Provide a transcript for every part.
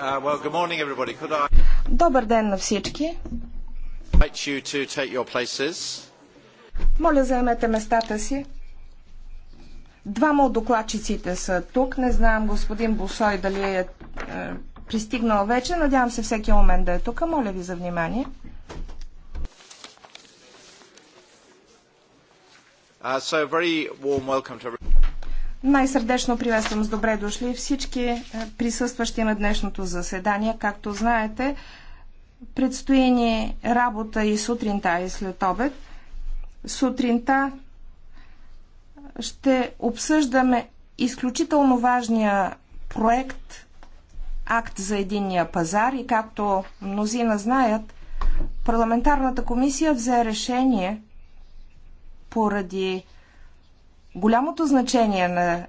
Uh, Добър ден на всички. Моля, заемете местата си. Двама от докладчиците са тук. Не знам господин Босой дали е, е пристигнал вече. Надявам се всеки момент да е тук. Моля ви за внимание. Uh, so very warm welcome to най-сърдечно приветствам с добре дошли всички е, присъстващи на днешното заседание. Както знаете, предстои ни работа и сутринта, и след обед. Сутринта ще обсъждаме изключително важния проект Акт за единния пазар и както мнозина знаят, парламентарната комисия взе решение поради голямото значение на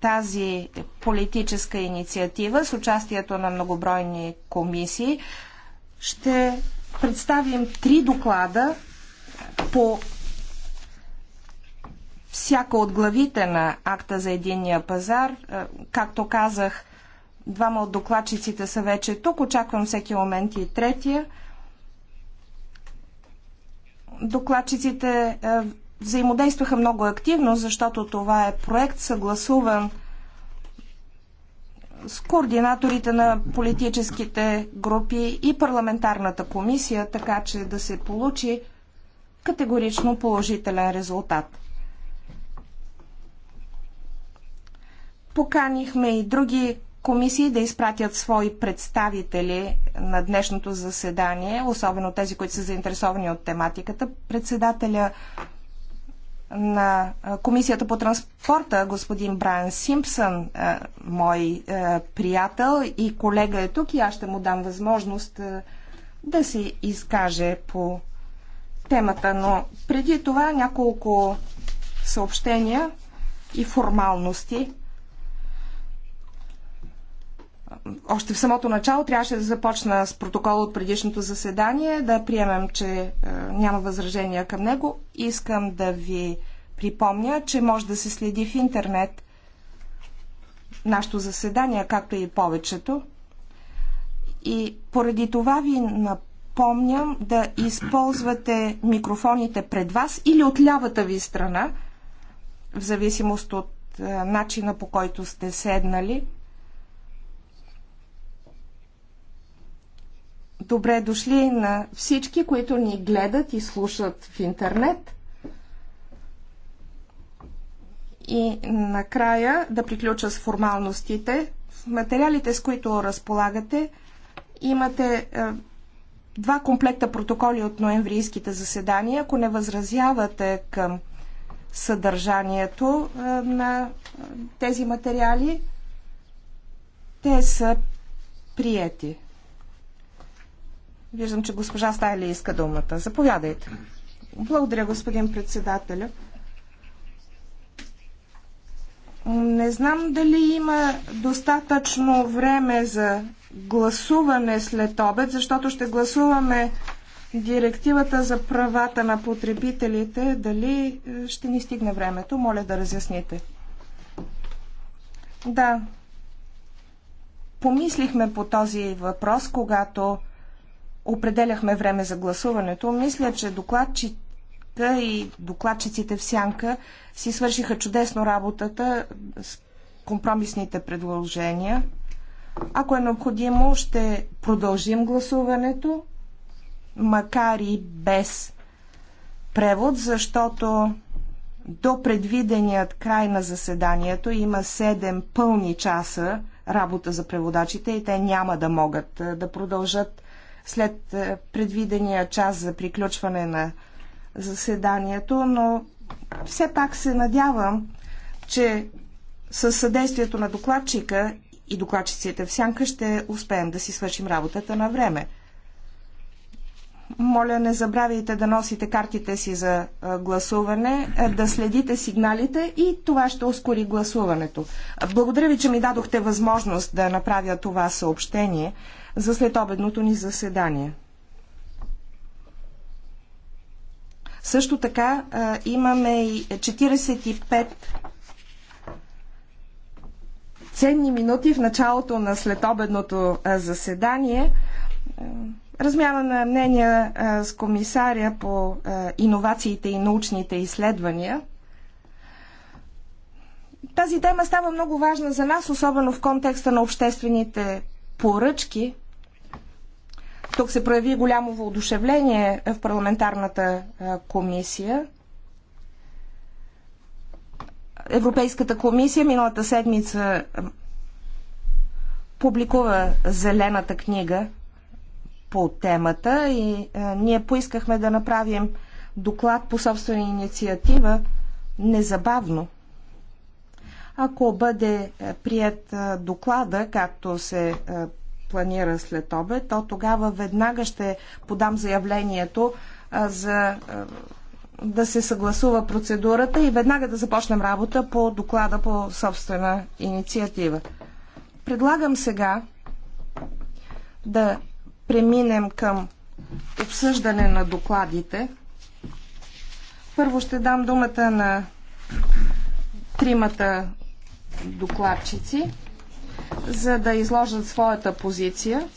тази политическа инициатива с участието на многобройни комисии ще представим три доклада по всяка от главите на акта за единния пазар. Е, както казах, двама от докладчиците са вече тук. Очаквам всеки момент и третия. Докладчиците е, взаимодействаха много активно, защото това е проект съгласуван с координаторите на политическите групи и парламентарната комисия, така че да се получи категорично положителен резултат. Поканихме и други комисии да изпратят свои представители на днешното заседание, особено тези, които са заинтересовани от тематиката. Председателя на Комисията по транспорта, господин Брайан Симпсън, мой приятел и колега е тук и аз ще му дам възможност да се изкаже по темата. Но преди това няколко съобщения и формалности още в самото начало трябваше да започна с протокол от предишното заседание, да приемем, че е, няма възражения към него. Искам да ви припомня, че може да се следи в интернет нашето заседание, както и повечето. И поради това ви напомням да използвате микрофоните пред вас или от лявата ви страна, в зависимост от е, начина по който сте седнали. Добре дошли на всички, които ни гледат и слушат в интернет. И накрая да приключа с формалностите. В материалите, с които разполагате, имате е, два комплекта протоколи от ноемврийските заседания. Ако не възразявате към съдържанието е, на е, тези материали, те са приети. Виждам, че госпожа Стайли иска думата. Заповядайте. Благодаря, господин председателю. Не знам дали има достатъчно време за гласуване след обед, защото ще гласуваме директивата за правата на потребителите. Дали е, ще ни стигне времето? Моля да разясните. Да. Помислихме по този въпрос, когато определяхме време за гласуването. Мисля, че докладчика и докладчиците в Сянка си свършиха чудесно работата с компромисните предложения. Ако е необходимо, ще продължим гласуването, макар и без превод, защото до предвиденият край на заседанието има 7 пълни часа работа за преводачите и те няма да могат да продължат след е, предвидения час за приключване на заседанието, но все пак се надявам, че със съдействието на докладчика и докладчиците в сянка ще успеем да си свършим работата на време. Моля, не забравяйте да носите картите си за е, гласуване, е, да следите сигналите и това ще ускори гласуването. Благодаря ви, че ми дадохте възможност да направя това съобщение за следобедното ни заседание. Също така имаме и 45 ценни минути в началото на следобедното заседание. Размяна на мнения с комисаря по иновациите и научните изследвания. Тази тема става много важна за нас, особено в контекста на обществените поръчки. Тук се прояви голямо воодушевление в парламентарната комисия. Европейската комисия миналата седмица публикува зелената книга по темата и ние поискахме да направим доклад по собствена инициатива незабавно. Ако бъде прият доклада, както се планира след обед, то тогава веднага ще подам заявлението за да се съгласува процедурата и веднага да започнем работа по доклада по собствена инициатива. Предлагам сега да преминем към обсъждане на докладите. Първо ще дам думата на тримата докладчици за да изложат своята позиция.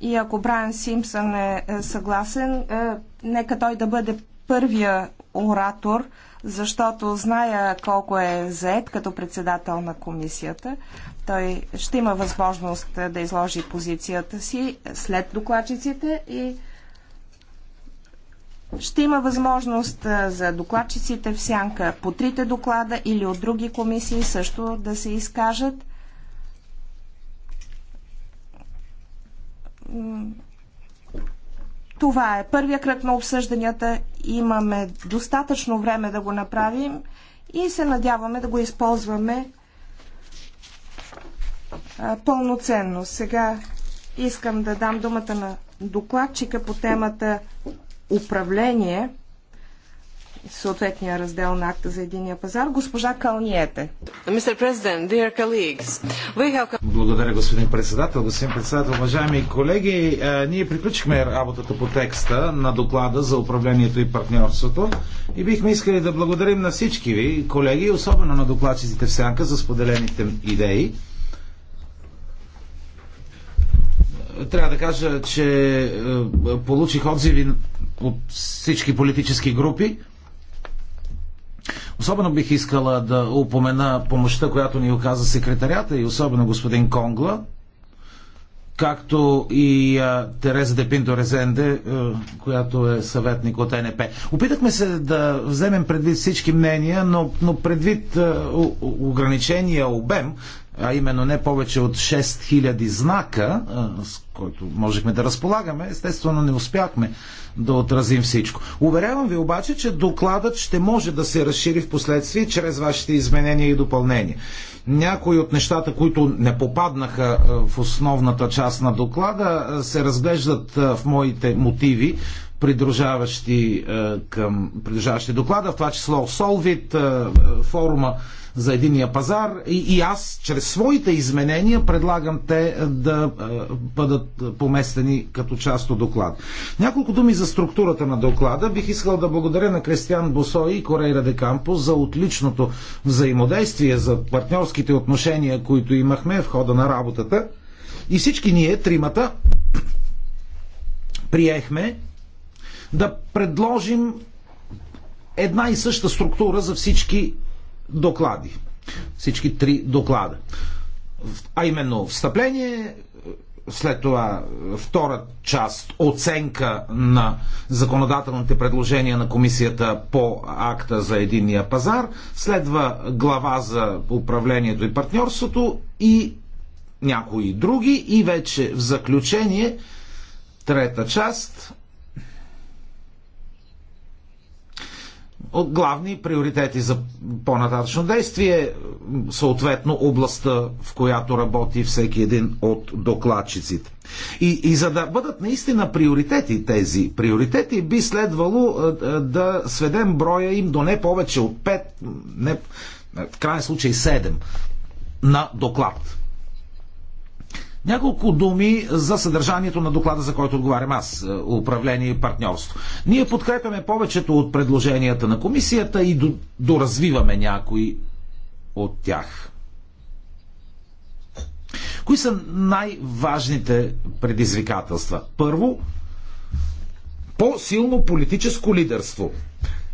И ако Брайан Симпсън е, е съгласен, е, нека той да бъде първия оратор, защото зная колко е заед като председател на комисията. Той ще има възможност е, да изложи позицията си след докладчиците и ще има възможност за докладчиците в сянка по трите доклада или от други комисии също да се изкажат. Това е първия кръг на обсъжданията. Имаме достатъчно време да го направим и се надяваме да го използваме пълноценно. Сега искам да дам думата на докладчика по темата управление, съответния раздел на акта за единия пазар, госпожа Калниете. Благодаря, господин председател. Господин председател, уважаеми колеги, е, ние приключихме работата по текста на доклада за управлението и партньорството и бихме искали да благодарим на всички ви, колеги, особено на докладчиците в Сянка за споделените идеи. Трябва да кажа, че е, получих отзиви от всички политически групи. Особено бих искала да упомена помощта, която ни оказа секретарята и особено господин Конгла, както и а, Тереза Депинто Резенде, а, която е съветник от НП. Опитахме се да вземем предвид всички мнения, но, но предвид а, у, ограничения обем, а именно не повече от 6000 знака, с който можехме да разполагаме, естествено не успяхме да отразим всичко. Уверявам ви обаче, че докладът ще може да се разшири в последствие чрез вашите изменения и допълнения. Някои от нещата, които не попаднаха в основната част на доклада, се разглеждат в моите мотиви, придружаващи, към, придружаващи доклада, в това число Солвит, форума за единия пазар и, и аз чрез своите изменения предлагам те е, да е, бъдат поместени като част от доклад. Няколко думи за структурата на доклада. Бих искал да благодаря на Кристиан Босой и Корейра де Кампо за отличното взаимодействие, за партньорските отношения, които имахме в хода на работата. И всички ние, тримата, приехме да предложим една и съща структура за всички доклади. Всички три доклада. А именно встъпление, след това втора част оценка на законодателните предложения на комисията по акта за единния пазар, следва глава за управлението и партньорството и някои други и вече в заключение трета част главни приоритети за по-нататъчно действие, съответно областта, в която работи всеки един от докладчиците. И, и за да бъдат наистина приоритети тези приоритети, би следвало е, е, да сведем броя им до не повече от 5, не, в крайен случай 7 на доклад. Няколко думи за съдържанието на доклада, за който отговарям аз е, управление и партньорство. Ние подкрепяме повечето от предложенията на комисията и доразвиваме някои от тях. Кои са най-важните предизвикателства? Първо, по-силно политическо лидерство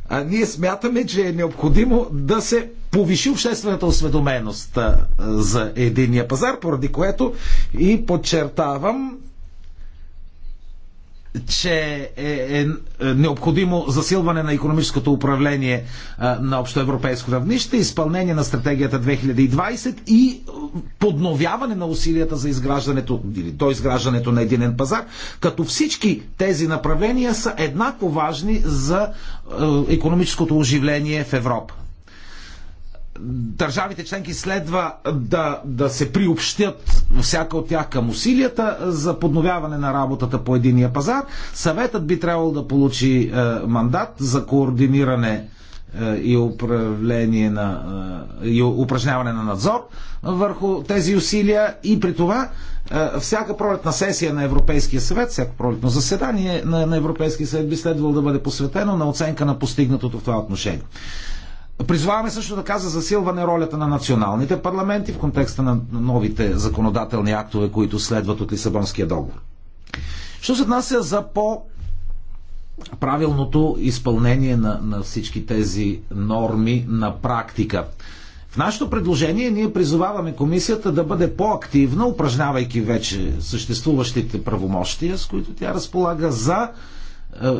а, ние смятаме, че е необходимо да се повиши обществената осведоменост за единия пазар, поради което и подчертавам че е, е необходимо засилване на економическото управление е, на общоевропейско равнище, изпълнение на стратегията 2020 и подновяване на усилията за изграждането или до изграждането на единен пазар, като всички тези направления са еднакво важни за е, економическото оживление в Европа държавите членки следва да, да се приобщят всяка от тях към усилията за подновяване на работата по единия пазар. Съветът би трябвало да получи е, мандат за координиране е, и управление на е, и упражняване на надзор върху тези усилия и при това е, всяка пролетна сесия на Европейския съвет, всяко пролетно заседание на, на Европейския съвет би следвало да бъде посветено на оценка на постигнатото в това отношение. Призваваме също така за засилване ролята на националните парламенти в контекста на новите законодателни актове, които следват от Лисабонския договор. Що се отнася за по правилното изпълнение на, на всички тези норми на практика. В нашето предложение ние призоваваме комисията да бъде по-активна, упражнявайки вече съществуващите правомощия, с които тя разполага за е,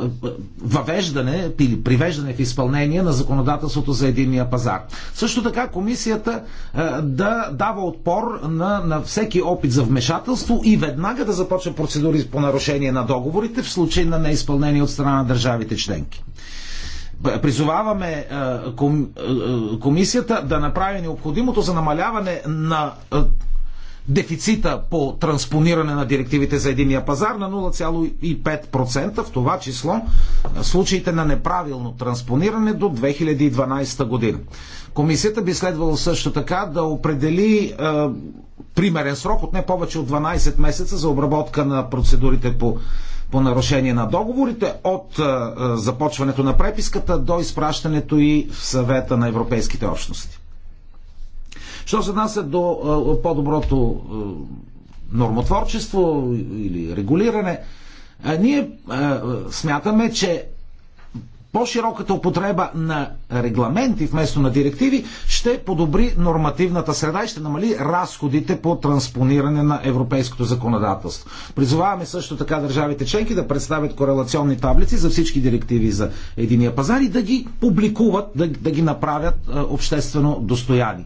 въвеждане или привеждане в изпълнение на законодателството за единния пазар. Също така комисията е, да дава отпор на, на всеки опит за вмешателство и веднага да започне процедури по нарушение на договорите в случай на неизпълнение от страна на държавите членки. Призоваваме е, комисията да направи необходимото за намаляване на дефицита по транспониране на директивите за единия пазар на 0,5%, в това число случаите на неправилно транспониране до 2012 година. Комисията би следвало също така да определи е, примерен срок от не повече от 12 месеца за обработка на процедурите по по нарушение на договорите от е, е започването на преписката до изпращането и в съвета на европейските общности. Що се отнася до по-доброто нормотворчество или регулиране, ние смятаме, че по-широката употреба на регламенти вместо на директиви ще подобри нормативната среда и ще намали разходите по транспониране на европейското законодателство. Призоваваме също така държавите членки да представят корелационни таблици за всички директиви за единия пазар и да ги публикуват, да, да ги направят обществено достояние.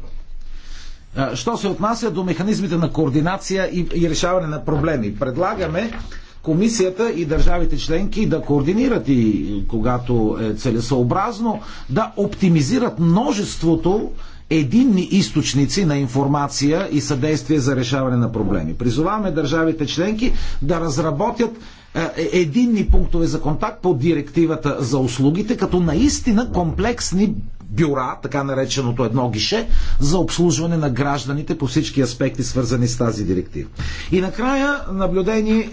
Що се отнася до механизмите на координация и, и решаване на проблеми? Предлагаме комисията и държавите членки да координират и когато е целесообразно, да оптимизират множеството единни източници на информация и съдействие за решаване на проблеми. Призоваваме държавите членки да разработят е, единни пунктове за контакт по директивата за услугите, като наистина комплексни бюра, така нареченото едно гише, за обслужване на гражданите по всички аспекти, свързани с тази директива. И накрая наблюдение,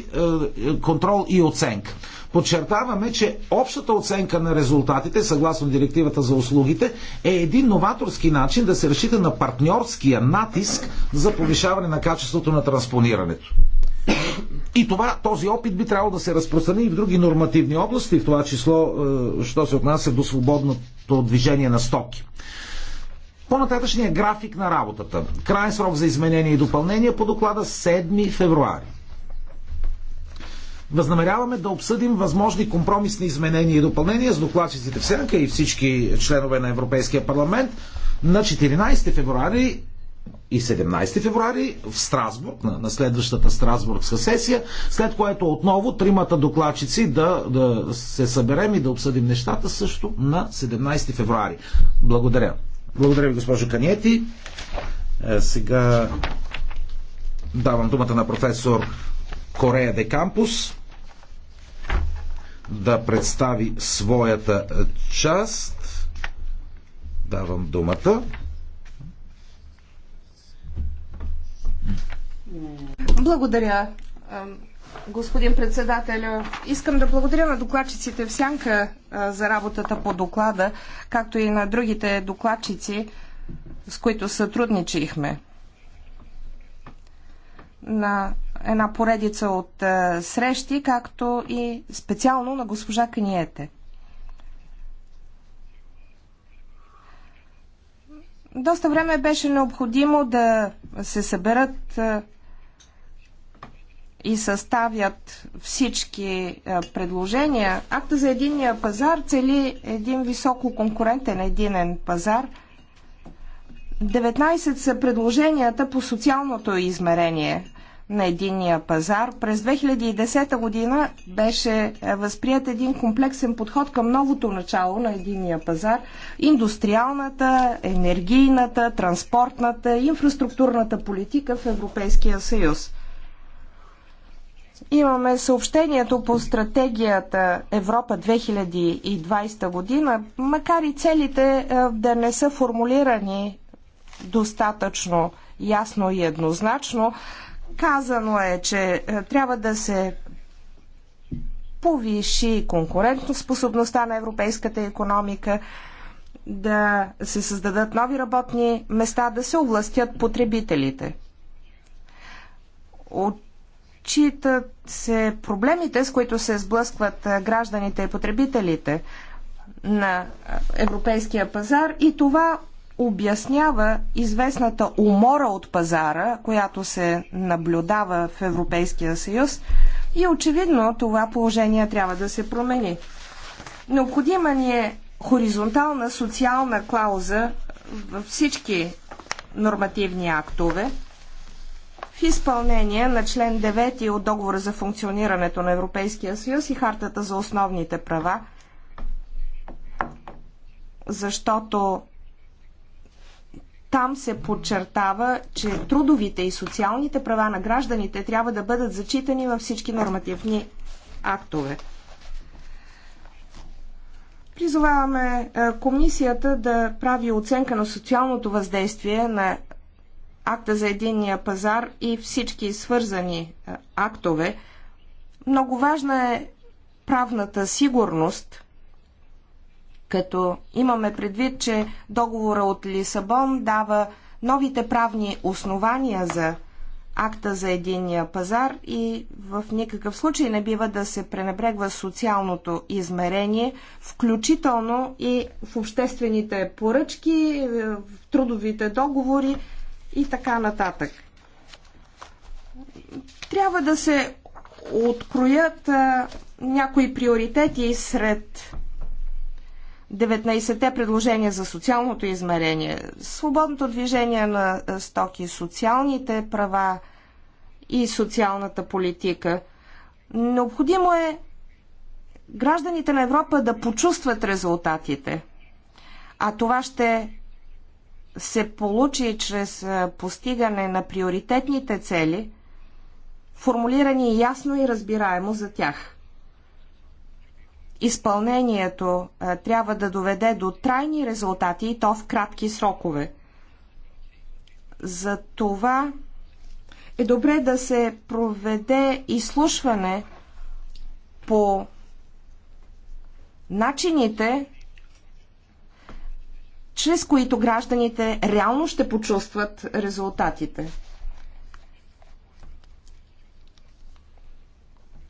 е, контрол и оценка. Подчертаваме, че общата оценка на резултатите, съгласно директивата за услугите, е един новаторски начин да се решите на партньорския натиск за повишаване на качеството на транспонирането. И това, този опит би трябвало да се разпространи и в други нормативни области, в това число, е, що се отнася до свободното движение на стоки. По-нататъчният график на работата. Крайен срок за изменение и допълнение по доклада 7 февруари. Възнамеряваме да обсъдим възможни компромисни изменения и допълнения с докладчиците в Сенка и всички членове на Европейския парламент на 14 февруари и 17 февруари в Страсбург, на, на следващата Страсбургска сесия, след което отново тримата докладчици да, да се съберем и да обсъдим нещата също на 17 февруари. Благодаря. Благодаря ви, госпожо Каниети. Е, сега давам думата на професор Корея де Кампус да представи своята част. Давам думата. Благодаря, господин председател. Искам да благодаря на докладчиците в Сянка за работата по доклада, както и на другите докладчици, с които сътрудничихме. На една поредица от срещи, както и специално на госпожа Каниете. доста време беше необходимо да се съберат и съставят всички предложения. Акта за единния пазар цели един високо конкурентен единен пазар. 19 са предложенията по социалното измерение на единния пазар. През 2010 година беше е, възприят един комплексен подход към новото начало на единния пазар. Индустриалната, енергийната, транспортната, инфраструктурната политика в Европейския съюз. Имаме съобщението по стратегията Европа 2020 година, макар и целите е, да не са формулирани достатъчно ясно и еднозначно, Казано е, че е, трябва да се повиши конкурентоспособността на европейската економика, да се създадат нови работни места, да се овластят потребителите. Отчитат се проблемите, с които се сблъскват е, гражданите и потребителите на е, европейския пазар и това обяснява известната умора от пазара, която се наблюдава в Европейския съюз и очевидно това положение трябва да се промени. Необходима ни е хоризонтална социална клауза във всички нормативни актове в изпълнение на член 9 от договора за функционирането на Европейския съюз и хартата за основните права, защото там се подчертава, че трудовите и социалните права на гражданите трябва да бъдат зачитани във всички нормативни актове. Призоваваме е, комисията да прави оценка на социалното въздействие на акта за единния пазар и всички свързани е, актове. Много важна е правната сигурност – като имаме предвид, че договора от Лисабон дава новите правни основания за акта за единния пазар и в никакъв случай не бива да се пренебрегва социалното измерение, включително и в обществените поръчки, в трудовите договори и така нататък. Трябва да се откроят някои приоритети сред 19-те предложения за социалното измерение, свободното движение на стоки, социалните права и социалната политика. Необходимо е гражданите на Европа да почувстват резултатите. А това ще се получи чрез постигане на приоритетните цели, формулирани ясно и разбираемо за тях – изпълнението трябва да доведе до трайни резултати и то в кратки срокове. За това е добре да се проведе изслушване по начините, чрез които гражданите реално ще почувстват резултатите.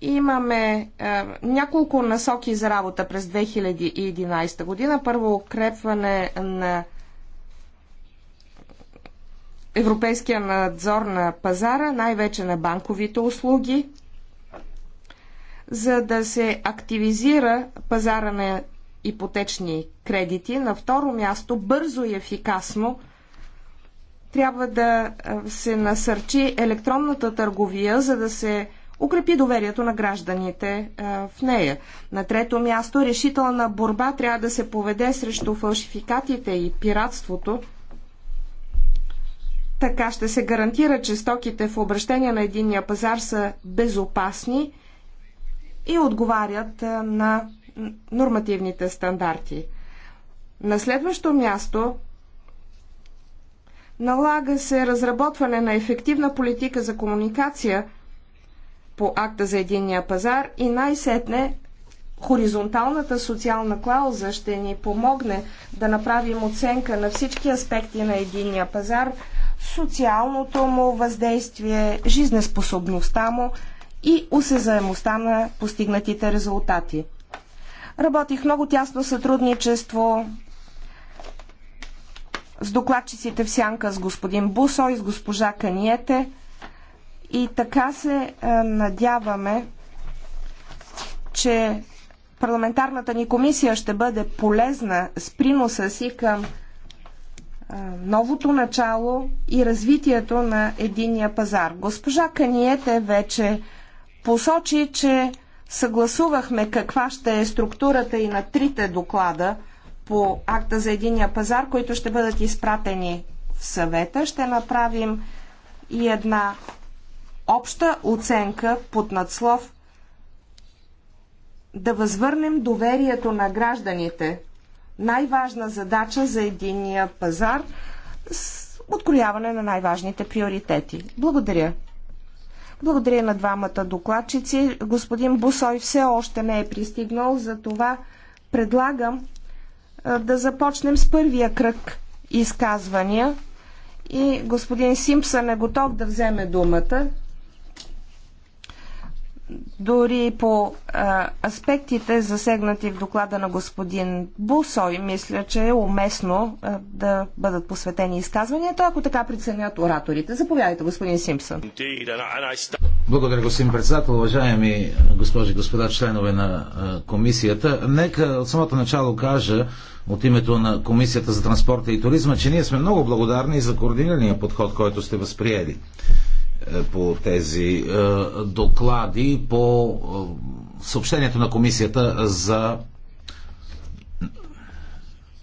Имаме е, няколко насоки за работа през 2011 година. Първо укрепване на европейския надзор на пазара, най-вече на банковите услуги, за да се активизира пазара на ипотечни кредити. На второ място, бързо и ефикасно трябва да се насърчи електронната търговия, за да се укрепи доверието на гражданите е, в нея. На трето място, решителна борба трябва да се поведе срещу фалшификатите и пиратството. Така ще се гарантира, че стоките в обращение на единния пазар са безопасни и отговарят е, на нормативните стандарти. На следващо място налага се разработване на ефективна политика за комуникация – по акта за единния пазар и най-сетне хоризонталната социална клауза ще ни помогне да направим оценка на всички аспекти на единния пазар, социалното му въздействие, жизнеспособността му и усезаемостта на постигнатите резултати. Работих много тясно сътрудничество с докладчиците в сянка с господин Бусо и с госпожа Каниете – и така се е, надяваме, че парламентарната ни комисия ще бъде полезна с приноса си към е, новото начало и развитието на единия пазар. Госпожа Каниете вече посочи, че съгласувахме каква ще е структурата и на трите доклада по акта за единия пазар, които ще бъдат изпратени в съвета. Ще направим и една обща оценка под надслов да възвърнем доверието на гражданите. Най-важна задача за единия пазар с открояване на най-важните приоритети. Благодаря. Благодаря на двамата докладчици. Господин Бусой все още не е пристигнал, за това предлагам да започнем с първия кръг изказвания. И господин Симпсън е готов да вземе думата дори по а, аспектите, засегнати в доклада на господин Бусой, мисля, че е уместно а, да бъдат посветени изказванията, ако така преценят ораторите. Заповядайте, господин Симпсън. Благодаря, господин председател. Уважаеми госпожи и господа членове на комисията, нека от самото начало кажа от името на Комисията за транспорта и туризма, че ние сме много благодарни за координирания подход, който сте възприели. Е, по тези е, доклади по е, съобщението на комисията за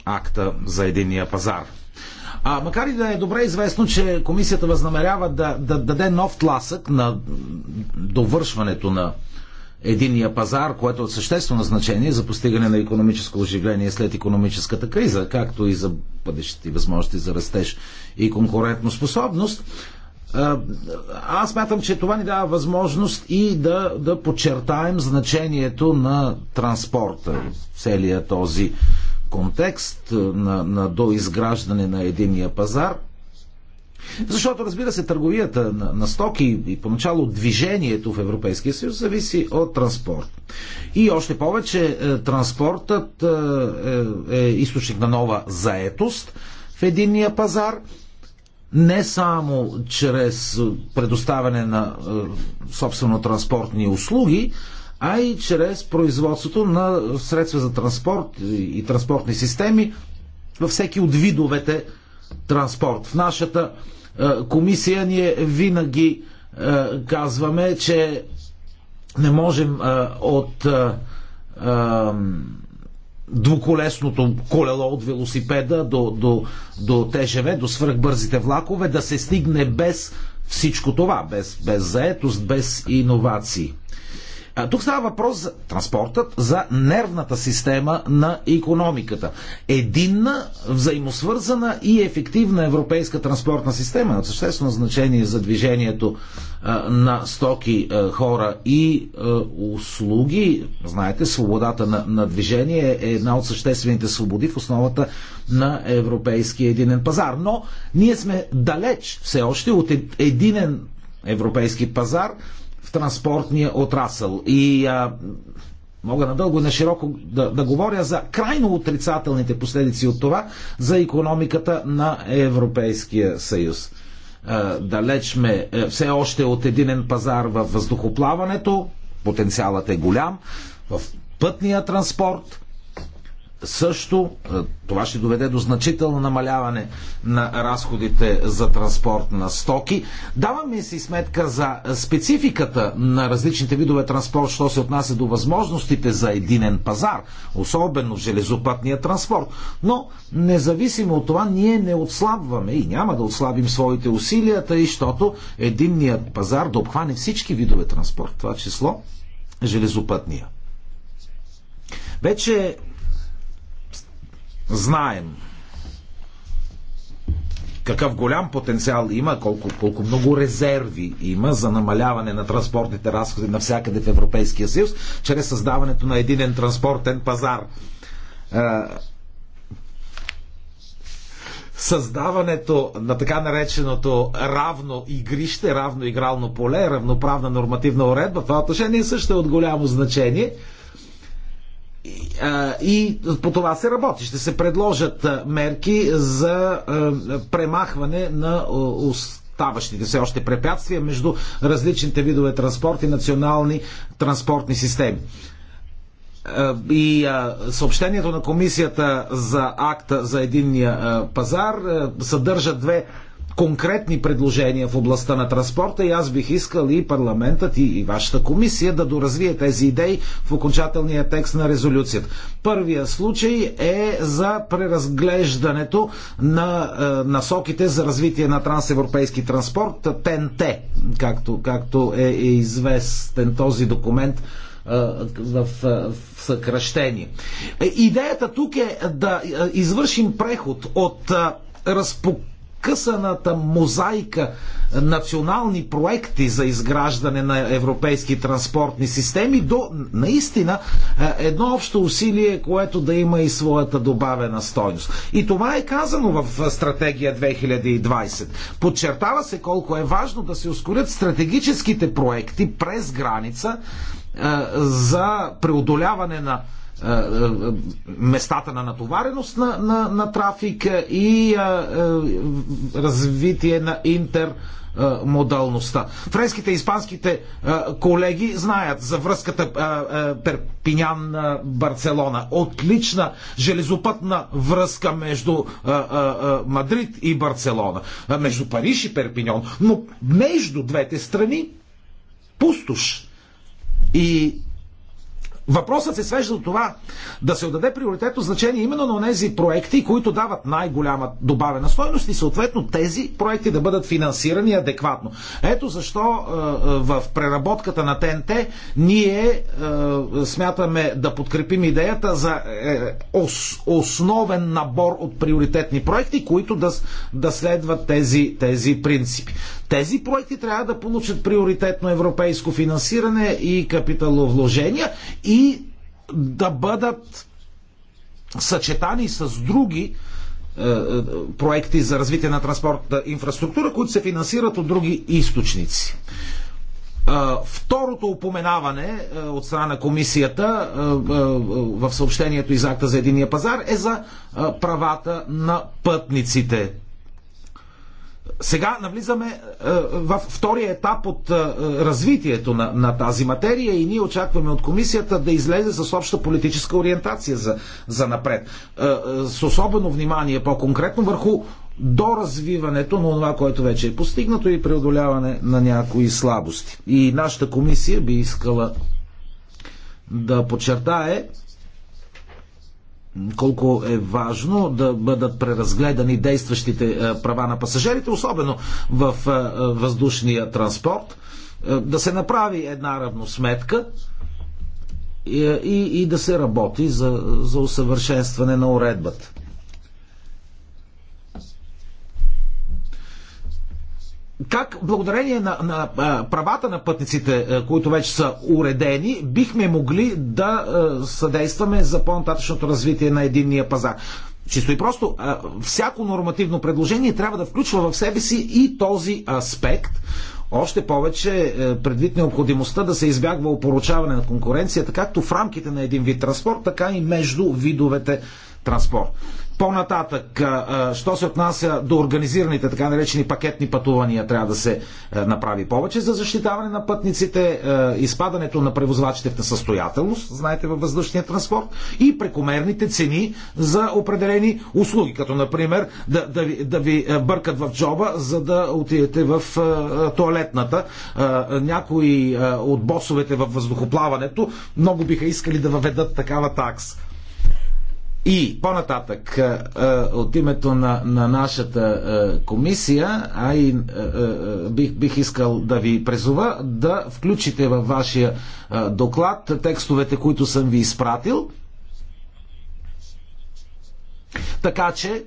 акта за единия пазар. А макар и да е добре известно, че комисията възнамерява да, да даде нов тласък на довършването на единия пазар, което е от съществено значение за постигане на економическо оживление след економическата криза, както и за бъдещите възможности за растеж и конкурентоспособност, способност, аз мятам, че това ни дава възможност и да, да подчертаем значението на транспорта в целия този контекст на, на доизграждане на единия пазар. Защото, разбира се, търговията на, на стоки и поначало движението в Европейския съюз зависи от транспорт. И още повече, е, транспортът е, е, е източник на нова заетост в единния пазар не само чрез предоставяне на е, собствено-транспортни услуги, а и чрез производството на средства за транспорт и транспортни системи във всеки от видовете транспорт. В нашата е, комисия ние винаги е, казваме, че не можем от двуколесното колело от велосипеда до, до, до ТЖВ, до свръхбързите влакове, да се стигне без всичко това, без, без заетост, без иновации. Тук става въпрос за транспортът, за нервната система на економиката. Единна, взаимосвързана и ефективна европейска транспортна система е от съществено значение за движението на стоки, хора и услуги. Знаете, свободата на, на движение е една от съществените свободи в основата на европейския единен пазар. Но ние сме далеч все още от е, единен европейски пазар в транспортния отрасъл. И а, мога надълго и на широко да, да говоря за крайно отрицателните последици от това за економиката на Европейския съюз. А, далеч сме е, все още от единен пазар във въздухоплаването, потенциалът е голям, в пътния транспорт, също е, това ще доведе до значително намаляване на разходите за транспорт на стоки. Даваме си сметка за спецификата на различните видове транспорт, що се отнася до възможностите за единен пазар, особено в железопътния транспорт. Но независимо от това, ние не отслабваме и няма да отслабим своите усилия, тъй, защото единният пазар да обхване всички видове транспорт, това число железопътния. Вече Знаем какъв голям потенциал има, колко, колко много резерви има за намаляване на транспортните разходи навсякъде в Европейския съюз, чрез създаването на единен транспортен пазар. Е, създаването на така нареченото равно игрище, равно игрално поле, равноправна нормативна уредба, това отношение също е от голямо значение – и по това се работи. Ще се предложат мерки за премахване на оставащите се още препятствия между различните видове транспорт и национални транспортни системи и съобщението на комисията за акта за единния пазар съдържа две конкретни предложения в областта на транспорта и аз бих искал и парламентът и, и вашата комисия да доразвие тези идеи в окончателния текст на резолюцията. Първия случай е за преразглеждането на е, насоките за развитие на трансевропейски транспорт, ТНТ, както, както е, е известен този документ е, е, в, съкръщение. Е, идеята тук е да извършим преход от разпокоение разкъсаната мозайка национални проекти за изграждане на европейски транспортни системи до наистина е, едно общо усилие, което да има и своята добавена стойност. И това е казано в стратегия 2020. Подчертава се колко е важно да се ускорят стратегическите проекти през граница е, за преодоляване на е, е, местата на натовареност на, на, на трафика и а, е, а, развитие на интер модалността. Френските и испанските колеги знаят за връзката Перпинян-Барселона. Отлична железопътна връзка между Мадрид и Барселона. Между Париж и Перпиньон. Но между двете страни пустош. И Въпросът се свежда до това да се отдаде приоритетно значение именно на тези проекти, които дават най-голяма добавена стойност и съответно тези проекти да бъдат финансирани адекватно. Ето защо е, е в преработката на ТНТ ние е, смятаме да подкрепим идеята за е, ос, основен набор от приоритетни проекти, които да, да следват тези, тези принципи. Тези проекти трябва да получат приоритетно европейско финансиране и капиталовложения и и да бъдат съчетани с други е, е, проекти за развитие на транспортната инфраструктура, които се финансират от други източници. Е, второто упоменаване е, от страна на комисията е, е, в съобщението и за акта за единия пазар е за правата на пътниците сега навлизаме е, в втория етап от е, развитието на, на тази материя и ние очакваме от комисията да излезе с обща политическа ориентация за, за напред. Е, с особено внимание по-конкретно върху до развиването на това, което вече е постигнато и преодоляване на някои слабости. И нашата комисия би искала да подчертае, колко е важно да бъдат преразгледани действащите е, права на пасажирите, особено в е, въздушния транспорт, е, да се направи една равносметка и, и да се работи за, за усъвършенстване на уредбата. как благодарение на, на правата на пътниците, които вече са уредени, бихме могли да съдействаме за по-нататъчното развитие на единния пазар. Чисто и просто, всяко нормативно предложение трябва да включва в себе си и този аспект, още повече е, предвид необходимостта да се избягва опоручаване на конкуренцията, както в рамките на един вид транспорт, така и между видовете транспорт. По-нататък, що се отнася до организираните така наречени пакетни пътувания, трябва да се направи повече за защитаване на пътниците, изпадането на превозвачите в несъстоятелност, знаете, във въздушния транспорт и прекомерните цени за определени услуги, като например да, да, ви, да ви бъркат в джоба, за да отидете в туалетната. Някои от босовете във въздухоплаването много биха искали да въведат такава такса. И по-нататък, е, е, от името на, на нашата е, комисия, а и бих, бих искал да ви призова да включите във вашия доклад текстовете, които съм ви изпратил. Така че,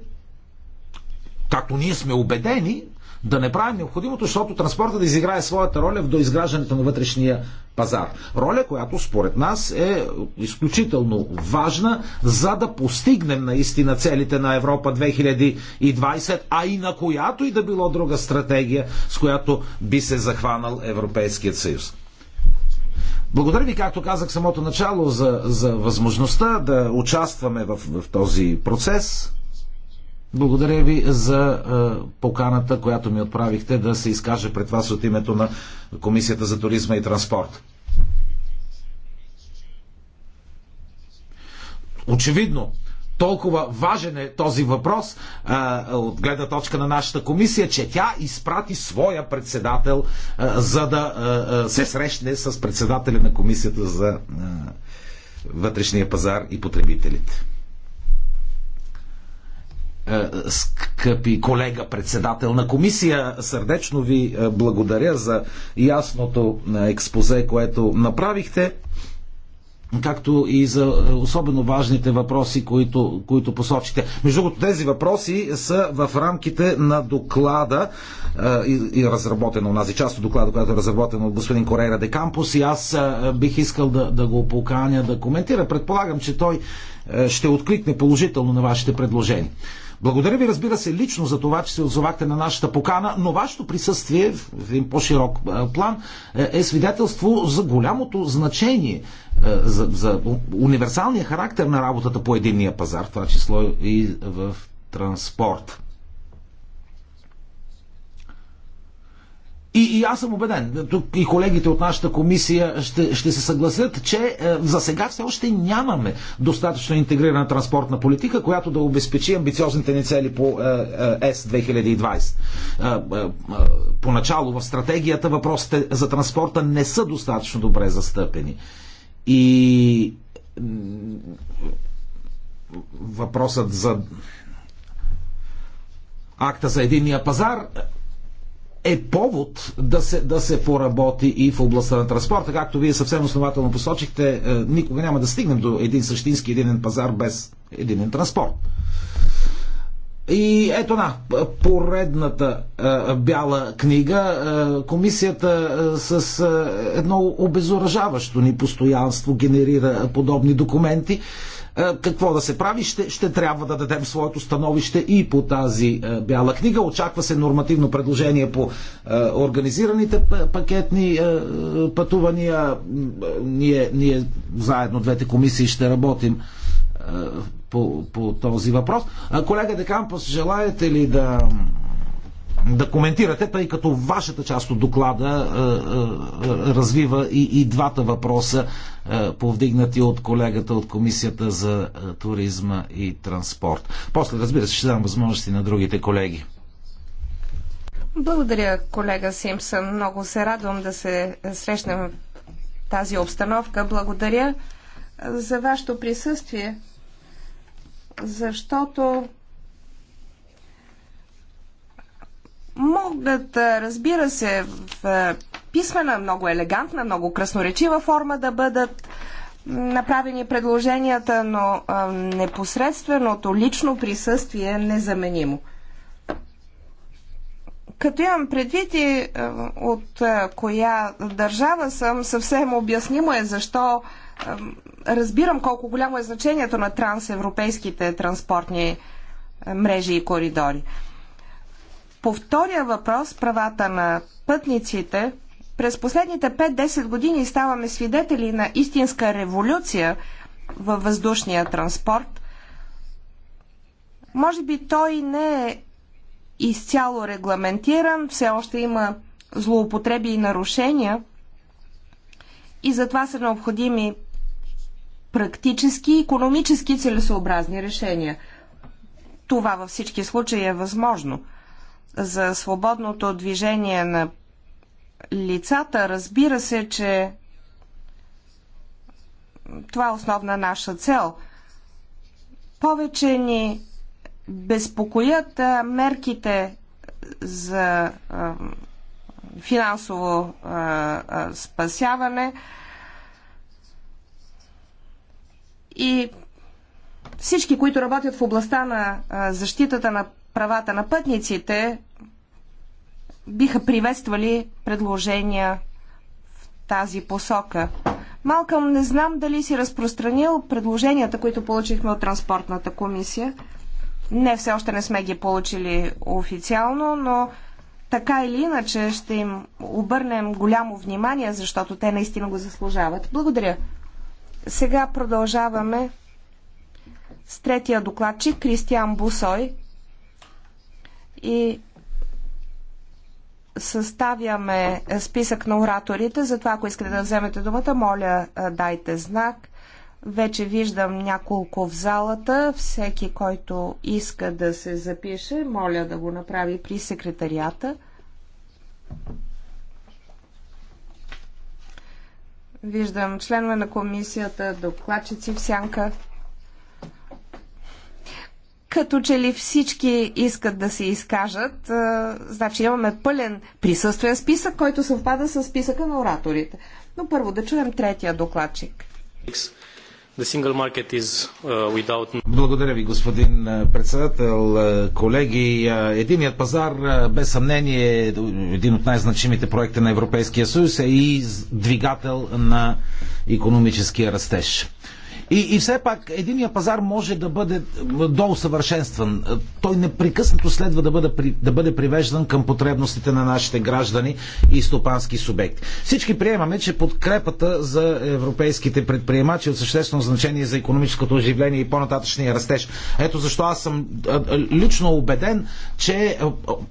както ние сме убедени, да не правим необходимото, защото транспорта да изиграе своята роля в доизграждането на вътрешния пазар. Роля, която според нас е изключително важна, за да постигнем наистина целите на Европа 2020, а и на която и да било друга стратегия, с която би се захванал Европейският съюз. Благодаря ви, както казах самото начало, за, за възможността да участваме в, в този процес. Благодаря ви за е, поканата, която ми отправихте да се изкаже пред вас от името на Комисията за туризма и транспорт. Очевидно, толкова важен е този въпрос а, е, от гледна точка на нашата комисия, че тя изпрати своя председател, а, е, за да а, а, се срещне с председателя на комисията за а, вътрешния пазар и потребителите. Е, скъпи колега председател на комисия. Сърдечно ви е, благодаря за ясното е, експозе, което направихте както и за особено важните въпроси, които, които посочите. Между другото, тези въпроси са в рамките на доклада и, и разработено, онази част от доклада, която е разработена от господин Корейра де Кампус и аз бих искал да, да го поканя да коментира. Предполагам, че той ще откликне положително на вашите предложения. Благодаря ви, разбира се, лично за това, че се отзовахте на нашата покана, но вашето присъствие в един по-широк план е, е свидетелство за голямото значение, е, за, за универсалния характер на работата по единния пазар, това число и в транспорт. И, и аз съм убеден, тук и колегите от нашата комисия ще, ще се съгласят, че е, за сега все още нямаме достатъчно интегрирана транспортна политика, която да обезпечи амбициозните ни цели по е, е, С-2020. Е, е, е, поначало в стратегията въпросите за транспорта не са достатъчно добре застъпени. И въпросът за акта за единния пазар е повод да се, да се поработи и в областта на транспорта. Както вие съвсем основателно посочихте, е, никога няма да стигнем до един същински единен пазар без единен транспорт. И ето на поредната а, е, бяла книга. А, е, комисията а, с а, едно обезоръжаващо ни постоянство генерира подобни документи. Е, какво да се прави, ще, ще трябва да дадем своето становище и по тази е, бяла книга. Очаква се нормативно предложение по е, организираните пакетни пътувания. Ние, ние заедно двете комисии ще работим по, по този въпрос. Колега Декампос, желаете ли да да коментирате, тъй като вашата част от доклада е, е, е, развива и, и двата въпроса, повдигнати от колегата от Комисията за туризма и транспорт. После, разбира се, ще дам възможности на другите колеги. Благодаря, колега Симпсън. Много се радвам да се срещнем в тази обстановка. Благодаря за вашето присъствие, защото могат, разбира се, в писмена, много елегантна, много красноречива форма да бъдат направени предложенията, но непосредственото лично присъствие е незаменимо. Като имам предвид и от коя държава съм, съвсем обяснимо е защо разбирам колко голямо е значението на трансевропейските транспортни мрежи и коридори. По втория въпрос, правата на пътниците, през последните 5-10 години ставаме свидетели на истинска революция във въздушния транспорт. Може би той не е изцяло регламентиран, все още има злоупотреби и нарушения и затова са необходими практически и економически целесообразни решения. Това във всички случаи е възможно – за свободното движение на лицата, разбира се, че това е основна наша цел. Повече ни безпокоят мерките за финансово спасяване и всички, които работят в областта на защитата на правата на пътниците биха приветствали предложения в тази посока. Малкам, не знам дали си разпространил предложенията, които получихме от Транспортната комисия. Не, все още не сме ги получили официално, но така или иначе ще им обърнем голямо внимание, защото те наистина го заслужават. Благодаря. Сега продължаваме с третия докладчик Кристиан Бусой – и съставяме списък на ораторите. Затова, ако искате да вземете думата, моля, дайте знак. Вече виждам няколко в залата. Всеки, който иска да се запише, моля да го направи при секретарията. Виждам членове на комисията, докладчици в сянка като че ли всички искат да се изкажат. Значи имаме пълен присъствен списък, който съвпада с списъка на ораторите. Но първо да чуем третия докладчик. Is, uh, without... Благодаря ви, господин председател. Колеги, единият пазар без съмнение е един от най-значимите проекти на Европейския съюз е и двигател на економическия растеж. И, и все пак, единия пазар може да бъде доусъвършенстван. Той непрекъснато следва да бъде, да бъде привеждан към потребностите на нашите граждани и стопански субекти. Всички приемаме, че подкрепата за европейските предприемачи е от съществено значение за економическото оживление и по-нататъчния растеж. Ето защо аз съм лично убеден, че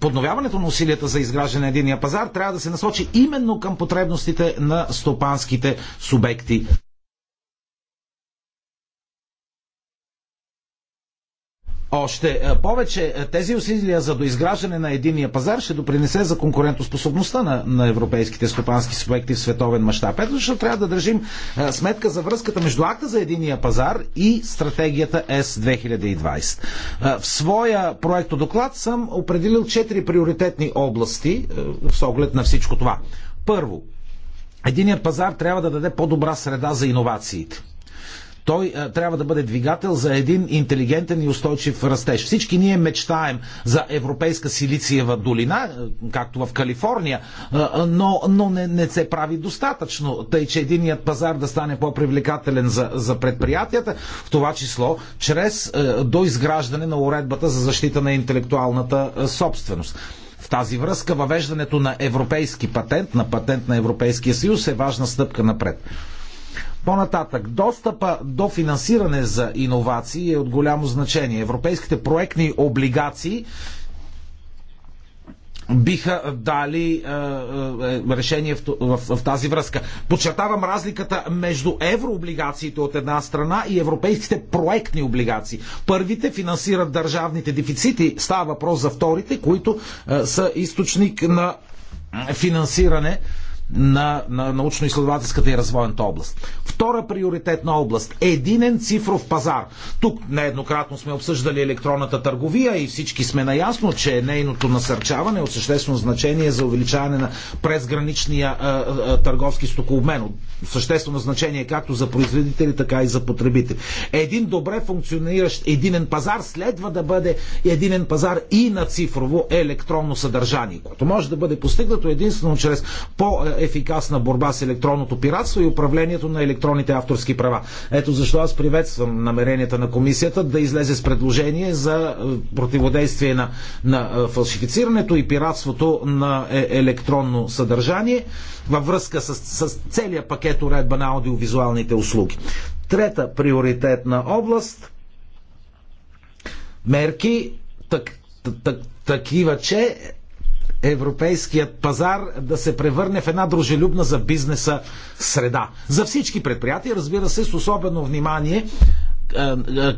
подновяването на усилията за изграждане на единия пазар трябва да се насочи именно към потребностите на стопанските субекти. Още е, повече е, тези усилия за доизграждане на единия пазар ще допринесе за конкурентоспособността на, на европейските стопански субекти в световен мащаб. Ето защото трябва да държим а, е, сметка за връзката между акта за единия пазар и стратегията S2020. А, в своя проекто доклад съм определил четири приоритетни области а, с оглед на всичко това. Първо, единият пазар трябва да даде по-добра среда за иновациите. Той а, е, трябва да бъде двигател за един интелигентен и устойчив растеж. Всички ние мечтаем за европейска силициева долина, е, както в Калифорния, а, е, но, но не, не се прави достатъчно, тъй че единият пазар да стане по-привлекателен за, за предприятията, в това число чрез а, доизграждане на уредбата за защита на интелектуалната а, собственост. В тази връзка въвеждането на европейски патент, на патент на Европейския съюз е важна стъпка напред. По-нататък, достъпа до финансиране за иновации е от голямо значение. Европейските проектни облигации биха дали е, е, е решение в, в, в тази връзка. Подчертавам разликата между еврооблигациите от една страна и европейските проектни облигации. Първите финансират държавните дефицити, става въпрос за вторите, които е, са източник на е, финансиране е, на, на научно-изследователската и развойната област. Втора приоритетна област – единен цифров пазар. Тук нееднократно сме обсъждали електронната търговия и всички сме наясно, че нейното насърчаване е от съществено значение за увеличаване на презграничния а, а, търговски стокообмен. От съществено значение както за производители, така и за потребители. Един добре функциониращ единен пазар следва да бъде единен пазар и на цифрово електронно съдържание, което може да бъде постигнато единствено чрез по- е, ефикасна борба с електронното пиратство и управлението на електронните авторски права. Ето защо аз приветствам намеренията на комисията да излезе с предложение за е, противодействие на, на е, фалшифицирането и пиратството на е, електронно съдържание във връзка с, с целият пакет уредба на аудиовизуалните услуги. Трета приоритетна област мерки, так, так, такива, че европейският пазар да се превърне в една дружелюбна за бизнеса среда. За всички предприятия, разбира се, с особено внимание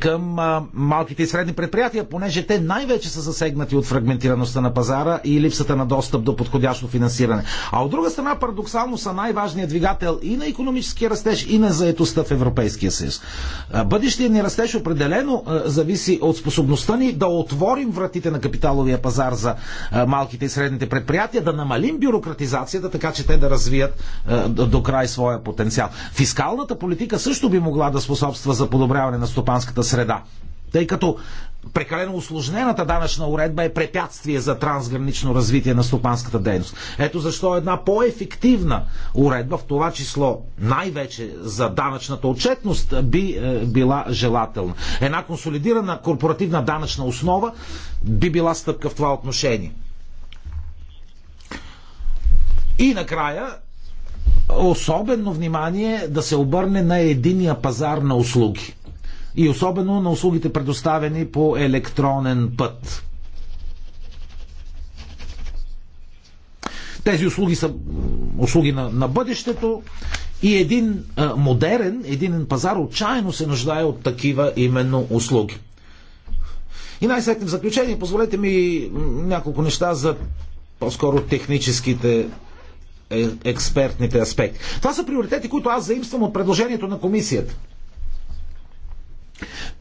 към малките и средни предприятия, понеже те най-вече са засегнати от фрагментираността на пазара и липсата на достъп до подходящо финансиране. А от друга страна, парадоксално са най-важният двигател и на економическия растеж, и на заетостта в Европейския съюз. Бъдещият ни растеж определено зависи от способността ни да отворим вратите на капиталовия пазар за малките и средните предприятия, да намалим бюрократизацията, така че те да развият до край своя потенциал. Фискалната политика също би могла да способства за подобряване на стопанската среда. Тъй като прекалено осложнената данъчна уредба е препятствие за трансгранично развитие на стопанската дейност. Ето защо е една по-ефективна уредба, в това число най-вече за данъчната отчетност, би е, била желателна. Една консолидирана корпоративна данъчна основа би била стъпка в това отношение. И накрая, особено внимание да се обърне на единия пазар на услуги и особено на услугите предоставени по електронен път. Тези услуги са услуги на, на бъдещето и един а, модерен, един пазар отчаяно се нуждае от такива именно услуги. И най-сетне в заключение, позволете ми няколко неща за по-скоро техническите е, експертните аспекти. Това са приоритети, които аз заимствам от предложението на комисията.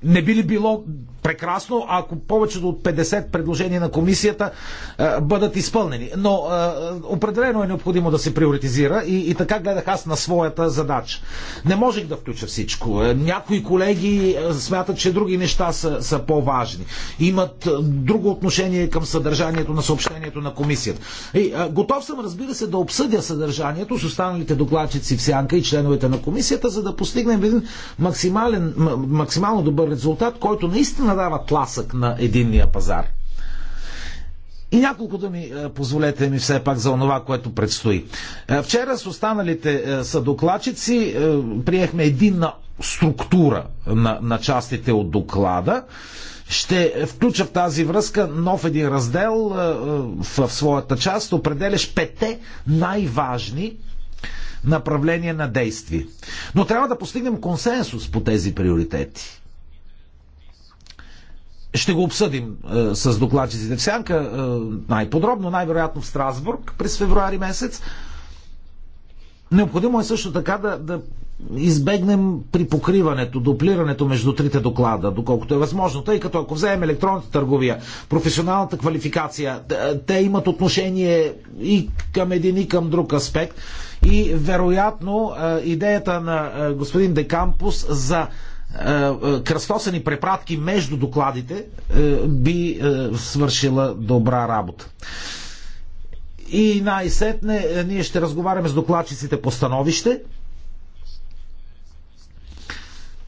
Не би ли било прекрасно, ако повечето от 50 предложения на комисията а, е, бъдат изпълнени? Но а, е, определено е необходимо да се приоритизира и, и така гледах аз на своята задача. Не можех да включа всичко. Е, някои колеги смятат, че други неща са, са по-важни. Имат друго отношение към съдържанието на съобщението на комисията. И, а, готов съм, разбира се, да обсъдя съдържанието с останалите докладчици в Сянка и членовете на комисията, за да постигнем един максимален, максимален максимално добър резултат, който наистина дава тласък на единния пазар. И няколко думи е, позволете ми все пак за онова, което предстои. Е, вчера с останалите е, съдокладчици приехме единна структура на, на частите от доклада. Ще включа в тази връзка нов един раздел в, в своята част, определяш пете най-важни направления на действие. Но трябва да постигнем консенсус по тези приоритети. Ще го обсъдим е, с докладчиците в Сянка е, най-подробно, най-вероятно в Страсбург през февруари месец. Необходимо е също така да, да избегнем при покриването, дуплирането между трите доклада, доколкото е възможно, тъй като ако вземем електронната търговия, професионалната квалификация, те имат отношение и към един и към друг аспект и вероятно е, идеята на е, господин Декампус за е, е, кръстосани препратки между докладите е, би свършила добра работа. И най-сетне ние ще разговаряме с докладчиците по становище,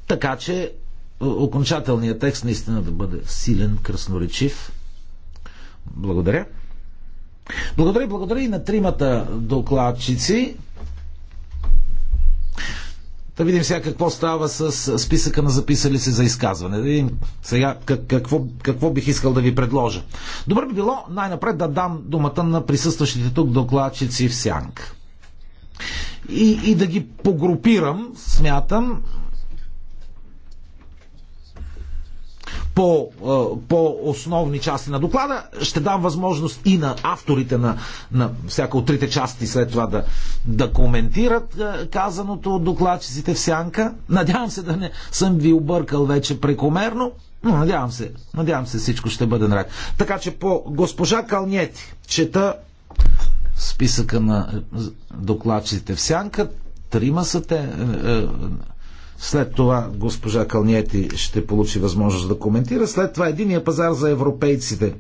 така че окончателният текст наистина да бъде силен, красноречив. Благодаря. Благодаря, благодаря и на тримата докладчици. Да видим сега какво става с списъка на записали се за изказване. Да видим сега какво, какво бих искал да ви предложа. Добре би било най-напред да дам думата на присъстващите тук докладчици в Сянг. И, и да ги погрупирам, смятам, по, по основни части на доклада. Ще дам възможност и на авторите на, на всяка от трите части след това да, да коментират казаното от докладчиците в сянка. Надявам се да не съм ви объркал вече прекомерно. Но надявам се, надявам се всичко ще бъде наред. Така че по госпожа Калнети, чета списъка на докладчиците в сянка, трима са те, е, е, след това госпожа Калниети ще получи възможност да коментира. След това единия пазар за европейците.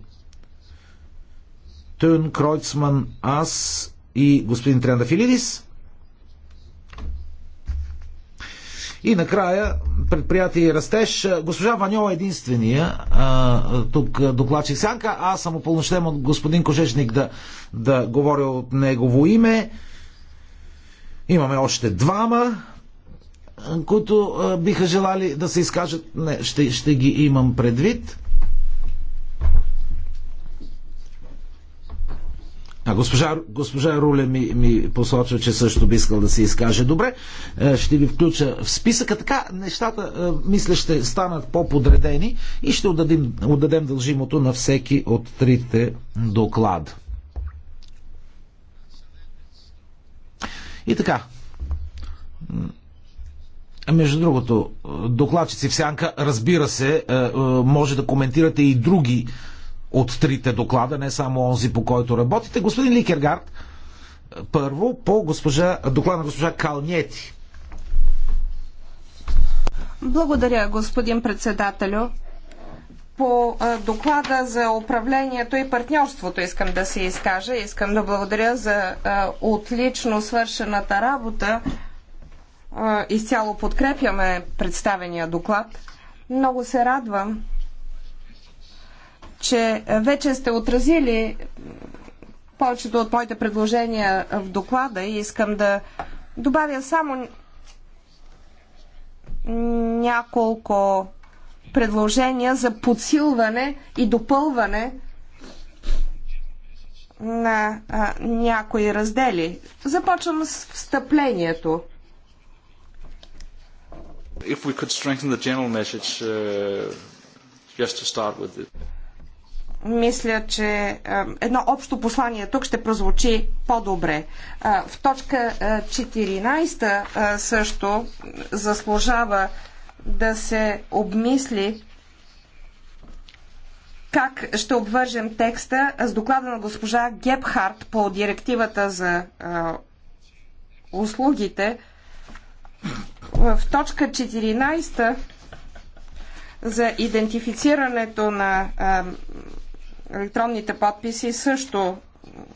Тън, Кройцман, аз и господин Филидис. И накрая предприятие и растеж. Госпожа Ваньо е единствения а, тук докладчик Сянка. Аз съм опълнощен от господин Кожешник да, да говоря от негово име. Имаме още двама които биха желали да се изкажат. Не, ще, ще ги имам предвид. А госпожа, госпожа Руле ми, ми посочва, че също би искал да се изкаже. Добре, ще ви включа в списъка. Така нещата, мисля, ще станат по-подредени и ще отдадим, отдадем дължимото на всеки от трите доклада. И така. Между другото, докладчици в сянка, разбира се, е, е, може да коментирате и други от трите доклада, не само онзи, по който работите. Господин Ликергард, първо по госпожа, доклад на госпожа Калнети. Благодаря, господин председателю. По е, доклада за управлението и партньорството искам да се изкажа. Искам да благодаря за отлично свършената работа изцяло подкрепяме представения доклад. Много се радвам, че вече сте отразили повечето от моите предложения в доклада и искам да добавя само няколко предложения за подсилване и допълване на а, някои раздели. Започвам с встъплението. If we could strengthen the general message, uh, just to start with it. Мисля, че едно общо послание тук ще прозвучи по-добре. В точка 14 също заслужава да се обмисли как ще обвържем текста с доклада на госпожа Гепхарт по директивата за услугите – в точка 14 за идентифицирането на електронните подписи също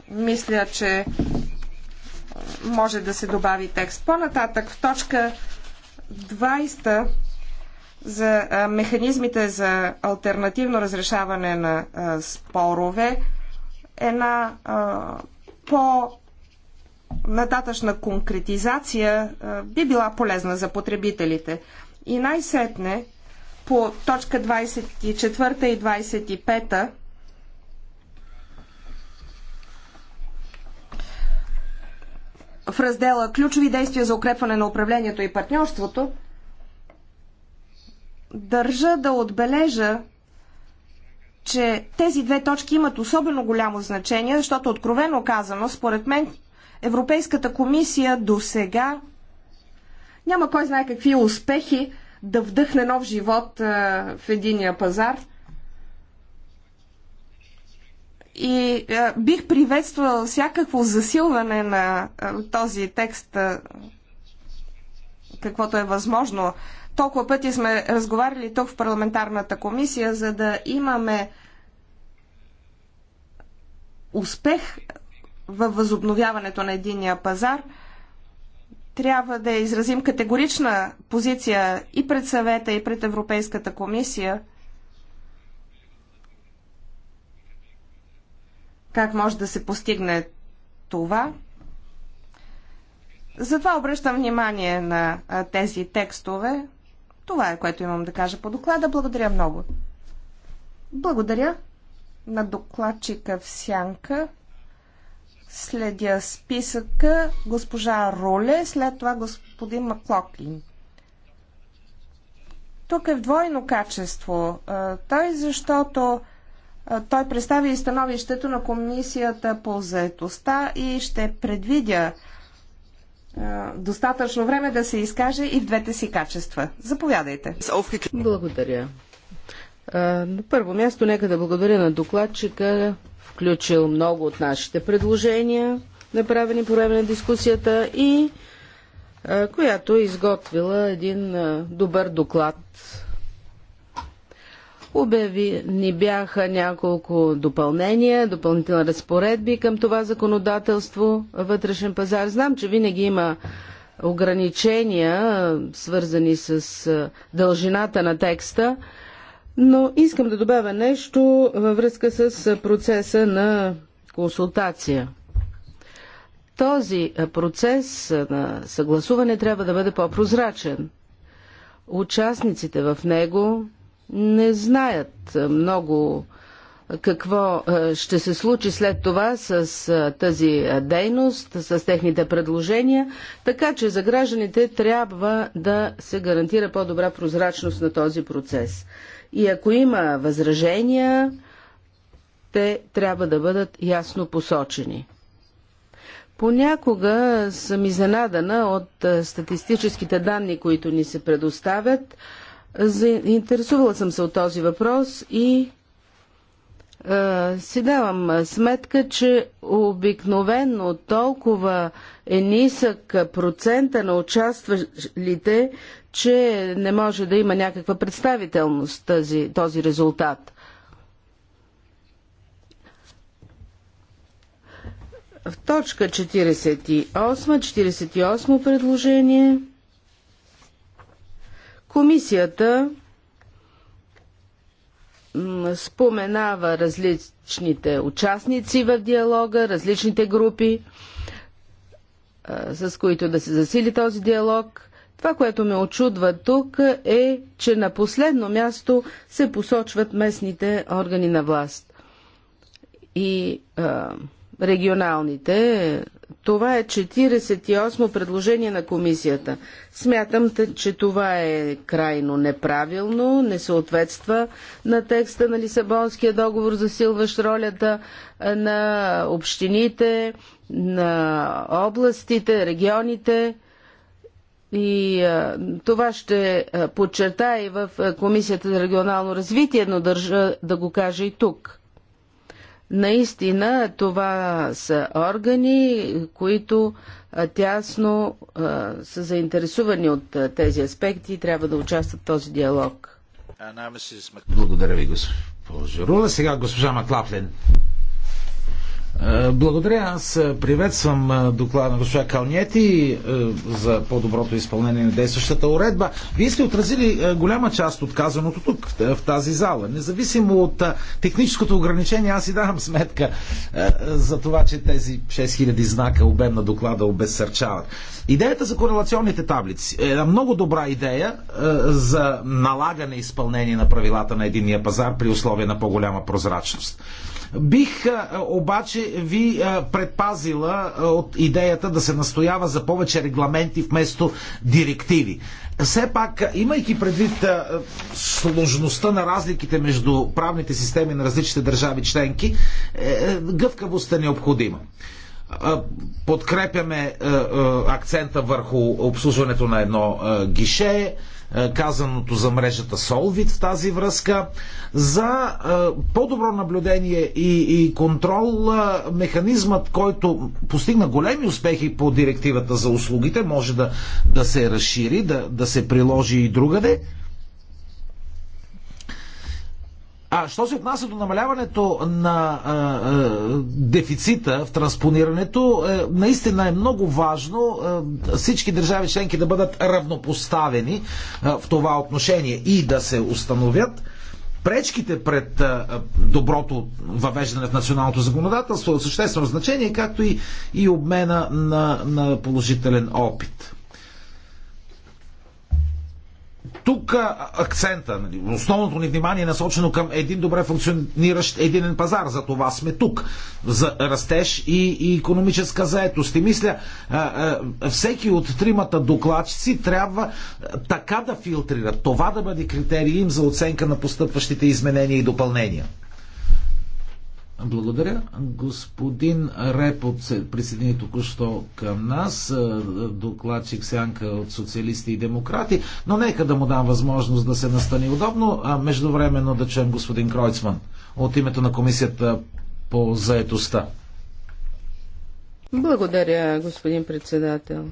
мисля, че може да се добави текст. По-нататък в точка 20 за механизмите за альтернативно разрешаване на спорове една по- нататъчна конкретизация би била полезна за потребителите. И най-сетне по точка 24 и 25 в раздела Ключови действия за укрепване на управлението и партньорството, държа да отбележа, че тези две точки имат особено голямо значение, защото откровено казано, според мен, Европейската комисия до сега няма кой знае какви успехи да вдъхне нов живот в единия пазар. И бих приветствал всякакво засилване на този текст, каквото е възможно. Толкова пъти сме разговаряли тук в парламентарната комисия, за да имаме успех във възобновяването на единния пазар, трябва да изразим категорична позиция и пред съвета, и пред Европейската комисия, как може да се постигне това. Затова обръщам внимание на тези текстове. Това е което имам да кажа по доклада. Благодаря много. Благодаря на докладчика в Сянка следя списъка госпожа Руле, след това господин Маклоклин. Тук е в двойно качество. Той, защото той представи и становището на комисията по заетостта и ще предвидя достатъчно време да се изкаже и в двете си качества. Заповядайте. Благодаря. На първо място нека да благодаря на докладчика включил много от нашите предложения, направени по време на дискусията и която е изготвила един добър доклад. Обяви ни бяха няколко допълнения, допълнителни разпоредби към това законодателство вътрешен пазар. Знам, че винаги има ограничения, свързани с дължината на текста, но искам да добавя нещо във връзка с процеса на консултация. Този процес на съгласуване трябва да бъде по-прозрачен. Участниците в него не знаят много какво ще се случи след това с тази дейност, с техните предложения, така че за гражданите трябва да се гарантира по-добра прозрачност на този процес. И ако има възражения, те трябва да бъдат ясно посочени. Понякога съм изненадана от статистическите данни, които ни се предоставят. Заинтересувала съм се от този въпрос и е, си давам сметка, че обикновено толкова е нисък процента на участвалите че не може да има някаква представителност тази, този резултат. В точка 48, 48 предложение, комисията споменава различните участници в диалога, различните групи, с които да се засили този диалог това, което ме очудва тук е, че на последно място се посочват местните органи на власт и а, регионалните. Това е 48-о предложение на комисията. Смятам, че това е крайно неправилно, не съответства на текста на Лисабонския договор, засилващ ролята на общините, на областите, регионите и а, това ще подчерта и в Комисията за регионално развитие, но държа да го кажа и тук. Наистина това са органи, които тясно а, са заинтересувани от а, тези аспекти и трябва да участват в този диалог. Благодаря ви, госпожо Рула. Сега госпожа Маклафлен. Е, благодаря. Аз е, приветствам е, доклада на госпожа Калнети за по-доброто изпълнение на действащата уредба. Вие сте отразили голяма част от казаното тук, в тази зала. Независимо от техническото ограничение, аз си давам сметка за това, че тези 6000 знака обем на доклада обезсърчават. Идеята за корелационните таблици е една много добра идея за налагане изпълнение на правилата на единния пазар при условия на по-голяма прозрачност. Бих обаче ви предпазила от идеята да се настоява за повече регламенти вместо директиви. Все пак, имайки предвид сложността на разликите между правните системи на различните държави членки, е, е, гъвкавост е необходима подкрепяме акцента върху обслужването на едно гише, е, казаното за мрежата Солвит в тази връзка, за е, по-добро наблюдение и, и контрол, е, механизмът, който постигна големи успехи по директивата за услугите, може да, да се разшири, да, да се приложи и другаде. А що се отнася до намаляването на а, а, дефицита в транспонирането, а, е, наистина е много важно а, е, всички държави членки да бъдат равнопоставени а, е, в това отношение и да се установят пречките пред а, доброто въвеждане в националното законодателство е от съществено значение, както и, и обмена на, на положителен опит тук акцента, нали, основното ни внимание е насочено към един добре функциониращ единен пазар. За това сме тук. За растеж и, и економическа заетост. И мисля, всеки от тримата докладчици трябва така да филтрират, това да бъде критерий им за оценка на постъпващите изменения и допълнения. Благодаря. Господин Репот се присъедини току-що към нас, докладчик Сянка от социалисти и демократи, но нека да му дам възможност да се настани удобно, а междувременно да чуем господин Кройцман от името на комисията по заетостта. Благодаря, господин председател.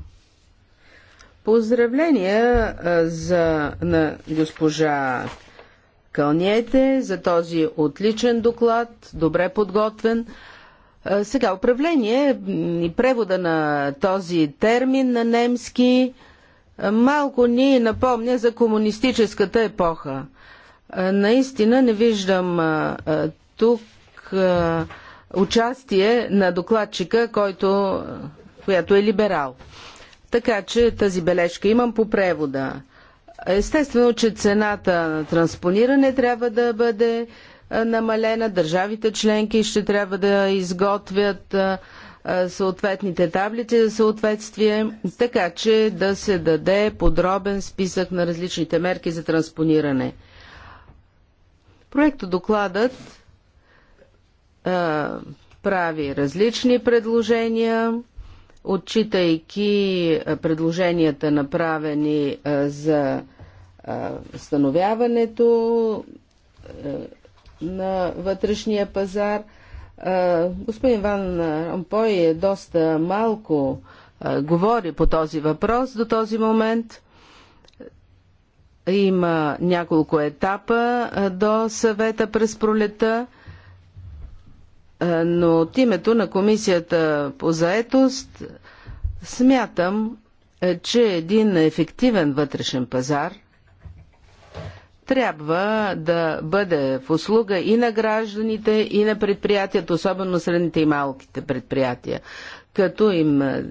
Поздравления за, на госпожа Кълнете за този отличен доклад, добре подготвен. Сега, управление и превода на този термин на немски малко ни напомня за комунистическата епоха. Наистина не виждам тук участие на докладчика, който, която е либерал. Така че тази бележка имам по превода. Естествено, че цената на транспониране трябва да бъде е, намалена. Държавите членки ще трябва да изготвят е, е, съответните таблици за съответствие, така че да се даде подробен списък на различните мерки за транспониране. Проекто докладът прави различни предложения отчитайки е, предложенията направени е, за е, становяването на вътрешния пазар. Господин Ван Ромпой е доста малко говори по този въпрос до този момент. Има няколко етапа до съвета през пролета – е, но от името на Комисията по заетост смятам, е, че един ефективен вътрешен пазар трябва да бъде в услуга и на гражданите, и на предприятията, особено средните и малките предприятия, като им е,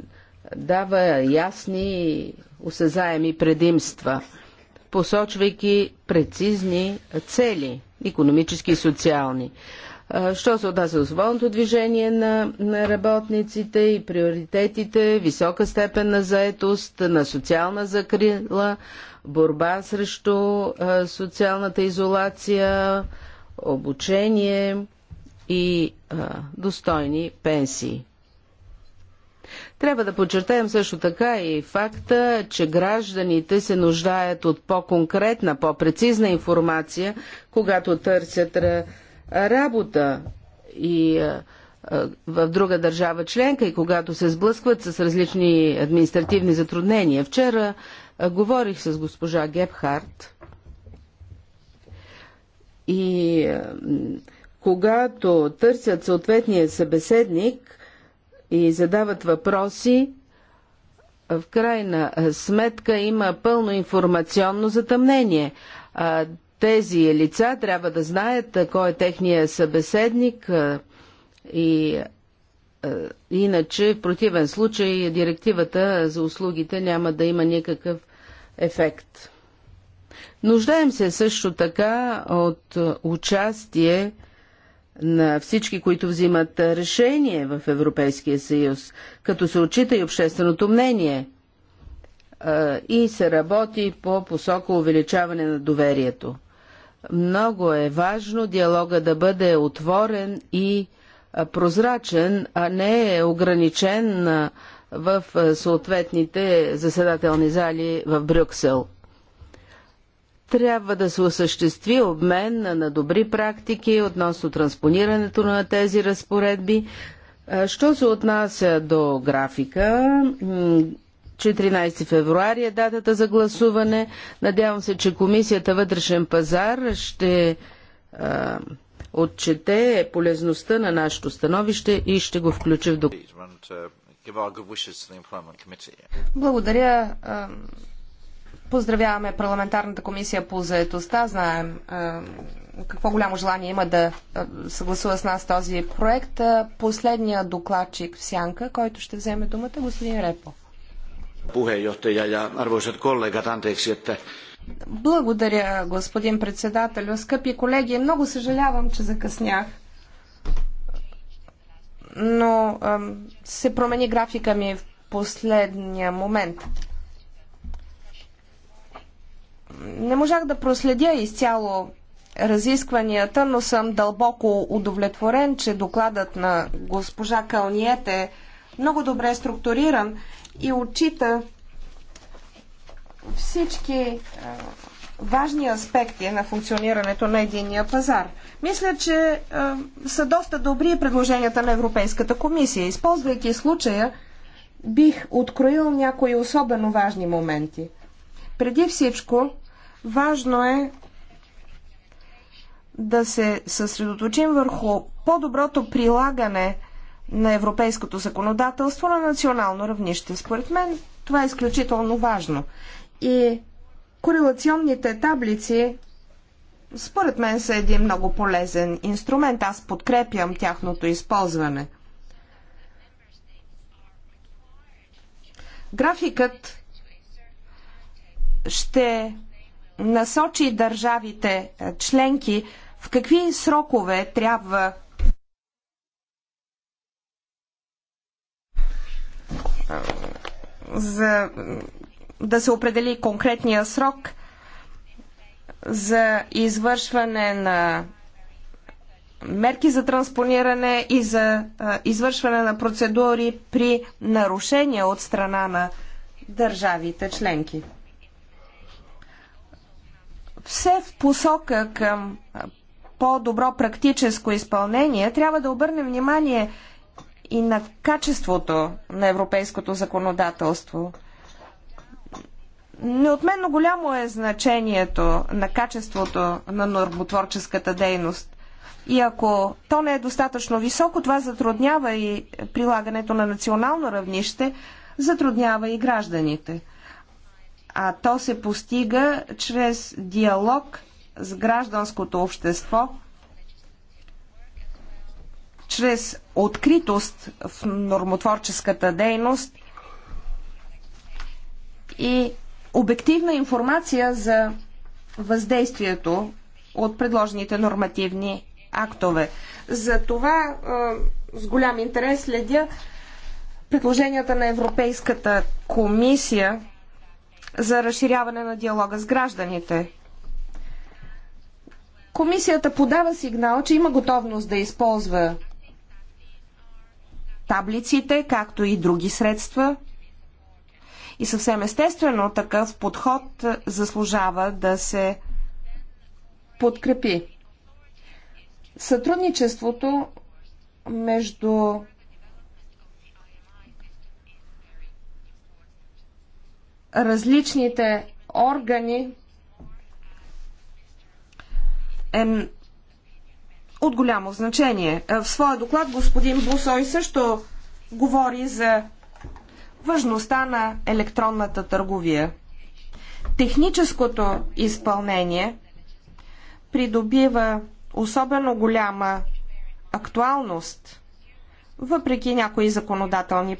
дава ясни, осезаеми предимства, посочвайки прецизни цели, економически и социални. Що се отнася до свободното движение на, на работниците и приоритетите, висока степен на заетост, на социална закрила, борба срещу социалната изолация, обучение и а, достойни пенсии. Трябва да подчертаем също така и факта, че гражданите се нуждаят от по-конкретна, по-прецизна информация, когато търсят работа и в друга държава членка и когато се сблъскват с различни административни затруднения. Вчера говорих с госпожа Гепхарт и когато търсят съответния събеседник и задават въпроси, в крайна сметка има пълно информационно затъмнение. Тези лица трябва да знаят кой е техния събеседник и иначе в противен случай директивата за услугите няма да има никакъв ефект. Нуждаем се също така от участие на всички, които взимат решение в Европейския съюз, като се отчита и общественото мнение и се работи по посока увеличаване на доверието. Много е важно диалога да бъде отворен и прозрачен, а не е ограничен в съответните заседателни зали в Брюксел. Трябва да се осъществи обмен на добри практики относно транспонирането на тези разпоредби. Що се отнася до графика, 14 февруари е датата за гласуване. Надявам се, че Комисията Вътрешен пазар ще а, отчете полезността на нашето становище и ще го включи в доклада. Благодаря. Поздравяваме парламентарната комисия по заедостта. Знаем какво голямо желание има да съгласува с нас този проект. Последния докладчик в Сянка, който ще вземе думата, господин Репо. Благодаря, господин председателю. Скъпи колеги, много съжалявам, че закъснях. Но се промени графика ми в последния момент. Не можах да проследя изцяло разискванията, но съм дълбоко удовлетворен, че докладът на госпожа Кълниет е много добре структуриран и отчита всички е, важни аспекти на функционирането на единия пазар. Мисля, че е, са доста добри предложенията на Европейската комисия. Използвайки случая, бих откроил някои особено важни моменти. Преди всичко, важно е да се съсредоточим върху по-доброто прилагане на европейското законодателство на национално равнище. Според мен това е изключително важно. И корелационните таблици според мен са един много полезен инструмент. Аз подкрепям тяхното използване. Графикът ще насочи държавите е, членки в какви срокове трябва за да се определи конкретния срок за извършване на мерки за транспониране и за извършване на процедури при нарушения от страна на държавите членки. Все в посока към по-добро практическо изпълнение трябва да обърнем внимание и на качеството на европейското законодателство. Неотменно голямо е значението на качеството на нормотворческата дейност. И ако то не е достатъчно високо, това затруднява и прилагането на национално равнище, затруднява и гражданите. А то се постига чрез диалог с гражданското общество – чрез откритост в нормотворческата дейност и обективна информация за въздействието от предложените нормативни актове. За това с голям интерес следя предложенията на Европейската комисия за разширяване на диалога с гражданите. Комисията подава сигнал, че има готовност да използва таблиците, както и други средства. И съвсем естествено такъв подход заслужава да се подкрепи. Сътрудничеството между различните органи е от голямо значение. В своя доклад господин Бусой също говори за важността на електронната търговия. Техническото изпълнение придобива особено голяма актуалност, въпреки някои законодателни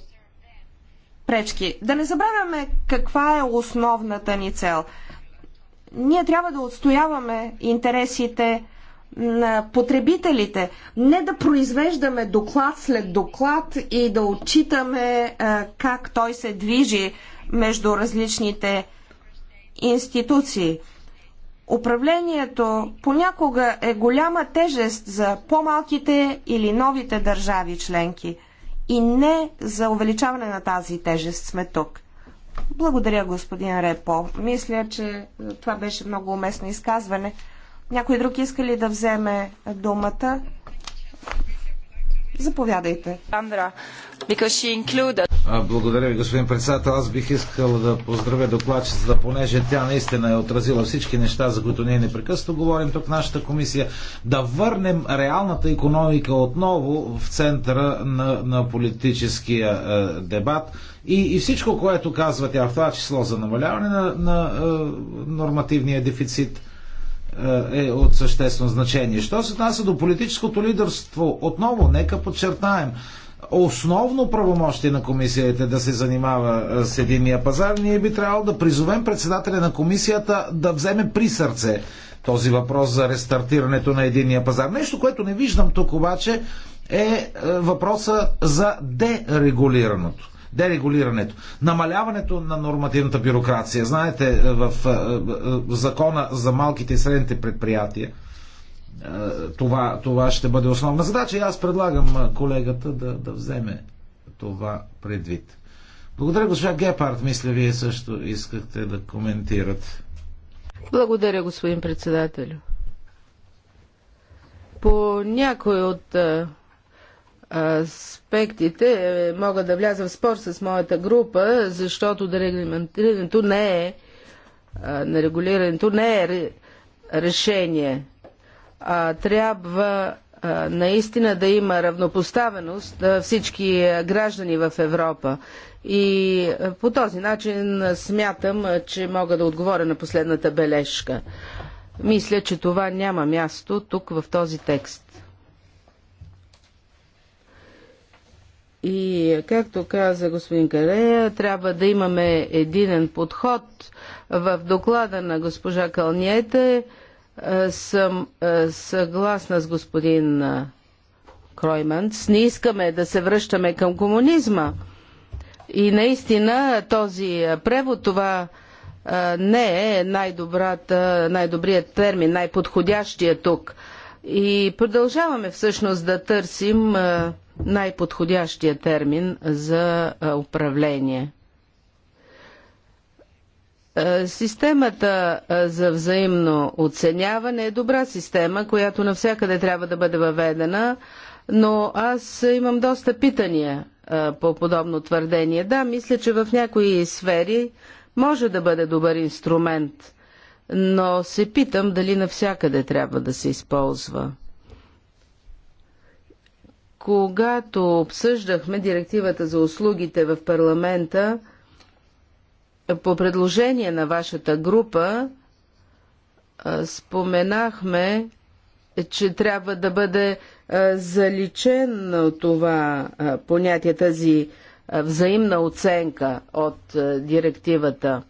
пречки. Да не забравяме каква е основната ни цел. Ние трябва да отстояваме интересите на потребителите. Не да произвеждаме доклад след доклад и да отчитаме е, как той се движи между различните институции. Управлението понякога е голяма тежест за по-малките или новите държави членки. И не за увеличаване на тази тежест сме тук. Благодаря, господин Репо. Мисля, че това беше много уместно изказване. Някой друг иска ли да вземе думата? Заповядайте. Благодаря ви, господин председател. Аз бих искал да поздравя докладчицата, понеже тя наистина е отразила всички неща, за които ние непрекъснато говорим тук в нашата комисия. Да върнем реалната економика отново в центъра на, на политическия е, дебат. И, и всичко, което казва тя, в това число за намаляване на, на е, нормативния дефицит – е, е от съществено значение. Що се отнася до политическото лидерство, отново, нека подчертаем, основно правомощие на комисията е да се занимава е, с единия пазар, ние би трябвало да призовем председателя на комисията да вземе при сърце този въпрос за рестартирането на единия пазар. Нещо, което не виждам тук обаче е, е въпроса за дерегулираното дерегулирането, намаляването на нормативната бюрокрация. Знаете, е, е, е, в закона за малките и средните предприятия това, това ще бъде основна задача и аз предлагам колегата да, да вземе това предвид. Благодаря, госпожа Гепард. Мисля, вие също искахте да коментирате. Благодаря, господин председател. По някой от аспектите е, мога да вляза в спор с моята група, защото дерегламентирането не е на регулирането не е решение. А, трябва а, наистина да има равнопоставеност на всички граждани в Европа. И а, по този начин смятам, че мога да отговоря на последната бележка. Мисля, че това няма място тук в този текст. И както каза господин Карея, трябва да имаме единен подход. В доклада на госпожа Кълниете е, съм е, съгласна с господин е, Кройманц. Не искаме да се връщаме към комунизма. И наистина този превод, това не е най-добрата, най-добрият термин, най-подходящия тук. И продължаваме всъщност да търсим а, най-подходящия термин за управление. Системата за взаимно оценяване е добра система, която навсякъде трябва да бъде въведена, но аз имам доста питания по подобно твърдение. Да, мисля, че в някои сфери може да бъде добър инструмент, но се питам дали навсякъде трябва да се използва. Когато обсъждахме директивата за услугите в парламента, по предложение на вашата група споменахме, че трябва да бъде заличено това понятие, тази взаимна оценка от директивата.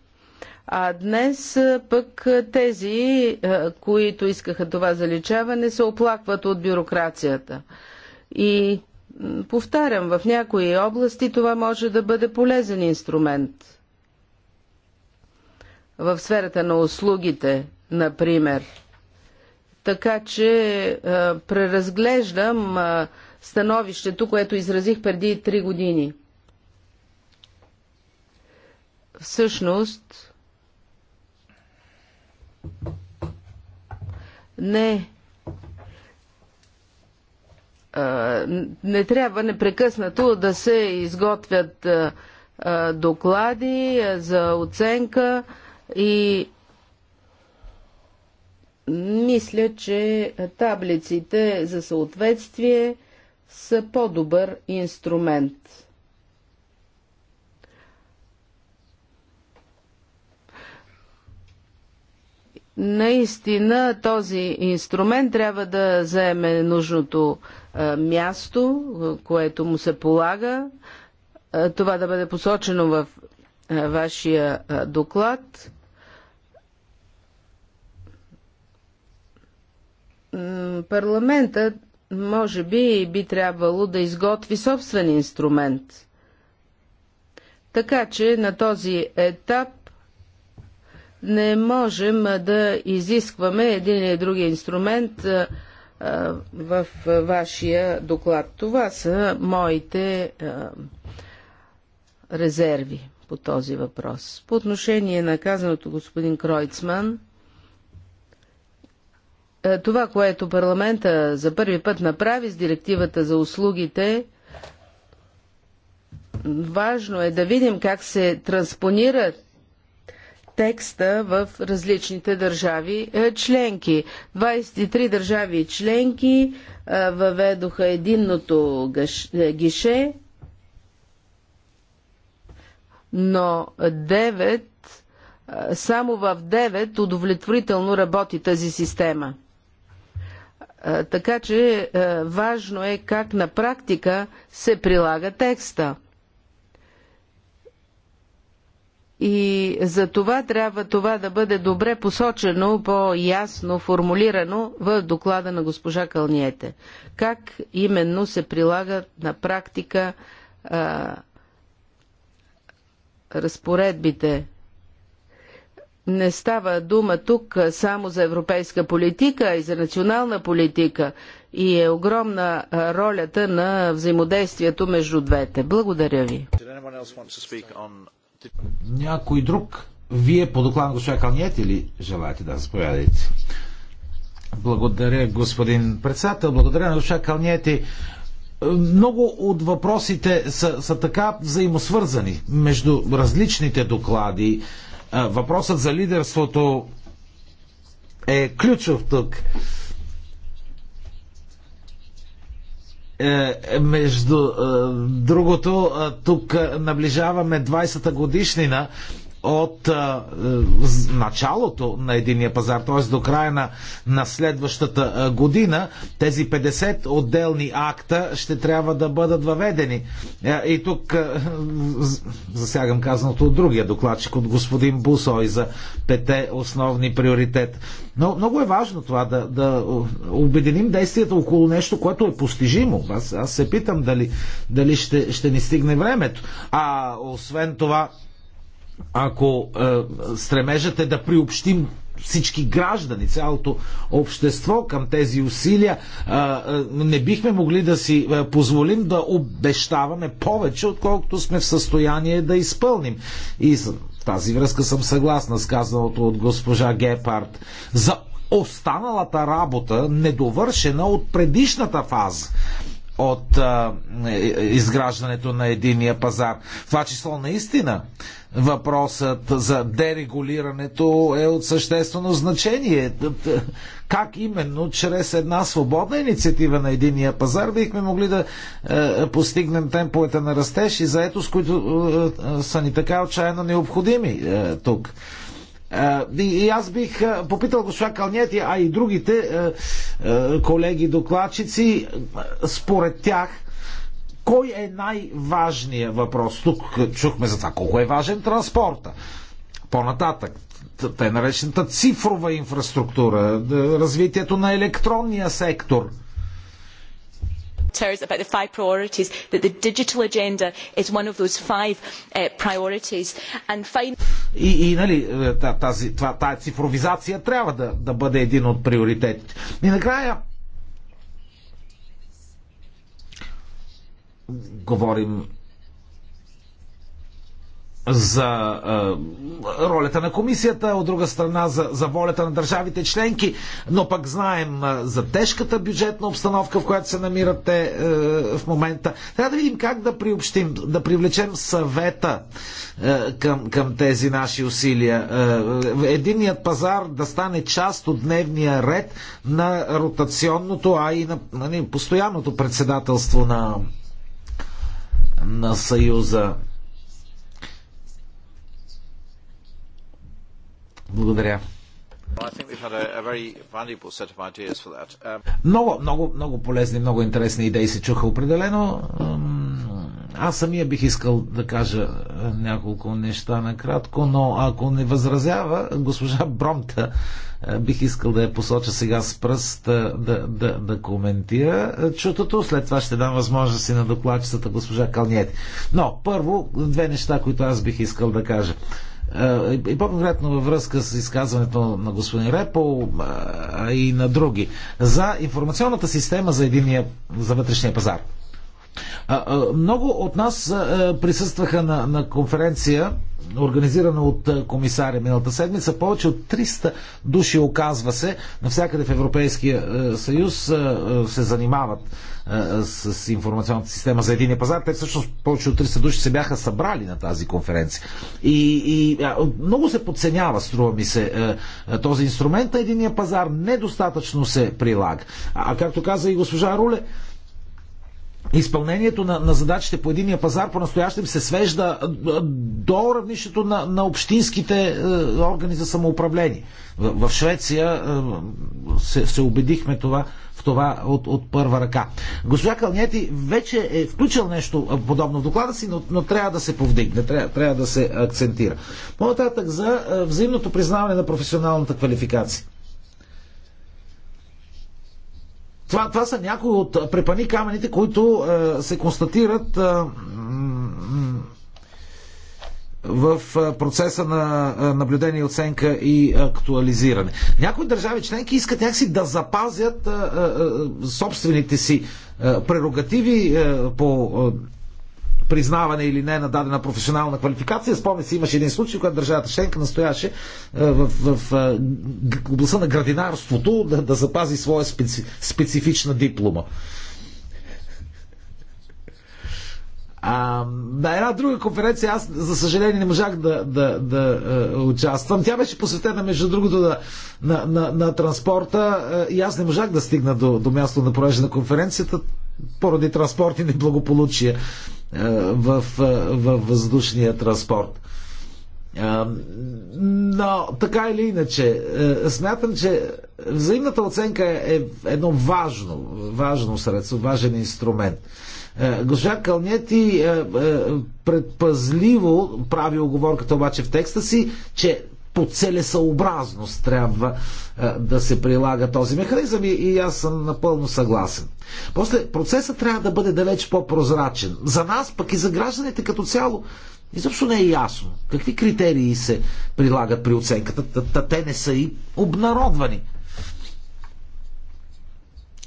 А днес пък тези, които искаха това заличаване, се оплакват от бюрокрацията. И повтарям, в някои области това може да бъде полезен инструмент. В сферата на услугите, например. Така че а, преразглеждам а, становището, което изразих преди три години. Всъщност, не не трябва непрекъснато да се изготвят доклади за оценка и мисля, че таблиците за съответствие са по-добър инструмент. Наистина този инструмент трябва да заеме нужното е, място, е, което му се полага. Е, това да бъде посочено в вашия доклад. парламента може би би трябвало да изготви собствен инструмент. Така че на този етап не можем да изискваме един или друг инструмент в вашия доклад. Това са моите резерви по този въпрос. По отношение на казаното господин Кройцман, това, което парламента за първи път направи с директивата за услугите, важно е да видим как се транспонират текста в различните държави е, членки. 23 държави членки е, въведоха единното е, гише, но 9, само в 9 удовлетворително работи тази система. Така че важно е как на практика се прилага текста – И за това трябва това да бъде добре посочено, по-ясно формулирано в доклада на госпожа Кълниете. Как именно се прилага на практика а, разпоредбите не става дума тук само за европейска политика, а и за национална политика. И е огромна ролята на взаимодействието между двете. Благодаря ви. Някой друг? Вие по доклад на госпожа Калниети или желаете да заповядайте? Благодаря, господин председател. Благодаря на госпожа Калниети. Е, много от въпросите са, са така взаимосвързани между различните доклади. Е, въпросът за лидерството е ключов тук. Е, между е, другото, е, тук наближаваме 20-та годишнина от а, е, началото на единия пазар, т.е. до края на, на следващата а, година, тези 50 отделни акта ще трябва да бъдат въведени. А, е, и тук а, е, засягам казаното от другия докладчик, от господин Бусой за пете основни приоритет. Но много е важно това да, да обединим действията около нещо, което е постижимо. Аз, аз се питам дали, дали ще, ще ни стигне времето. А освен това, ако е, стремежът е да приобщим всички граждани, цялото общество към тези усилия, е, е, не бихме могли да си е, позволим да обещаваме повече, отколкото сме в състояние да изпълним. И в тази връзка съм съгласна с казаното от госпожа Гепард. За останалата работа, недовършена от предишната фаза от а, е, изграждането на единия пазар. В това число наистина въпросът за дерегулирането е от съществено значение. Как именно чрез една свободна инициатива на единия пазар бихме могли да е, постигнем темповете на растеж и заето, с които е, е, са ни така отчаяно необходими е, тук. И аз бих попитал госпожа Калнети, а и другите колеги докладчици, според тях, кой е най-важният въпрос? Тук чухме за това колко е важен транспорта. По-нататък, тъй наречената цифрова инфраструктура, развитието на електронния сектор – rapporteurs about the five priorities, that the digital agenda is one of those five priorities. И, и нали, тази, това, тази цифровизация трябва да, да бъде един от приоритетите. И накрая, говорим за е, ролята на комисията, от друга страна за, за волята на държавите членки, но пък знаем за тежката бюджетна обстановка, в която се намирате е, в момента. Трябва да видим как да приобщим, да привлечем съвета е, към, към тези наши усилия. Е, е единият пазар да стане част от дневния ред на ротационното, а и на, на, нали, на постоянното председателство на, на Съюза. Благодаря. Um, много, много, много полезни, много интересни идеи се чуха определено. Аз самия бих искал да кажа е, няколко неща накратко, но ако не възразява госпожа Бромта, е, бих искал да я посоча сега с пръст е, да, да, да коментира чутото. След това ще дам възможност и на докладчицата госпожа Калниети. Но първо две неща, които аз бих искал да кажа. Е, и по-конкретно във връзка с изказването на господин Репо и на други, за информационната система за единия, за вътрешния пазар. Много от нас присъстваха на, на конференция, организирана от комисаря миналата седмица. Повече от 300 души, оказва се, навсякъде в Европейския съюз се занимават с информационната система за единия пазар. Те всъщност повече от 300 души се бяха събрали на тази конференция. И, и много се подценява, струва ми се, този инструмент на единия пазар недостатъчно се прилага. А както каза и госпожа Руле, изпълнението на, на задачите по единия пазар по-настоящем се свежда до равнището на, на общинските е, органи за самоуправление. В, в Швеция е, се, се убедихме това, в това от, от първа ръка. Госпожа Калнети вече е включил нещо подобно в доклада си, но, но трябва да се повдигне, трябва, трябва да се акцентира. По-нататък за е, взаимното признаване на професионалната квалификация. Това, това са някои от препани камените, които а, е, се констатират а, е, в е, процеса на наблюдение, оценка и актуализиране. Някои държави членки искат някакси да запазят а, а, собствените си а, прерогативи а, по признаване или не на дадена професионална квалификация. Спомня си, имаше един случай, когато държавата Шенка настояше е, в, в, е, в областта на градинарството да, да запази своя специ, специфична диплома. А, на една друга конференция аз, за съжаление, не можах да, да, да е, участвам. Тя беше посветена, между другото, на, на, на, на транспорта е, и аз не можах да стигна до, до място на провеждане на конференцията, поради транспорти неблагополучия е, в, е, в въздушния транспорт. Е, но така или иначе, смятам, че взаимната оценка е едно важно, важно средство, важен инструмент. Госпожа Кълнети предпазливо прави оговорката обаче в текста си, че по целесъобразност трябва е, да се прилага този механизъм и, и аз съм напълно съгласен. После процесът трябва да бъде далеч по-прозрачен. За нас, пък и за гражданите като цяло, изобщо не е ясно какви критерии се прилагат при оценката. Та, те не са и обнародвани.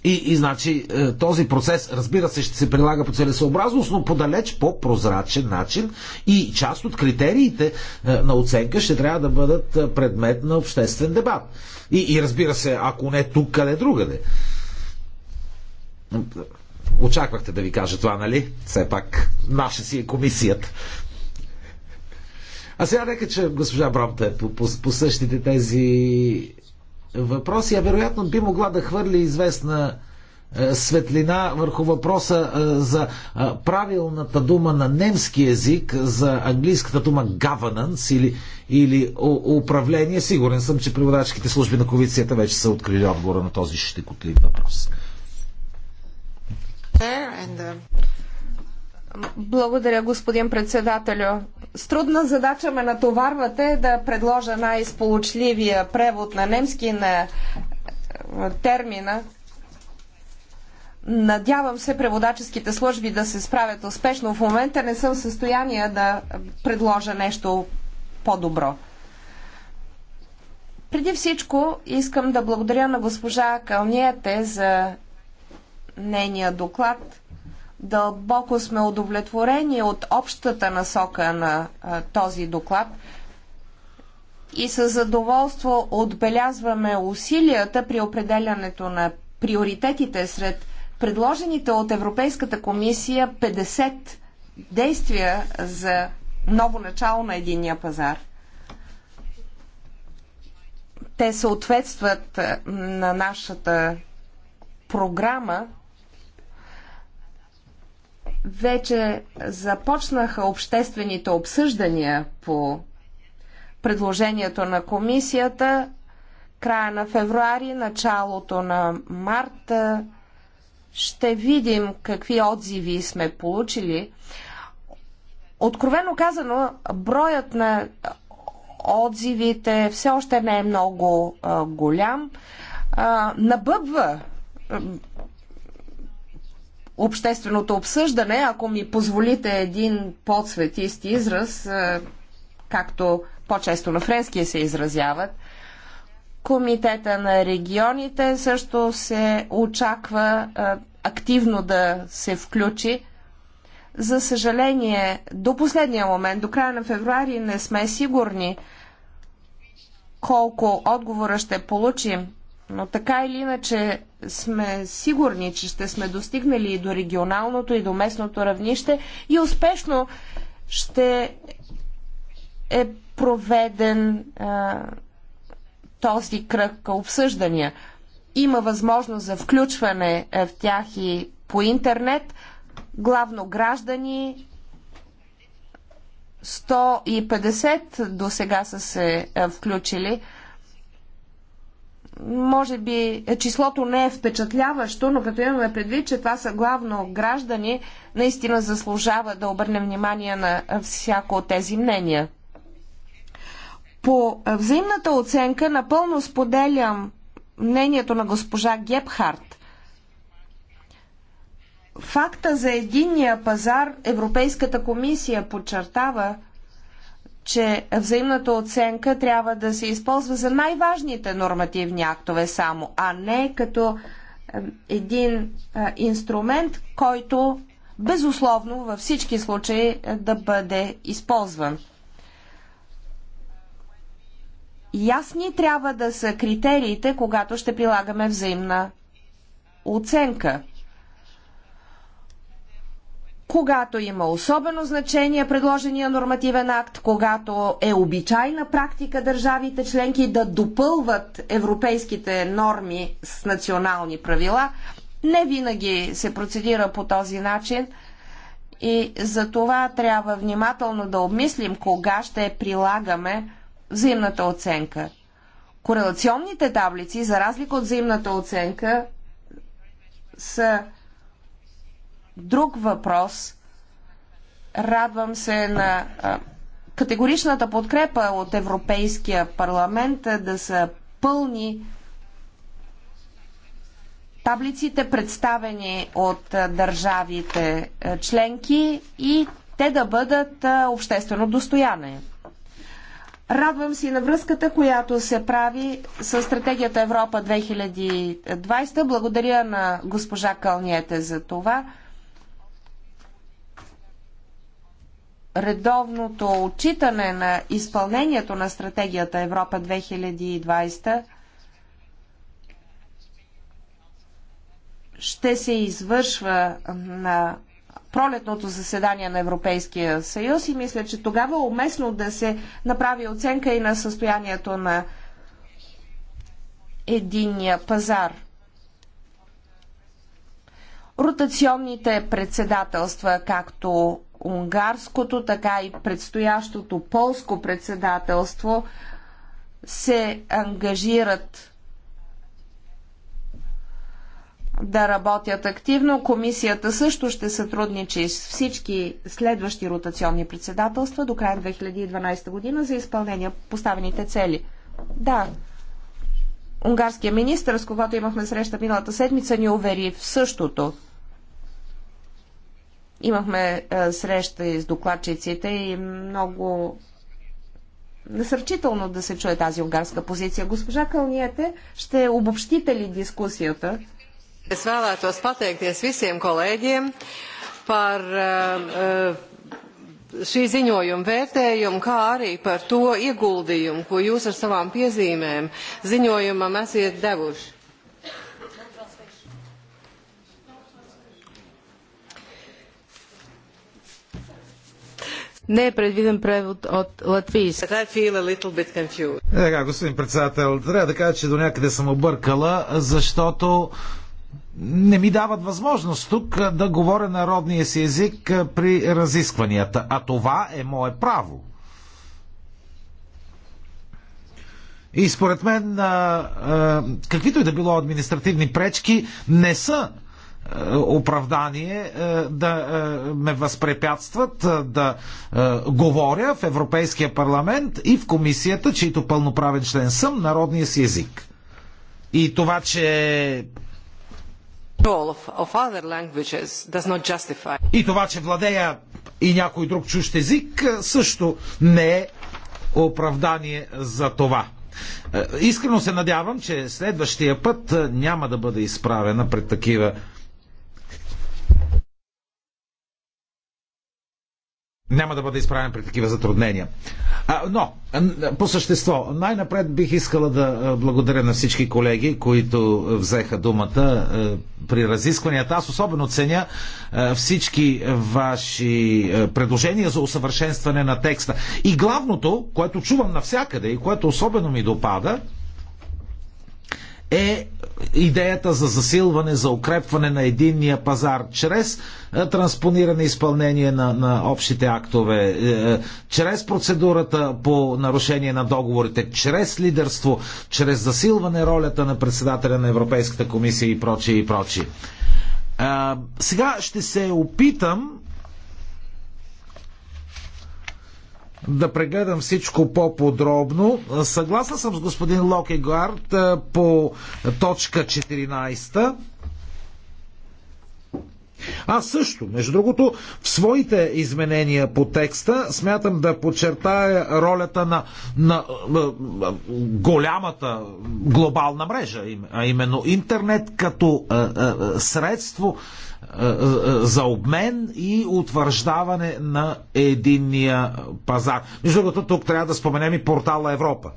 И, и значи е, този процес, разбира се, ще се прилага по целесообразност, но подалеч по-прозрачен начин и част от критериите е, на оценка ще трябва да бъдат е, предмет на обществен дебат. И, и разбира се, ако не тук, къде другаде. Очаквахте да ви кажа това, нали? Все пак, наша си е комисията. А сега нека че госпожа Брамта е по, по, по същите тези въпроси, а вероятно би могла да хвърли известна е, светлина върху въпроса е, за е, правилната дума на немски язик, за английската дума governance или, или управление. Сигурен съм, че преводачките служби на ковицията вече са открили отговора на този щекотлив въпрос. Благодаря, господин председателю. С трудна задача ме натоварвате да предложа най-сполучливия превод на немски на е, термина. Надявам се преводаческите служби да се справят успешно. В момента не съм в състояние да предложа нещо по-добро. Преди всичко искам да благодаря на госпожа Калниете за нейния доклад – Дълбоко сме удовлетворени от общата насока на а, този доклад и със задоволство отбелязваме усилията при определянето на приоритетите сред предложените от Европейската комисия 50 действия за ново начало на единия пазар. Те съответстват на нашата програма вече започнаха обществените обсъждания по предложението на комисията. Края на февруари, началото на марта. ще видим какви отзиви сме получили. Откровено казано, броят на отзивите все още не е много а, голям. А, набъбва общественото обсъждане, ако ми позволите един подсветист израз, е, както по-често на френския се изразяват, Комитета на регионите също се очаква е, активно да се включи. За съжаление, до последния момент, до края на февруари, не сме сигурни колко отговора ще получим но така или иначе сме сигурни, че ще сме достигнали и до регионалното и до местното равнище и успешно ще е проведен а, този кръг обсъждания. Има възможност за включване в тях и по интернет, главно граждани. 150 до сега са се включили може би числото не е впечатляващо, но като имаме предвид, че това са главно граждани, наистина заслужава да обърнем внимание на всяко от тези мнения. По взаимната оценка напълно споделям мнението на госпожа Гепхарт. Факта за единния пазар Европейската комисия подчертава, че взаимната оценка трябва да се използва за най-важните нормативни актове само, а не като един е, инструмент, който безусловно във всички случаи е, да бъде използван. Ясни трябва да са критериите, когато ще прилагаме взаимна оценка когато има особено значение предложения нормативен акт, когато е обичайна практика държавите членки да допълват европейските норми с национални правила, не винаги се процедира по този начин и за това трябва внимателно да обмислим кога ще прилагаме взаимната оценка. Корелационните таблици, за разлика от взаимната оценка, са друг въпрос. Радвам се на категоричната подкрепа от Европейския парламент да са пълни таблиците, представени от държавите членки и те да бъдат обществено достояние. Радвам се и на връзката, която се прави с стратегията Европа 2020. Благодаря на госпожа Кълниете за това. редовното отчитане на изпълнението на стратегията Европа 2020 ще се извършва на пролетното заседание на Европейския съюз и мисля, че тогава е уместно да се направи оценка и на състоянието на единния пазар. Ротационните председателства, както унгарското, така и предстоящото полско председателство се ангажират да работят активно. Комисията също ще сътрудничи с всички следващи ротационни председателства до края на 2012 година за изпълнение поставените цели. Да, унгарския министр, с когото имахме среща миналата седмица, ни увери в същото – Имахме среща и с докладчиците и много насърчително да се чуе тази унгарска позиция. Госпожа Кълниете, ще обобщите ли дискусията? Es vēlētos pateikties visiem kolēģiem par šī ziņojuma vērtējumu, kā arī par to ieguldījumu, ko jūs ar savām piezīmēm ziņojumam esiet devuši. не е предвиден превод от латвийски. Така, господин председател, трябва да кажа, че до някъде съм объркала, защото не ми дават възможност тук да говоря народния си език при разискванията. А това е мое право. И според мен, каквито и да било административни пречки, не са е, оправдание е, да е, ме възпрепятстват да говоря в Европейския парламент и в комисията, чието пълноправен член съм, народния си език. И това, че и това, че владея и някой друг чущ език, също не е оправдание за това. Искрено се надявам, че следващия път няма да бъде изправена пред такива няма да бъде изправен при такива затруднения. А, но, по същество, най-напред бих искала да благодаря на всички колеги, които взеха думата при разискванията. Аз особено ценя всички ваши предложения за усъвършенстване на текста. И главното, което чувам навсякъде и което особено ми допада, е идеята за засилване, за укрепване на единния пазар чрез е, транспониране и изпълнение на, на общите актове, е, е, чрез процедурата по нарушение на договорите, чрез лидерство, чрез засилване ролята на председателя на Европейската комисия и прочие и прочие. Сега ще се опитам да прегледам всичко по-подробно. Съгласна съм с господин Локегард по точка 14. Аз също, между другото, в своите изменения по текста смятам да подчертая ролята на, на, на голямата глобална мрежа, а именно интернет като а, а, средство е, е, за обмен и утвърждаване на единния пазар. Между другото, тук трябва да споменем и портала Европа.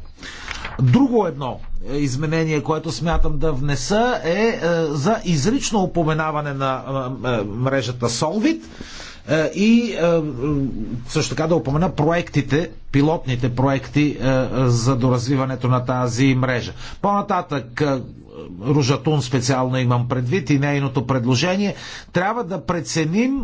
Друго едно изменение, което смятам да внеса е, е за изрично упоменаване на мрежата Solvit е, и е, също така да упомена проектите, пилотните проекти е, за доразвиването на тази мрежа. По-нататък Ружатун специално имам предвид и нейното предложение, трябва да преценим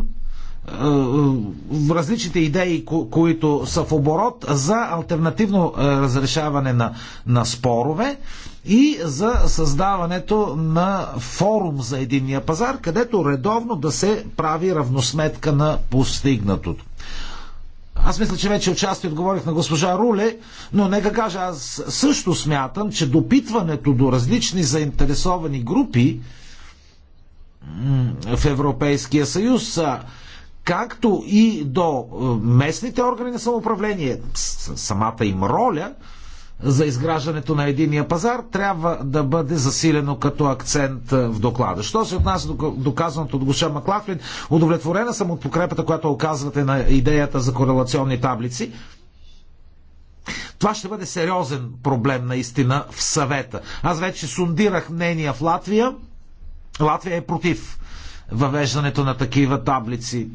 различните идеи, които са в оборот за альтернативно разрешаване на, на спорове и за създаването на форум за единния пазар, където редовно да се прави равносметка на постигнатото. Аз мисля, че вече отчасти отговорих на госпожа Руле, но нека кажа, аз също смятам, че допитването до различни заинтересовани групи в Европейския съюз както и до е, местните органи на самоуправление, самата им роля – за изграждането на единия пазар трябва да бъде засилено като акцент в доклада. Що се отнася до казаното от Гоша Маклафлин, удовлетворена съм от покрепата, която оказвате на идеята за корелационни таблици. Това ще бъде сериозен проблем наистина в съвета. Аз вече сундирах мнения в Латвия. Латвия е против въвеждането на такива таблици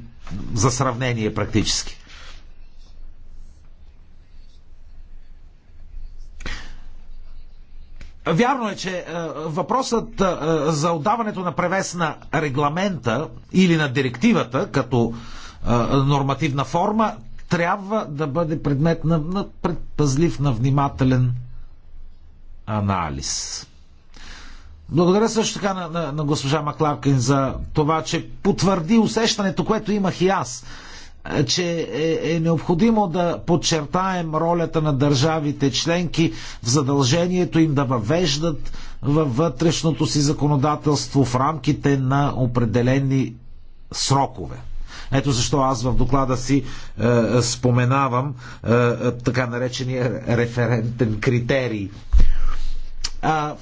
за сравнение практически. Вярно е, че е, въпросът е, за отдаването на превес на регламента или на директивата като е, нормативна форма трябва да бъде предмет на, на предпазлив, на внимателен анализ. Благодаря също така на, на, на госпожа Макларкин за това, че потвърди усещането, което имах и аз – че е, е необходимо да подчертаем ролята на държавите членки в задължението им да въвеждат във вътрешното си законодателство в рамките на определени срокове. Ето защо аз в доклада си е, споменавам е, е така наречения референтен критерий. А, е,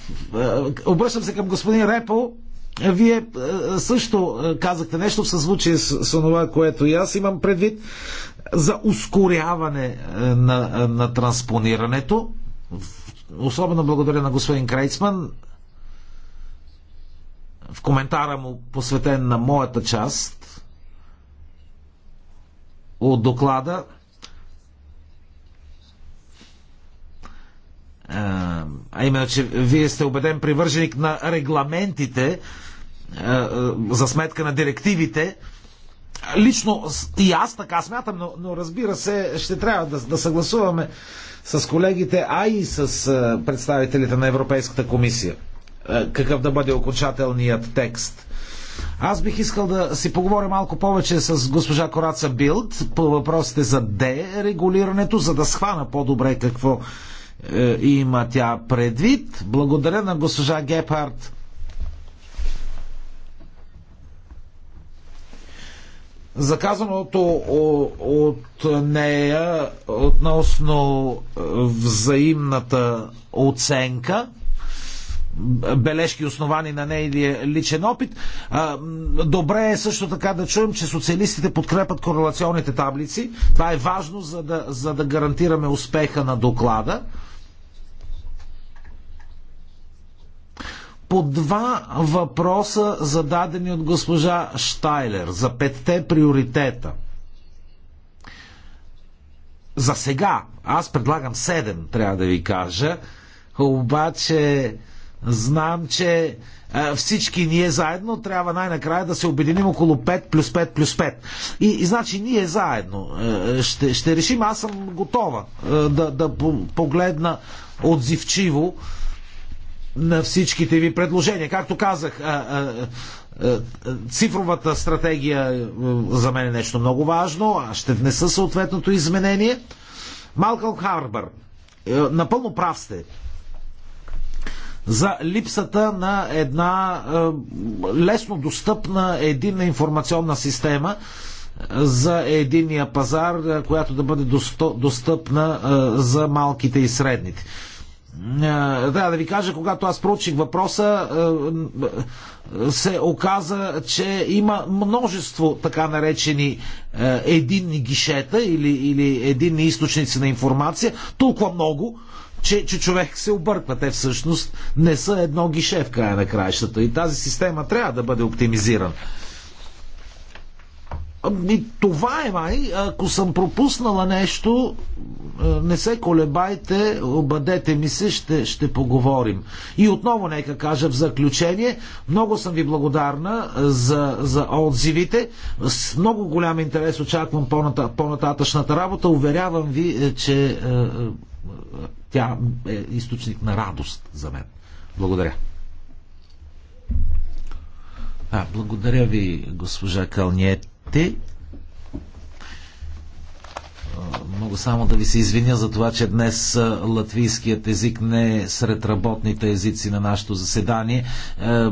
обръщам се към господин Репо вие е, също е, казахте нещо в съзвучие с, с това, което и аз имам предвид за ускоряване е, на, на транспонирането. Особено благодаря на господин Крейцман в коментара му посветен на моята част от доклада а именно, че вие сте убеден привърженик на регламентите, е, е, за сметка на директивите. Лично и аз така смятам, но, но разбира се, ще трябва да, да съгласуваме с колегите, а и с е, представителите на Европейската комисия какъв да бъде окончателният текст. Аз бих искал да си поговоря малко повече с госпожа Кораца Билд по въпросите за дерегулирането, за да схвана по-добре какво е, има тя предвид. Благодаря на госпожа Гепард заказаното от нея относно взаимната оценка, бележки основани на нейния личен опит. Добре е също така да чуем, че социалистите подкрепят корелационните таблици. Това е важно, за да, за да гарантираме успеха на доклада. по два въпроса, зададени от госпожа Штайлер за петте приоритета. За сега, аз предлагам седем, трябва да ви кажа, обаче знам, че всички ние заедно трябва най-накрая да се обединим около 5 плюс 5 плюс 5. И, и значи ние заедно ще, ще решим. Аз съм готова да, да погледна отзивчиво на всичките ви предложения. Както казах, цифровата стратегия за мен е нещо много важно. Аз ще внеса съответното изменение. Малкъл Харбър, е, напълно прав сте за липсата на една лесно достъпна единна информационна система за единия пазар, която да бъде достъпна за малките и средните. Трябва е, да ви кажа, когато аз проучих въпроса, е, е, се оказа, че има множество така наречени единни гишета или, или единни източници на информация, толкова много, че, че човек се обърква. Те всъщност не са едно гише в края на краищата. И тази система трябва да бъде оптимизирана. Ами това е май. Ако съм пропуснала нещо, е, не се колебайте, обадете ми се, ще, ще поговорим. И отново нека кажа в заключение, много съм ви благодарна е, за, за отзивите. С много голям интерес очаквам по-нататъчната работа. Уверявам ви, е, че тя е източник на радост за мен. Благодаря. А, благодаря ви, госпожа Калниет те. Много само да ви се извиня за това, че днес латвийският език не е сред работните езици на нашето заседание. Е, е,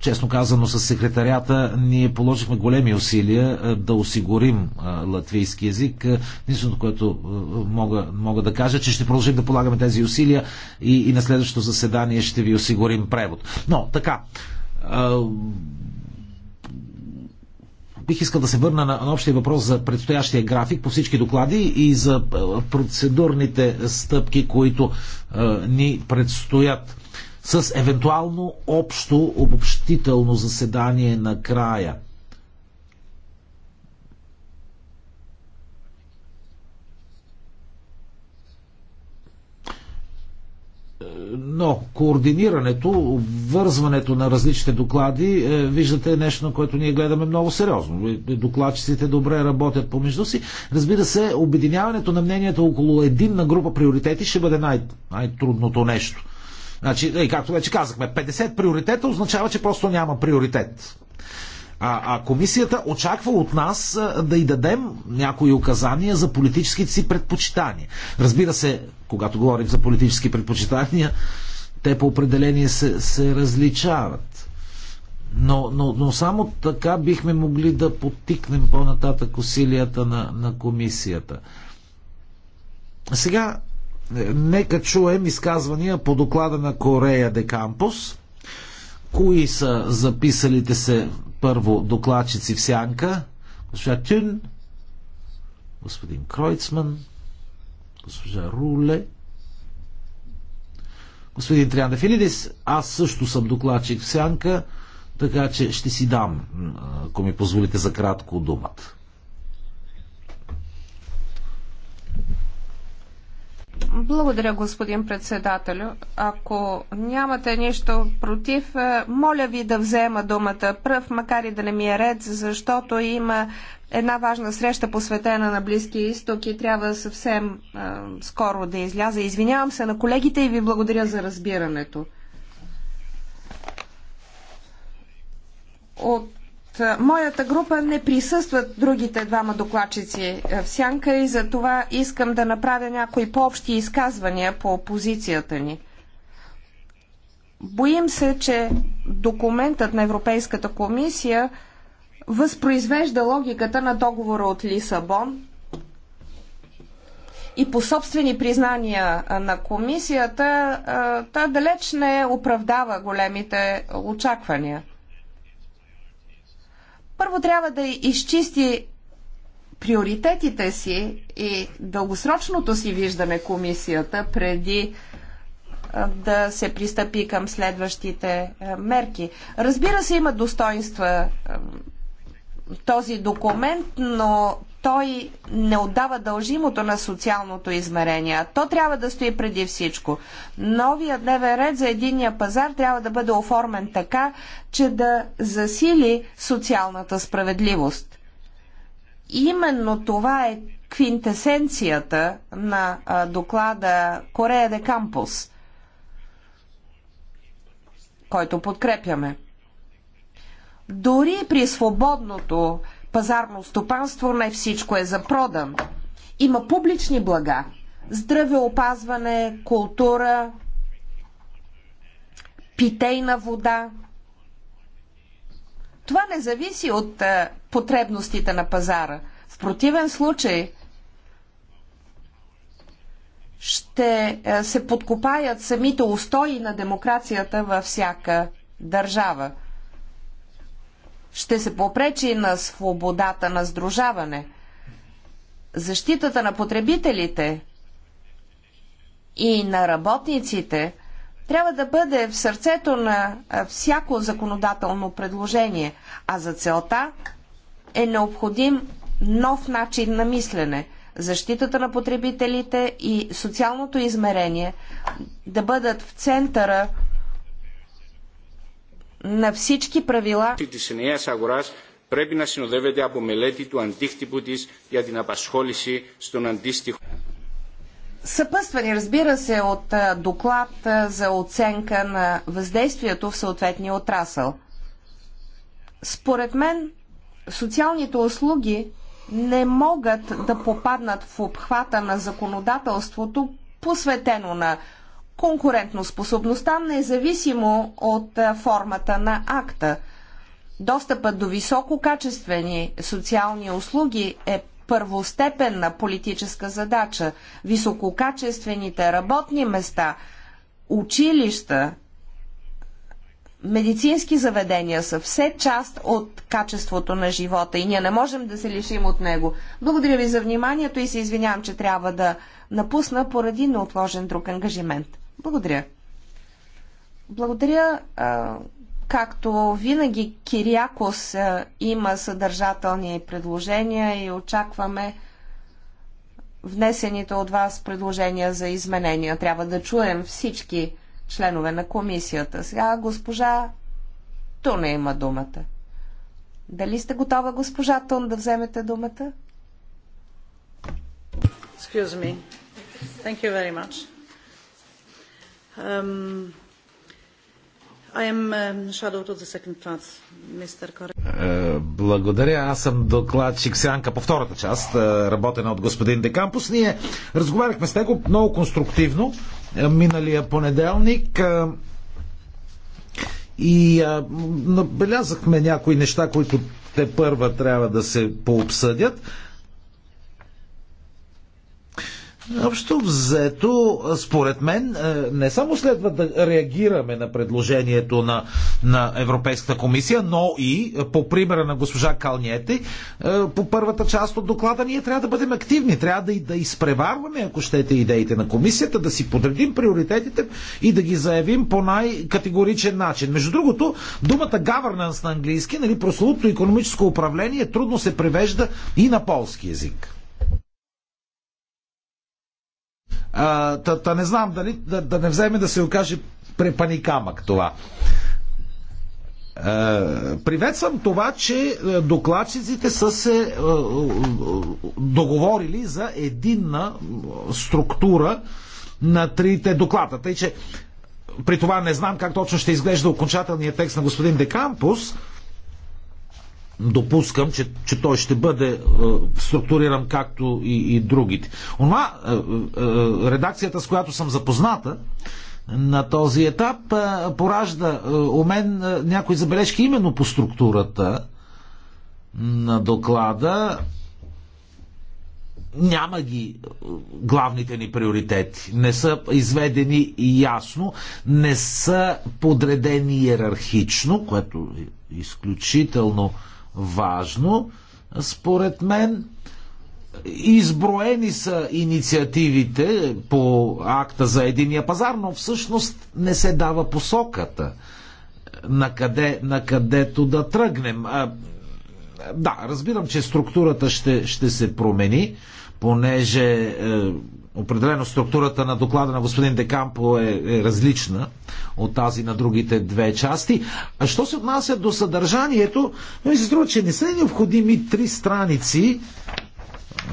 честно казано, с секретарята ние положихме големи усилия е, да осигурим латвийски язик. Единственото, което мога, мога да кажа, че ще продължим да полагаме тези усилия и, и на следващото заседание ще ви осигурим превод. Но така, Бих искал да се върна на, на общия въпрос за предстоящия график по всички доклади и за е, процедурните стъпки, които е, ни предстоят с евентуално общо обобщително заседание на края но координирането, вързването на различните доклади, е, виждате е нещо, на което ние гледаме много сериозно. Е, е, докладчиците добре работят помежду си. Разбира се, обединяването на мненията около единна група приоритети ще бъде най- най-трудното нещо. Значи, както вече казахме, 50 приоритета означава, че просто няма приоритет. А, а комисията очаква от нас да й дадем някои указания за политическите си предпочитания. Разбира се, когато говорим за политически предпочитания, те по определение се, се различават. Но, но, но само така бихме могли да подтикнем по-нататък усилията на, на комисията. Сега, е, нека чуем изказвания по доклада на Корея де Кампус. Кои са записалите се първо докладчици в сянка. Госпожа Тюн, господин Кройцман, госпожа Руле, господин Филидис, Аз също съм докладчик в сянка, така че ще си дам, ако ми позволите за кратко думата. Благодаря, господин председателю. Ако нямате нещо против, е, моля ви да взема думата пръв, макар и да не ми е ред, защото има една важна среща посветена на Близкия изток и трябва съвсем а, е, скоро да изляза. Извинявам се на колегите и ви благодаря за разбирането. От моята група не присъстват другите двама докладчици е, в сянка и за това искам да направя някои по-общи изказвания по позицията ни. Боим се, че документът на Европейската комисия възпроизвежда логиката на договора от Лисабон и по собствени признания на комисията, та далеч не оправдава големите очаквания – първо трябва да изчисти приоритетите си и дългосрочното си виждане комисията преди да се пристъпи към следващите мерки. Разбира се, има достоинства този документ, но той не отдава дължимото на социалното измерение. То трябва да стои преди всичко. Новия дневен ред за единния пазар трябва да бъде оформен така, че да засили социалната справедливост. Именно това е квинтесенцията на доклада Корея де Кампус, който подкрепяме. Дори при свободното пазарно стопанство не всичко е за продан. Има публични блага. Здравеопазване, култура, питейна вода. Това не зависи от а, е, потребностите на пазара. В противен случай ще а, е, се подкопаят самите устои на демокрацията във всяка държава ще се попречи на свободата на сдружаване. Защитата на потребителите и на работниците трябва да бъде в сърцето на всяко законодателно предложение, а за целта е необходим нов начин на мислене. Защитата на потребителите и социалното измерение да бъдат в центъра на всички правила πρέπει να συνοδεύεται από μελέτη του αντίκτυπου της για την απασχόληση στον αντίστοιχο. Съпъствани, разбира се, от доклад за оценка на въздействието в съответния отрасъл. Според мен, социалните услуги не могат да попаднат в обхвата на законодателството, посветено на конкурентноспособността, независимо от формата на акта. Достъпът до висококачествени социални услуги е първостепенна политическа задача. Висококачествените работни места, училища, медицински заведения са все част от качеството на живота и ние не можем да се лишим от него. Благодаря ви за вниманието и се извинявам, че трябва да напусна поради неотложен друг ангажимент. Благодаря. Благодаря. Както винаги, Кириакос има съдържателни предложения и очакваме внесените от вас предложения за изменения. Трябва да чуем всички членове на комисията. Сега госпожа Туна има думата. Дали сте готова, госпожа Тун, да вземете думата? Excuse me. Thank you very much. Um, I am um, shadow to the second Mr. Correa. Е, благодаря. Аз съм докладчик Сянка по втората част, е, работена от господин Декампус. Ние разговаряхме с него много конструктивно е, миналия понеделник. И набелязахме някои неща, които те първа трябва да се пообсъдят. Общо взето, според мен, е, не само следва да реагираме на предложението на, на Европейската комисия, но и по примера на госпожа Калниети, е, по първата част от доклада ние трябва да бъдем активни, трябва да, да изпреварваме, ако щете, идеите на комисията, да си подредим приоритетите и да ги заявим по най-категоричен начин. Между другото, думата governance на английски, нали, прословото економическо управление, трудно се превежда и на полски язик. та, та не знам дали да, да не вземе да се окаже препаникамък това. Е, приветствам това, че е, докладчиците са се е, договорили за единна структура на трите доклада. Тъй, че при това не знам как точно ще изглежда окончателният текст на господин Декампус, допускам, че, че той ще бъде е, структуриран както и, и другите. Онова, е, е, редакцията, с която съм запозната на този етап, е, поражда е, у мен е, някои забележки именно по структурата на доклада. Няма ги е, главните ни приоритети. Не са изведени ясно, не са подредени иерархично, което е изключително важно, според мен. Изброени са инициативите по акта за единия пазар, но всъщност не се дава посоката на, къде, на където да тръгнем. А, да, разбирам, че структурата ще, ще се промени, понеже е, Определено структурата на доклада на господин Декампо е, е различна от тази на другите две части. А що се отнася до съдържанието, ми се струва, че не са необходими три страници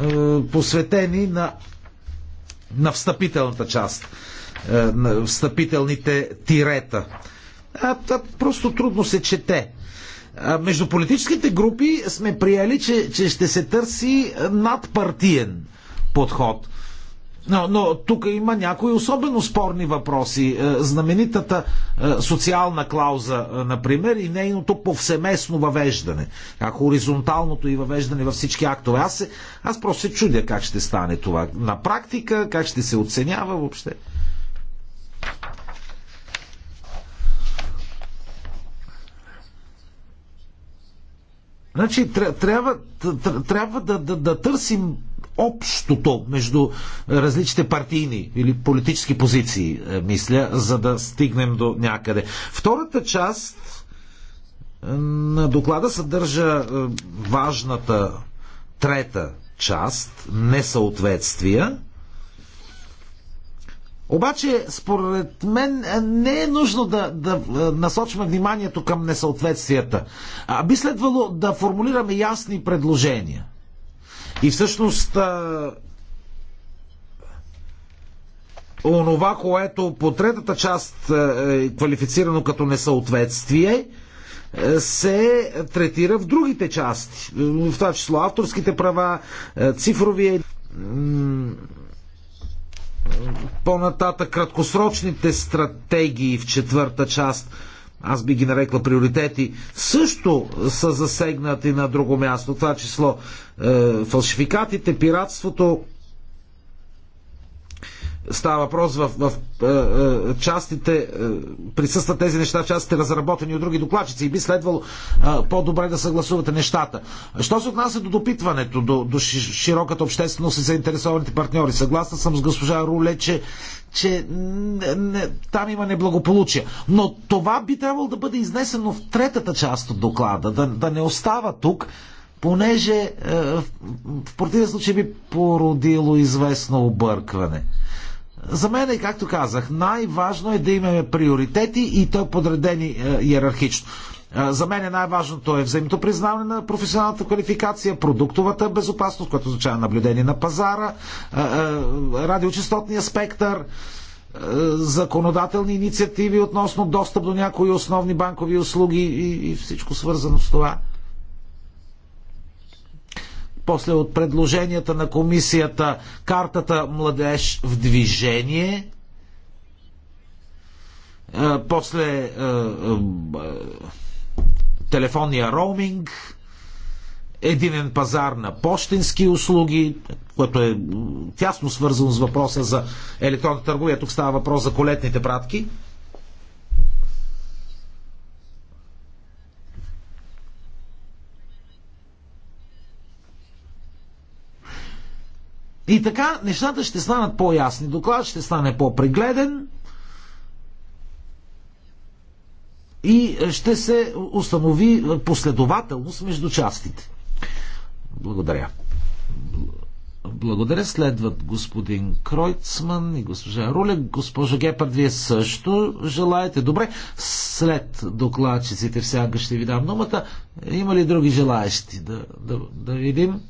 е, посветени на, на встъпителната част, е, на встъпителните тирета. А, а, просто трудно се чете. А, между политическите групи сме приели, че, че ще се търси надпартиен подход – но, но тук има някои особено спорни въпроси. Е, знаменитата е, социална клауза, е, например, и нейното повсеместно въвеждане. А хоризонталното и въвеждане във всички актове. Аз, се, аз просто се чудя как ще стане това. На практика, как ще се оценява въобще. Значи, трябва, трябва да, да, да търсим общото между е, различните партийни или политически позиции, е, мисля, за да стигнем до някъде. Втората част е, на доклада съдържа важната трета част несъответствия. Обаче, според мен, не е нужно да, да насочваме вниманието към несъответствията, а би следвало да формулираме ясни предложения – и всъщност онова, което по третата част е квалифицирано като несъответствие, е, се третира в другите части. В това число авторските права, е, цифровия по-нататък краткосрочните стратегии в четвърта част – аз би ги нарекла приоритети, също са засегнати на друго място. Това число е, фалшификатите, пиратството, Става въпрос в, в, в е, е, частите, е, присъстват тези неща в частите разработени от други докладчици и би следвало по-добре да съгласувате нещата. Що се отнася до допитването, до, до широката общественост и заинтересованите партньори? Съгласна съм с госпожа Руле, че че не, там има неблагополучие. Но това би трябвало да бъде изнесено в третата част от доклада, да, да не остава тук, понеже в противен случай би породило известно объркване. За мен е, както казах, най-важно е да имаме приоритети и то подредени е, иерархично. Е, за мен е най-важното е взаимното признаване на професионалната квалификация, продуктовата безопасност, което означава наблюдение на пазара, е, е, радиочастотния спектър, законодателни инициативи относно достъп до някои основни банкови услуги и всичко свързано с това после от предложенията на комисията картата Младеж в движение, е, после е, е, телефонния роуминг, единен пазар на почтенски услуги, което е тясно свързано с въпроса за електронна търговия. Тук става въпрос за колетните пратки – И така нещата ще станат по-ясни. Докладът ще стане по-прегледен и ще се установи последователност между частите. Благодаря. Благодаря. Следват господин Кройцман и госпожа Рулек, Госпожо Гепард, вие също желаете. Добре. След докладчиците всяка ще ви дам думата. Има ли други желаещи? Да, да, да видим.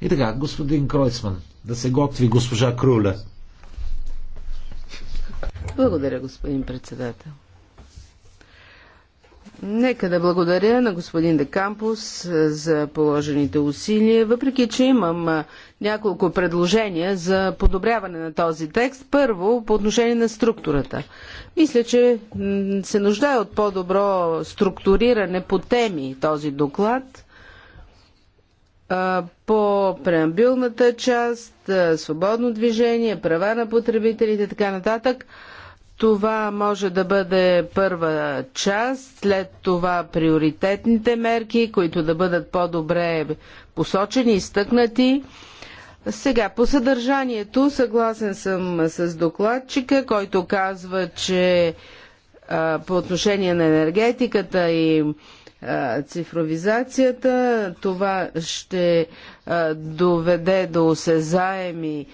И така, господин Кройцман, да се готви госпожа Круле. Благодаря, господин председател. Нека да благодаря на господин Декампус е, за положените усилия, въпреки че имам е, няколко предложения за подобряване на този текст. Първо, по отношение на структурата. Мисля, че се нуждае от по-добро структуриране по теми този доклад по преамбилната част, свободно движение, права на потребителите и така нататък. Това може да бъде първа част, след това приоритетните мерки, които да бъдат по-добре посочени, изтъкнати. Сега, по съдържанието, съгласен съм с докладчика, който казва, че а, по отношение на енергетиката и цифровизацията. Това ще доведе до осезаеми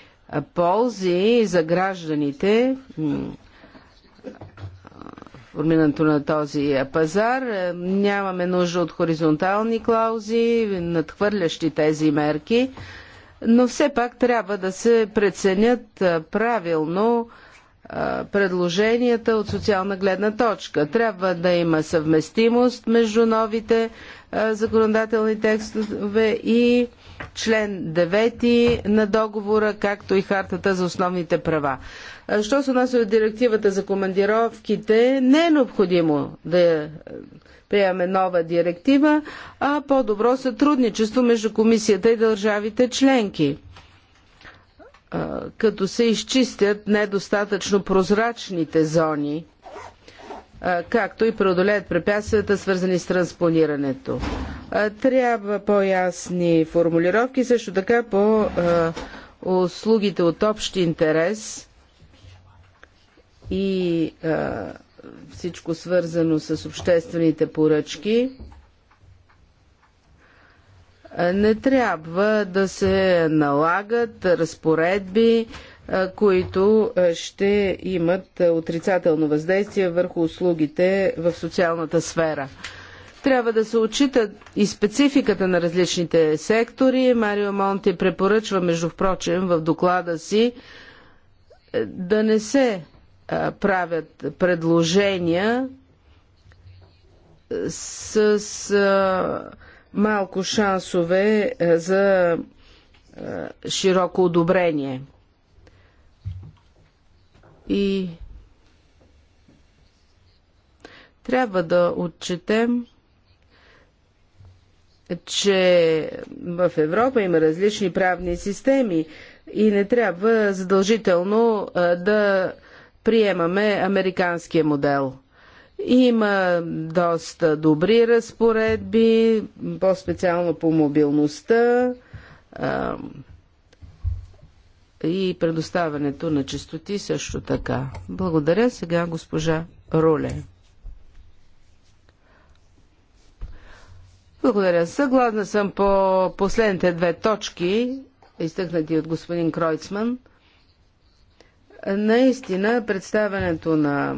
ползи за гражданите формирането на този пазар. Нямаме нужда от хоризонтални клаузи, надхвърлящи тези мерки, но все пак трябва да се преценят правилно предложенията от социална гледна точка. Трябва да има съвместимост между новите законодателни текстове и член 9 на договора, както и хартата за основните права. Що се отнася от директивата за командировките, не е необходимо да приемаме нова директива, а по-добро сътрудничество между комисията и държавите членки като се изчистят недостатъчно прозрачните зони, както и преодолеят препятствията, свързани с транспонирането. Трябва по-ясни формулировки, също така по услугите от общ интерес и всичко свързано с обществените поръчки. Не трябва да се налагат разпоредби, които ще имат отрицателно въздействие върху услугите в социалната сфера. Трябва да се отчитат и спецификата на различните сектори. Марио Монти препоръчва, между впрочем, в доклада си да не се правят предложения с малко шансове е, за е, широко одобрение. И трябва да отчетем, че в Европа има различни правни системи и не трябва задължително е, да приемаме американския модел – има доста добри разпоредби, по-специално по мобилността а, и предоставянето на частоти също така. Благодаря сега госпожа Роле. Благодаря. Съгласна съм по последните две точки, изтъкнати от господин Кройцман. Наистина, представянето на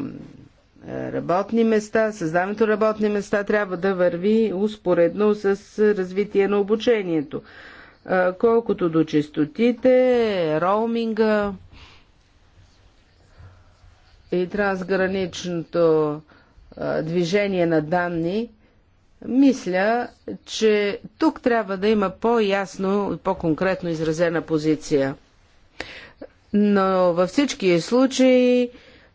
работни места, създаването на работни места трябва да върви успоредно с развитие на обучението. Колкото до честотите, роуминга и трансграничното движение на данни, мисля, че тук трябва да има по-ясно и по-конкретно изразена позиция. Но във всички случаи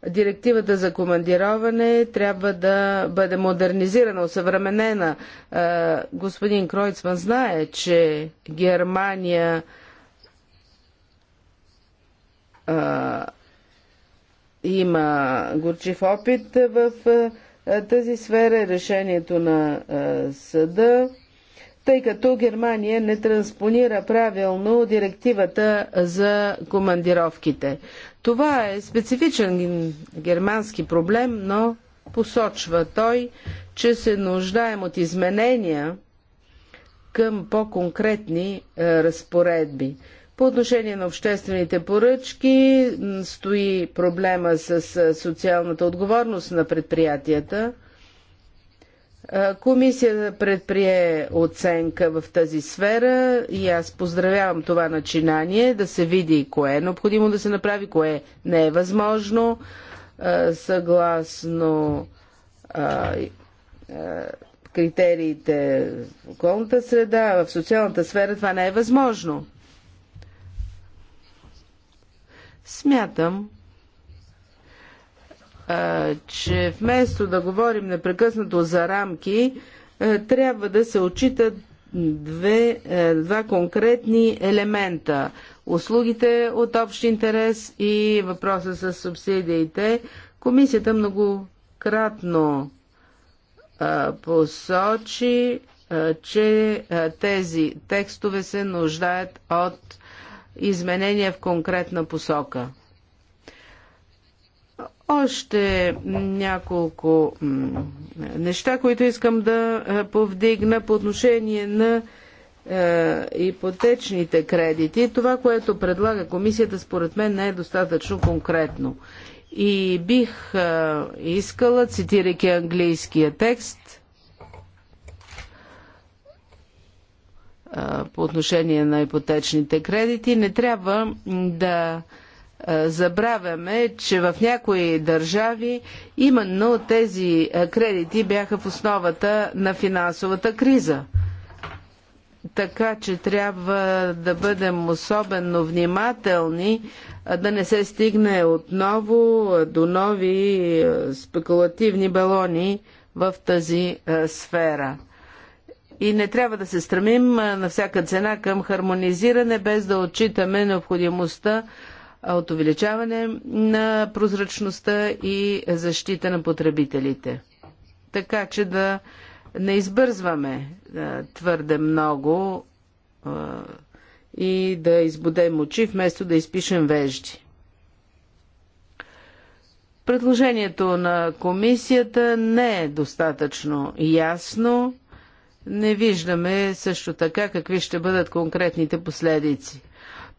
Директивата за командироване трябва да бъде модернизирана, усъвременена. Е, господин Кройцман знае, че Германия е, има горчив опит в е, тази сфера, решението на съда, тъй като Германия не транспонира правилно директивата за командировките. Това е специфичен германски проблем, но посочва той, че се нуждаем от изменения към по-конкретни е, разпоредби. По отношение на обществените поръчки стои проблема с е, социалната отговорност на предприятията – Комисията предприе оценка в тази сфера и аз поздравявам това начинание да се види кое е необходимо да се направи, кое не е възможно, съгласно критериите в околната среда, в социалната сфера това не е възможно. Смятам, че вместо да говорим непрекъснато за рамки, трябва да се отчитат две, два конкретни елемента. Услугите от общ интерес и въпроса с субсидиите. Комисията многократно посочи, че тези текстове се нуждаят от изменения в конкретна посока. Още няколко неща, които искам да е, повдигна по отношение на е, ипотечните кредити. Това, което предлага комисията, според мен не е достатъчно конкретно. И бих е, искала, цитирайки английския текст, по отношение на ипотечните кредити, не трябва да е, забравяме, че в някои държави именно тези е, кредити бяха в основата на финансовата криза. Така че трябва да бъдем особено внимателни, е, да не се стигне отново до нови спекулативни балони в тази сфера. И не трябва да се стремим на всяка цена към хармонизиране, без да отчитаме необходимостта от увеличаване на прозрачността и защита на потребителите. Така че да не избързваме твърде много и да избудем очи, вместо да изпишем вежди. Предложението на комисията не е достатъчно ясно. Не виждаме също така какви ще бъдат конкретните последици.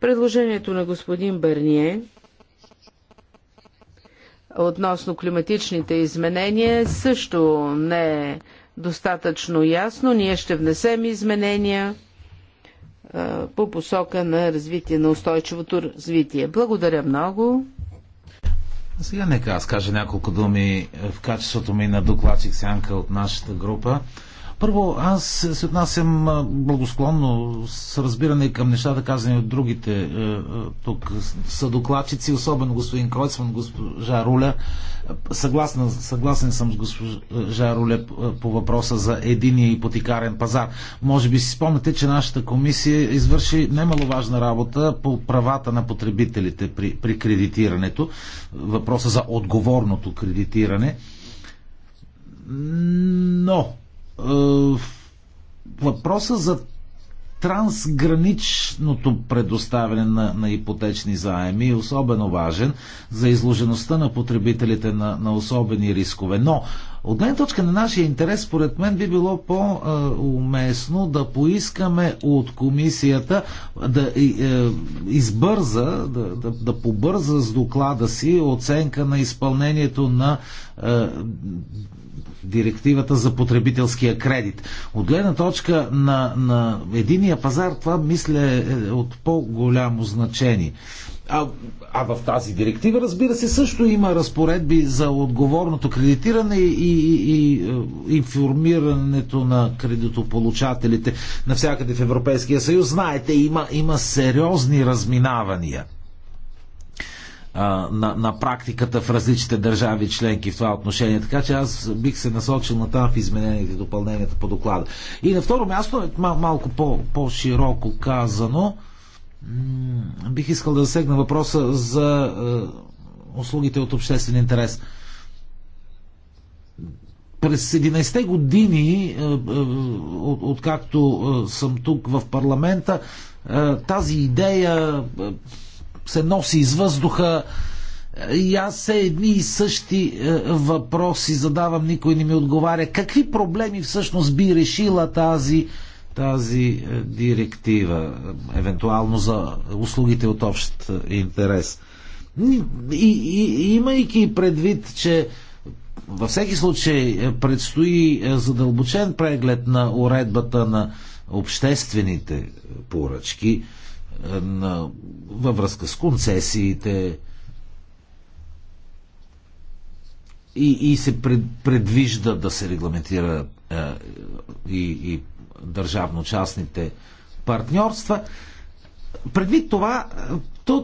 Предложението на господин Берние относно климатичните изменения също не е достатъчно ясно. Ние ще внесем изменения по посока на развитие, на устойчивото развитие. Благодаря много. А сега нека аз кажа няколко думи в качеството ми на докладчик Сянка от нашата група. Първо, аз се отнасям благосклонно с разбиране към нещата, казани от другите тук са докладчици, особено господин Кройцман, госпожа Руля. Съгласен, съгласен съм с госпожа Руля по въпроса за единия ипотекарен пазар. Може би си спомняте, че нашата комисия извърши немаловажна работа по правата на потребителите при, при кредитирането. Въпроса за отговорното кредитиране. Но е, въпроса за трансграничното предоставяне на, на ипотечни заеми е особено важен за изложеността на потребителите на, на особени рискове. Но от гледна точка на нашия интерес, според мен би било по-уместно да поискаме от комисията да е, избърза, да, да, да побърза с доклада си оценка на изпълнението на е, директивата за потребителския кредит. От гледна точка на, на единия пазар това мисля е, е от по-голямо значение. А, а в тази директива, разбира се, също има разпоредби за отговорното кредитиране и, и, и е, информирането на кредитополучателите навсякъде в Европейския съюз. Знаете, има, има сериозни разминавания на, на практиката в различните държави членки в това отношение. Така че аз бих се насочил на там в измененията и допълненията по доклада. И на второ място, е мал, малко по, по-широко казано, бих искал да засегна въпроса за е, услугите от обществен интерес. През 11-те години, е, е, от, откакто е, съм тук в парламента, е, тази идея се носи из въздуха. И аз се едни и същи е, въпроси задавам, никой не ми отговаря. Какви проблеми всъщност би решила тази, тази е, директива, евентуално за услугите от общ е, интерес? И, и, имайки предвид, че във всеки случай предстои задълбочен преглед на уредбата на обществените поръчки, на, във връзка с концесиите и, и се пред, предвижда да се регламентира е, и, и държавно-частните партньорства. Предвид това, е,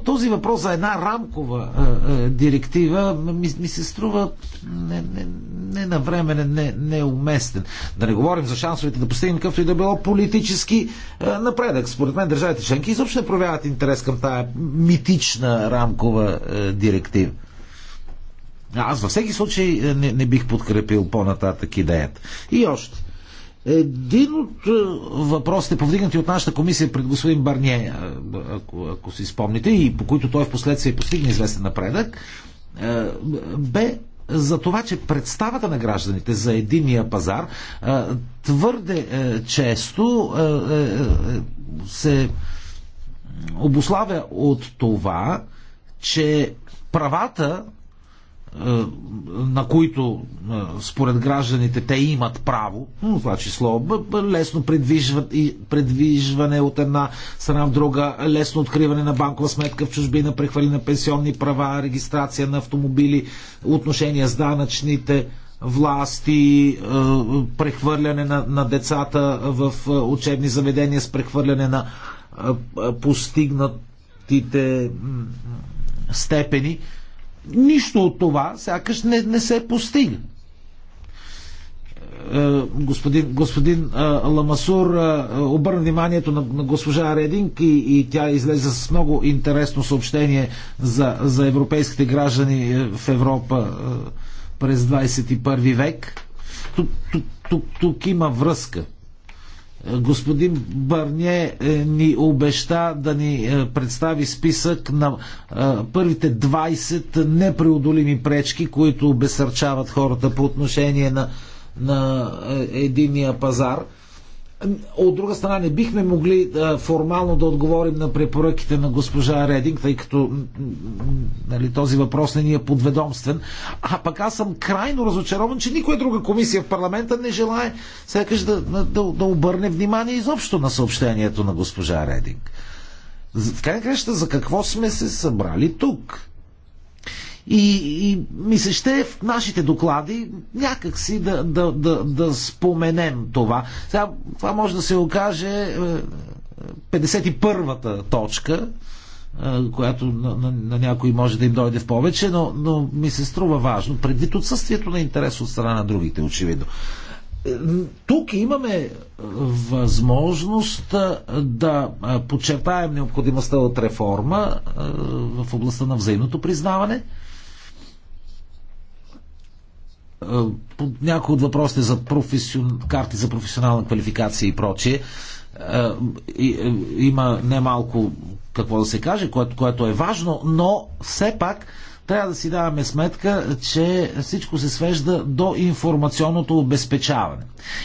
този въпрос за една рамкова а, а, директива ми, ми се струва не, не, не навременен, не, неуместен. Да не говорим за шансовете да постигнем какъвто и да било политически а, напредък. Според мен държавите членки изобщо не проявяват интерес към тая митична рамкова а, директива. Аз във всеки случай не, не бих подкрепил по-нататък идеята. И още. Един от е, въпросите, повдигнати от нашата комисия пред господин Барние, е, ако, ако си спомните, и по които той в последствие постигне известен напредък, е, бе за това, че представата на гражданите за единия пазар твърде често се обославя от това, че правата на които според гражданите те имат право, в това число лесно предвижване от една страна в друга, лесно откриване на банкова сметка в чужбина, прехвали на пенсионни права, регистрация на автомобили, отношения с данъчните власти, прехвърляне на, на децата в учебни заведения с прехвърляне на постигнатите степени нищо от това сякаш не, не се постига. Е, господин, господин е, Ламасур е, обърна вниманието на, на госпожа Рединг и, и тя излезе с много интересно съобщение за, за европейските граждани в Европа през 21 век. Тук, тук, тук, тук има връзка Господин Барне е, ни обеща да ни е, представи списък на е, първите 20 непреодолими пречки, които обесърчават хората по отношение на, на единия пазар. От друга страна, не бихме могли да, формално да отговорим на препоръките на госпожа Рединг, тъй като нали, този въпрос не ни е подведомствен. А пък аз съм крайно разочарован, че никоя друга комисия в парламента не желае сякаш да, да, да обърне внимание изобщо на съобщението на госпожа Рединг. В крайна за какво сме се събрали тук? И, и ми се ще в нашите доклади някакси да, да, да, да споменем това. Сега, това може да се окаже 51-та е, точка, е, която на, на, на някой може да им дойде в повече, но, но ми се струва важно, предвид отсъствието на интерес от страна на другите, очевидно. Е, тук имаме възможност да подчертаем необходимостта от реформа в областта на взаимното признаване – е, по някои от въпросите за професион... карти за професионална квалификация и прочие, е, е, има немалко какво да се каже, което, което е важно, но все пак трябва да си даваме сметка, че всичко се свежда до информационното обезпечаване.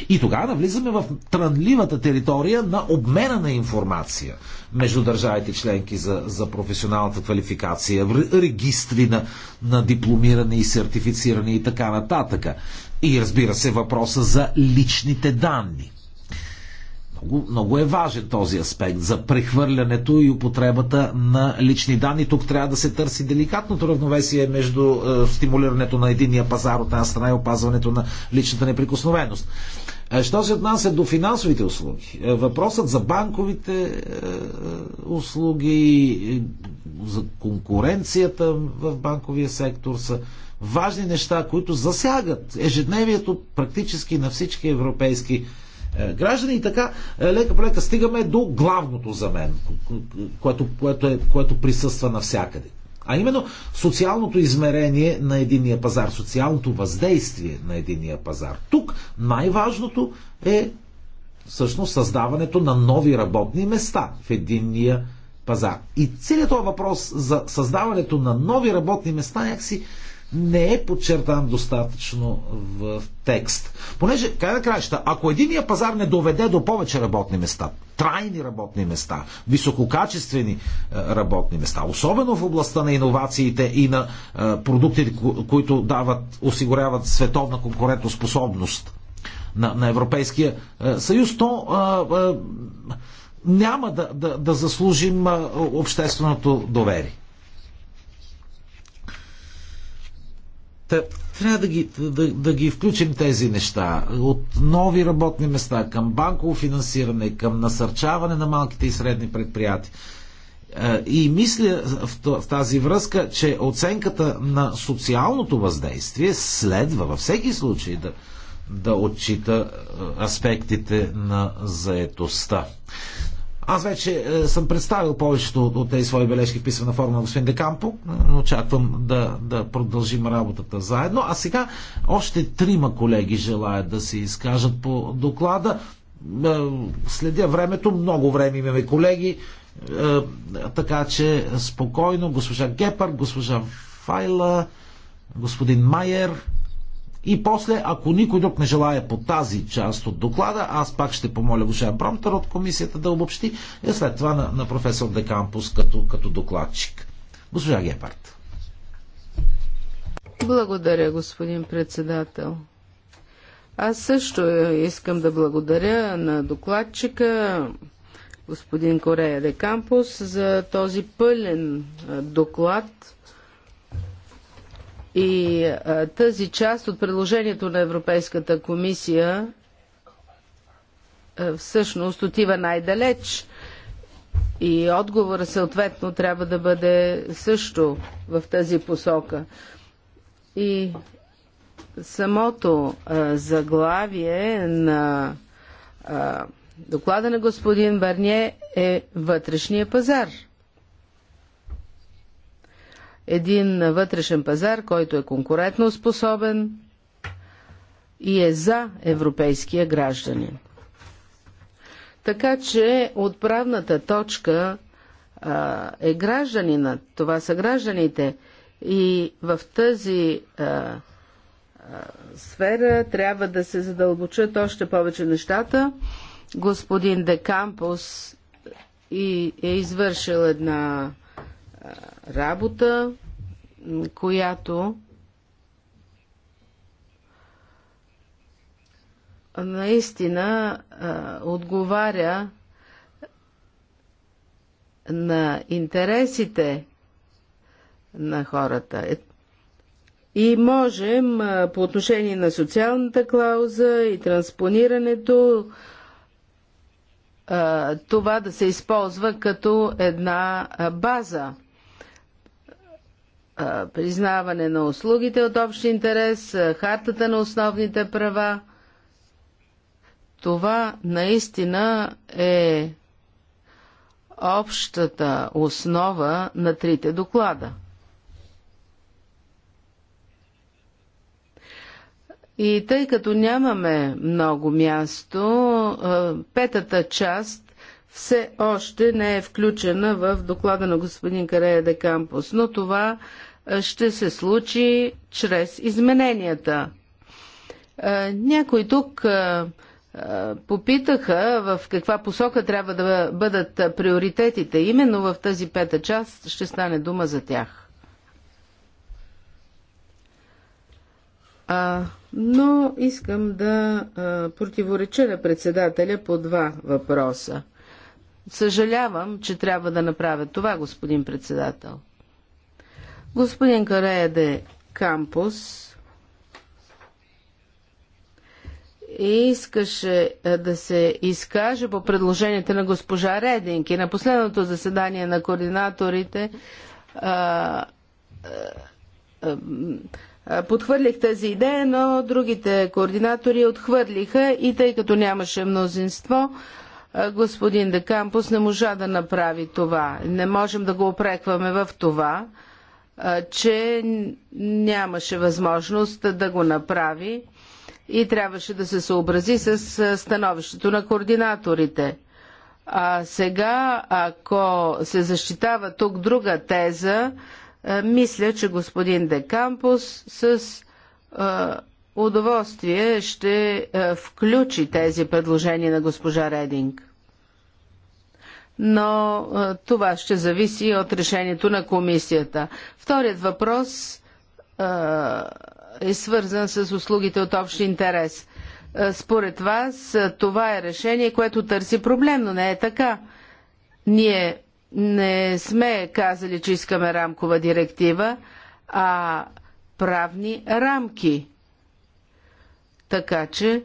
И тогава навлизаме в трънливата територия на обмена на информация между държавите членки за, за професионалната квалификация, регистри на, на дипломиране и сертифициране и така нататък. И разбира се въпроса за личните данни. Много, много е важен този аспект за прехвърлянето и употребата на лични данни. Тук трябва да се търси деликатното равновесие между е, стимулирането на единия пазар от една страна и опазването на личната неприкосновеност. Е, що се отнася до финансовите услуги? Е, въпросът за банковите услуги, за конкуренцията в банковия сектор са важни неща, които засягат ежедневието практически на всички европейски е, граждани. И така, е, лека полека стигаме до главното за мен, което, което, е, което присъства навсякъде. А именно социалното измерение на единия пазар, социалното въздействие на единия пазар. Тук най-важното е всъщност създаването на нови работни места в единния пазар. И целият този въпрос за създаването на нови работни места някакси не е подчертан достатъчно в текст. Понеже, край на краища, ако единия пазар не доведе до повече работни места, трайни работни места, висококачествени е, работни места, особено в областта на иновациите и на е, продуктите, които дават, осигуряват световна конкурентоспособност на, на Европейския е, съюз, то а, а, няма да, да, да заслужим общественото доверие. трябва да ги, да, да ги включим тези неща. От нови работни места към банково финансиране, към насърчаване на малките и средни предприятия. Е, и мисля в тази връзка, че оценката на социалното въздействие следва във всеки случай да, да отчита е, аспектите на заетостта. Аз вече е, съм представил повечето от, от тези свои бележки в писмена форма на господин Декампо. но Очаквам да, да продължим работата заедно. А сега още трима колеги желаят да се изкажат по доклада. Е, следя времето, много време имаме колеги, е, така че спокойно госпожа Гепар, госпожа Файла, господин Майер, и после, ако никой друг не желая по тази част от доклада, аз пак ще помоля Гошея Бромтер от комисията да обобщи и е след това на, на професор Декампус като, като докладчик. Госпожа Гепард. Благодаря, господин председател. Аз също искам да благодаря на докладчика, господин Корея Декампус за този пълен доклад, и тази част от предложението на Европейската комисия всъщност отива най-далеч и отговора съответно трябва да бъде също в тази посока. И самото заглавие на доклада на господин Барние е вътрешния пазар – един вътрешен пазар, който е конкурентно способен и е за европейския гражданин. Така че отправната точка а, е гражданина, това са гражданите и в тази а, а, сфера трябва да се задълбочат още повече нещата. Господин Декампус и е извършил една работа, която наистина отговаря на интересите на хората. Е, и можем по отношение на социалната клауза и транспонирането това да се използва като една база признаване на услугите от общ интерес, хартата на основните права. Това наистина е общата основа на трите доклада. И тъй като нямаме много място, петата част все още не е включена в доклада на господин Карея де Кампус, но това ще се случи чрез измененията. Е, Някой тук е, е, попитаха в каква посока трябва да бъдат приоритетите. Именно в тази пета част ще стане дума за тях. но искам да противореча на председателя по два въпроса. Съжалявам, че трябва да направя това, господин председател. Господин Карея де Кампус искаше да се изкаже по предложенията на госпожа Рединг и на последното заседание на координаторите а, а, а, подхвърлих тази идея, но другите координатори отхвърлиха и тъй като нямаше мнозинство, господин Декампус не можа да направи това. Не можем да го опрекваме в това че нямаше възможност да го направи и трябваше да се съобрази с становището на координаторите. А сега, ако се защитава тук друга теза, мисля, че господин Декампус с удоволствие ще включи тези предложения на госпожа Рединг но е, това ще зависи от решението на комисията. Вторият въпрос е, е свързан с услугите от общ интерес. Е, според вас това е решение, което търси проблем, но не е така. Ние не сме казали, че искаме рамкова директива, а правни рамки. Така че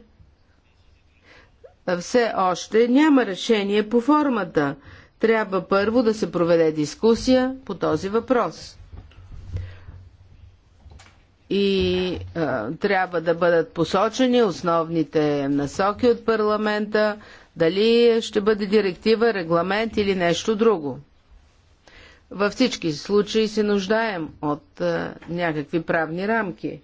все още няма решение по формата. Трябва първо да се проведе дискусия по този въпрос. И а, трябва да бъдат посочени основните насоки от парламента, дали ще бъде директива, регламент или нещо друго. Във всички случаи се нуждаем от а, някакви правни рамки.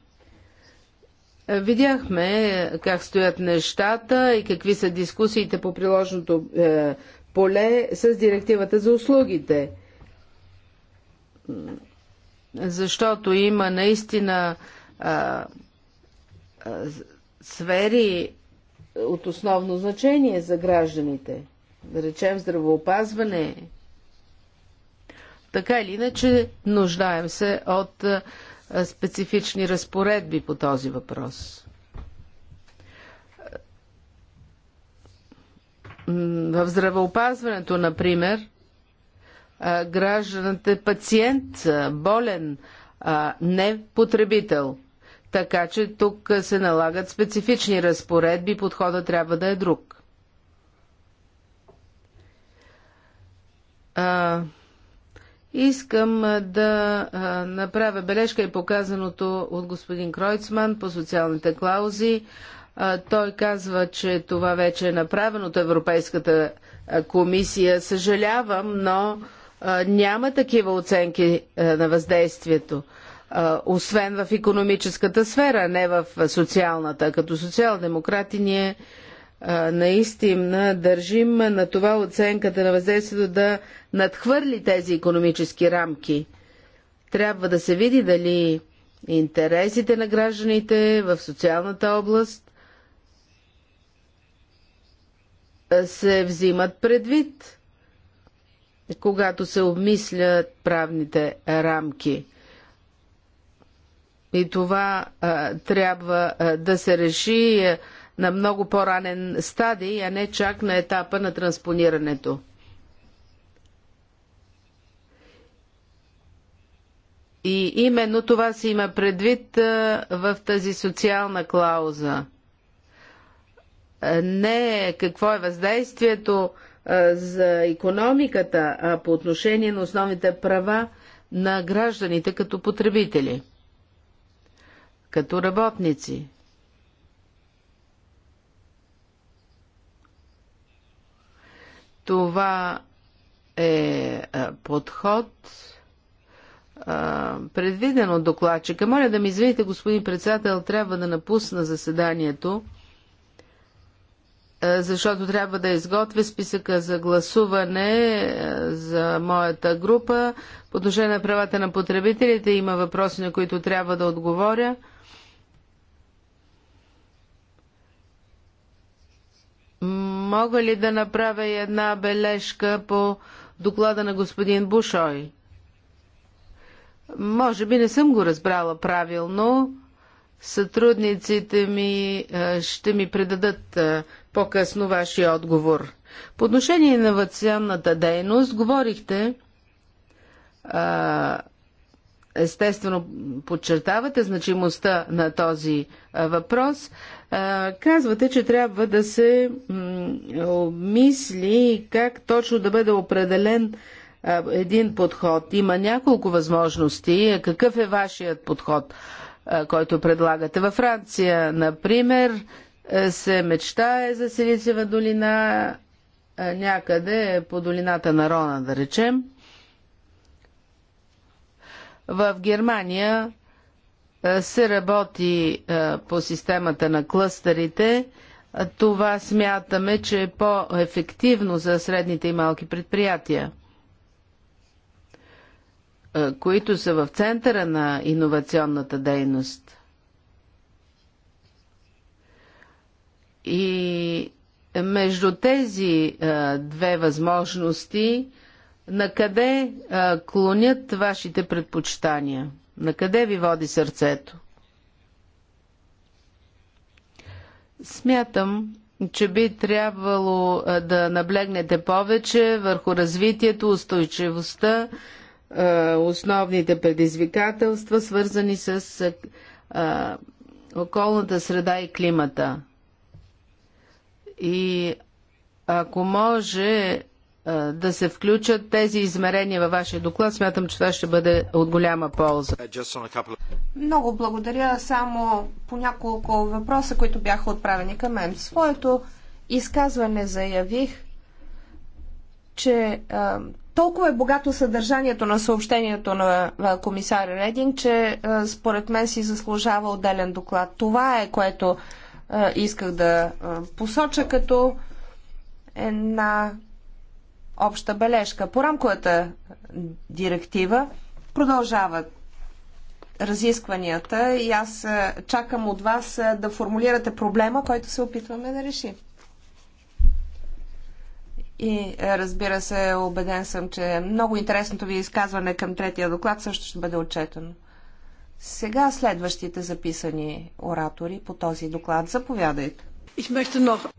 Е, видяхме е, как стоят нещата и какви са дискусиите по приложното е, поле с директивата за услугите. Защото има наистина е, е, сфери от основно значение за гражданите. Да речем здравоопазване. Така или иначе, нуждаем се от е, специфични разпоредби по този въпрос. В здравеопазването, например, гражданът е пациент, болен, не потребител. Така че тук се налагат специфични разпоредби, подхода трябва да е друг. Искам да направя бележка и показаното от господин Кройцман по социалните клаузи. Той казва, че това вече е направено от Европейската комисия. Съжалявам, но няма такива оценки на въздействието освен в економическата сфера, не в социалната. Като социал-демократи ние наистина държим на това оценката на въздействието да надхвърли тези економически рамки. Трябва да се види дали интересите на гражданите в социалната област се взимат предвид, когато се обмислят правните рамки. И това а, трябва а, да се реши. А, на много по-ранен стадий, а не чак на етапа на транспонирането. И именно това се има предвид в тази социална клауза. Не какво е въздействието за економиката, а по отношение на основните права на гражданите като потребители, като работници. Това е, е подход, е, предвиден от докладчика. Моля да ми извините, господин председател, трябва да напусна заседанието, е, защото трябва да изготвя списъка за гласуване за моята група. По отношение на правата на потребителите има въпроси, на които трябва да отговоря. Мога ли да направя една бележка по доклада на господин Бушой? Може би не съм го разбрала правилно. Сътрудниците ми е, ще ми предадат е, по-късно вашия отговор. По отношение на вакцинната дейност, говорихте а, е, естествено подчертавате значимостта на този въпрос. Казвате, че трябва да се мисли как точно да бъде определен един подход. Има няколко възможности. Какъв е вашият подход, който предлагате? Във Франция, например, е, се мечтае за Силицева долина някъде по долината на Рона, да речем – в Германия е, се работи е, по системата на клъстерите. Е, това смятаме, че е по-ефективно за средните и малки предприятия, които са в центъра на иновационната дейност. И между тези две възможности Накъде а, клонят вашите предпочитания? На къде ви води сърцето? Смятам, че би трябвало да наблегнете повече върху развитието, устойчивостта, основните предизвикателства, свързани с околната среда и климата. И ако може е, да се включат тези измерения във вашия доклад. Смятам, че това ще бъде от голяма полза. Много благодаря. Само по няколко въпроса, които бяха отправени към мен. В своето изказване заявих, че а, е, толкова е богато съдържанието на съобщението на а, е, комисар Редин, че а, според мен си заслужава отделен доклад. Това е което а, исках да а, посоча като една обща бележка. По рамковата директива продължават разискванията и аз е, чакам от вас е, да формулирате проблема, който се опитваме да решим. И е, разбира се, убеден съм, че много интересното ви изказване към третия доклад също ще бъде отчетено. Сега следващите записани оратори по този доклад. Заповядайте.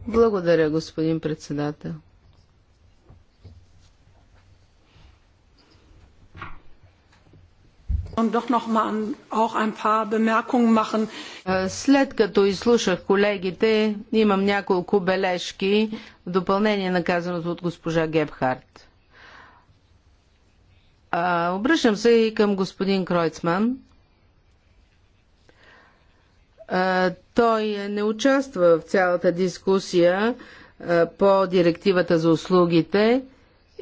Благодаря, господин председател. Е, след като изслушах колегите, имам няколко бележки в допълнение на казаното от госпожа Гебхарт. Е, обръщам се и към господин Кройцман. Е, той не участва в цялата дискусия по директивата за услугите.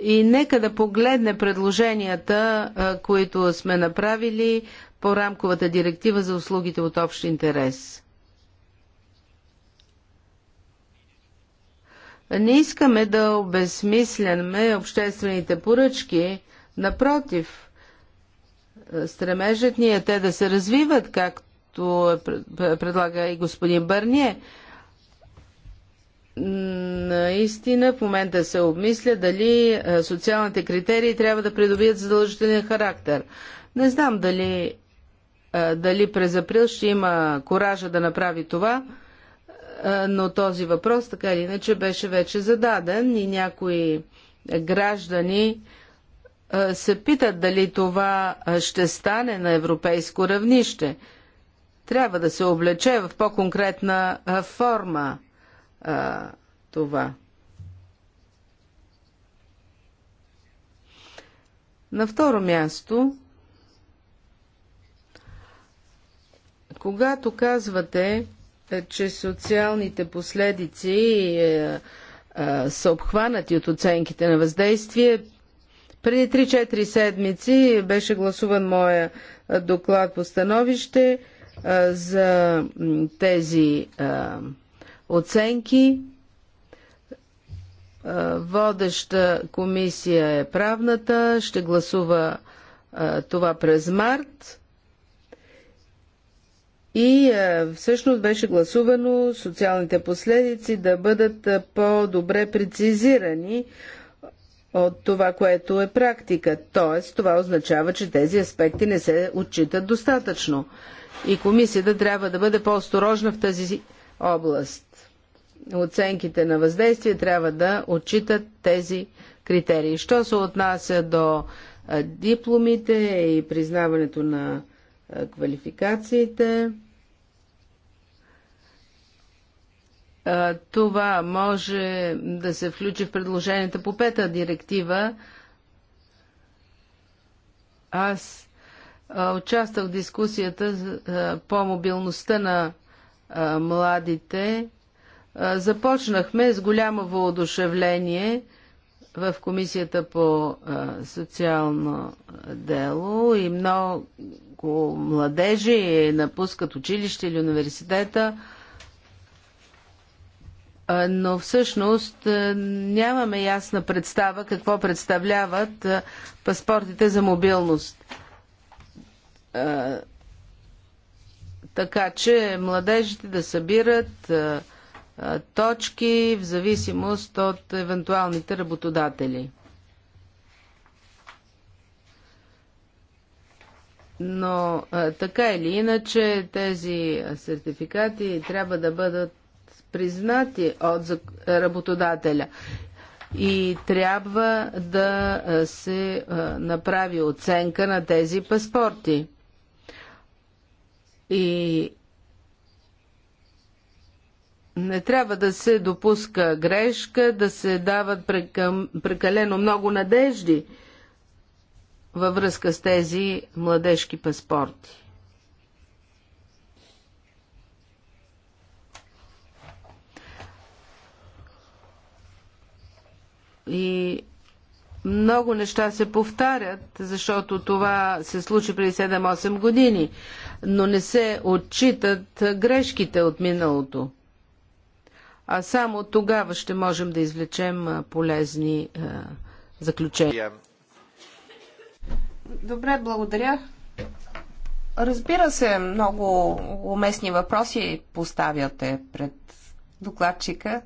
И нека да погледне предложенията, които сме направили по рамковата директива за услугите от общ интерес. Не искаме да обезсмисляме обществените поръчки. Напротив, стремежът ни е те да се развиват, както е предлага и господин Бърние наистина в момента се обмисля дали социалните критерии трябва да придобият задължителен характер. Не знам дали, дали през април ще има коража да направи това, но този въпрос така или иначе беше вече зададен и някои граждани се питат дали това ще стане на европейско равнище. Трябва да се облече в по-конкретна форма а, това. На второ място, когато казвате, е, че социалните последици е, са обхванати от оценките на въздействие, преди 3-4 седмици беше гласуван моя доклад по становище за тези оценки. Водеща комисия е правната, ще гласува това през март. И всъщност беше гласувано социалните последици да бъдат по-добре прецизирани от това, което е практика. Тоест, това означава, че тези аспекти не се отчитат достатъчно. И комисията трябва да бъде по-осторожна в тази област оценките на въздействие трябва да отчитат тези критерии. Що се отнася до дипломите и признаването на квалификациите, това може да се включи в предложенията по пета директива. Аз участвах в дискусията по мобилността на младите Започнахме с голямо воодушевление в Комисията по социално дело и много младежи напускат училище или университета, но всъщност нямаме ясна представа какво представляват паспортите за мобилност. Така че младежите да събират точки в зависимост от евентуалните работодатели. Но така или иначе тези сертификати трябва да бъдат признати от работодателя и трябва да се направи оценка на тези паспорти. И не трябва да се допуска грешка, да се дават прекалено много надежди във връзка с тези младежки паспорти. И много неща се повтарят, защото това се случи преди 7-8 години, но не се отчитат грешките от миналото а само тогава ще можем да извлечем полезни заключения. Добре, благодаря. Разбира се, много уместни въпроси поставяте пред докладчика.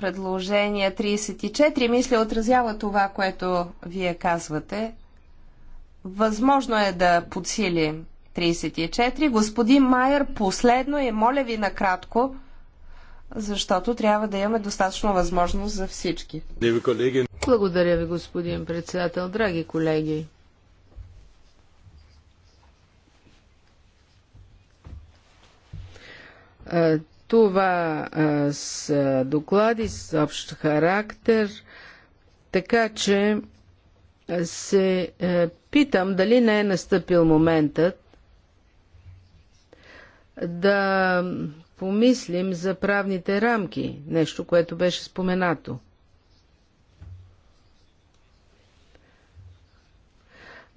Предложение 34, мисля, отразява това, което вие казвате. Възможно е да подсилим 34. Господин Майер, последно и е, моля ви накратко, защото трябва да имаме достатъчно възможност за всички. Благодаря ви, господин председател. Драги колеги, Това с доклади с общ характер, така че се е, питам дали не е настъпил моментът да помислим за правните рамки, нещо, което беше споменато.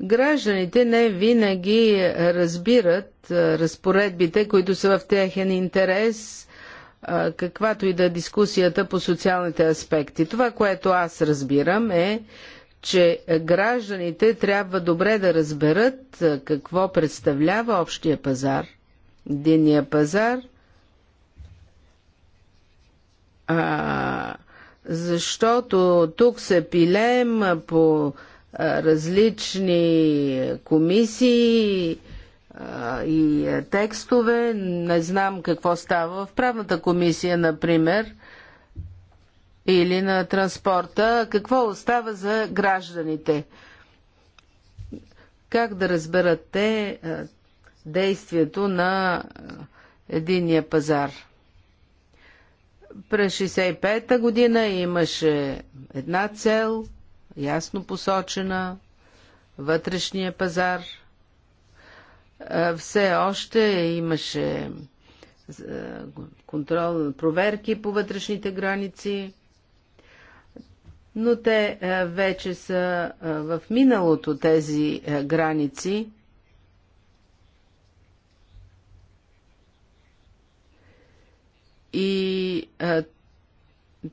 Гражданите не винаги разбират разпоредбите, които са в техен интерес, каквато и да е дискусията по социалните аспекти. Това, което аз разбирам е, че гражданите трябва добре да разберат какво представлява общия пазар – единния пазар, а, защото тук се пилем по а, различни комисии а, и текстове. Не знам какво става в правната комисия, например, или на транспорта. Какво остава за гражданите? Как да разберат те действието на е, единия пазар. През 65-та година имаше една цел, ясно посочена, вътрешния пазар. Е, все още имаше е, контрол на проверки по вътрешните граници, но те вече са в миналото тези граници И а,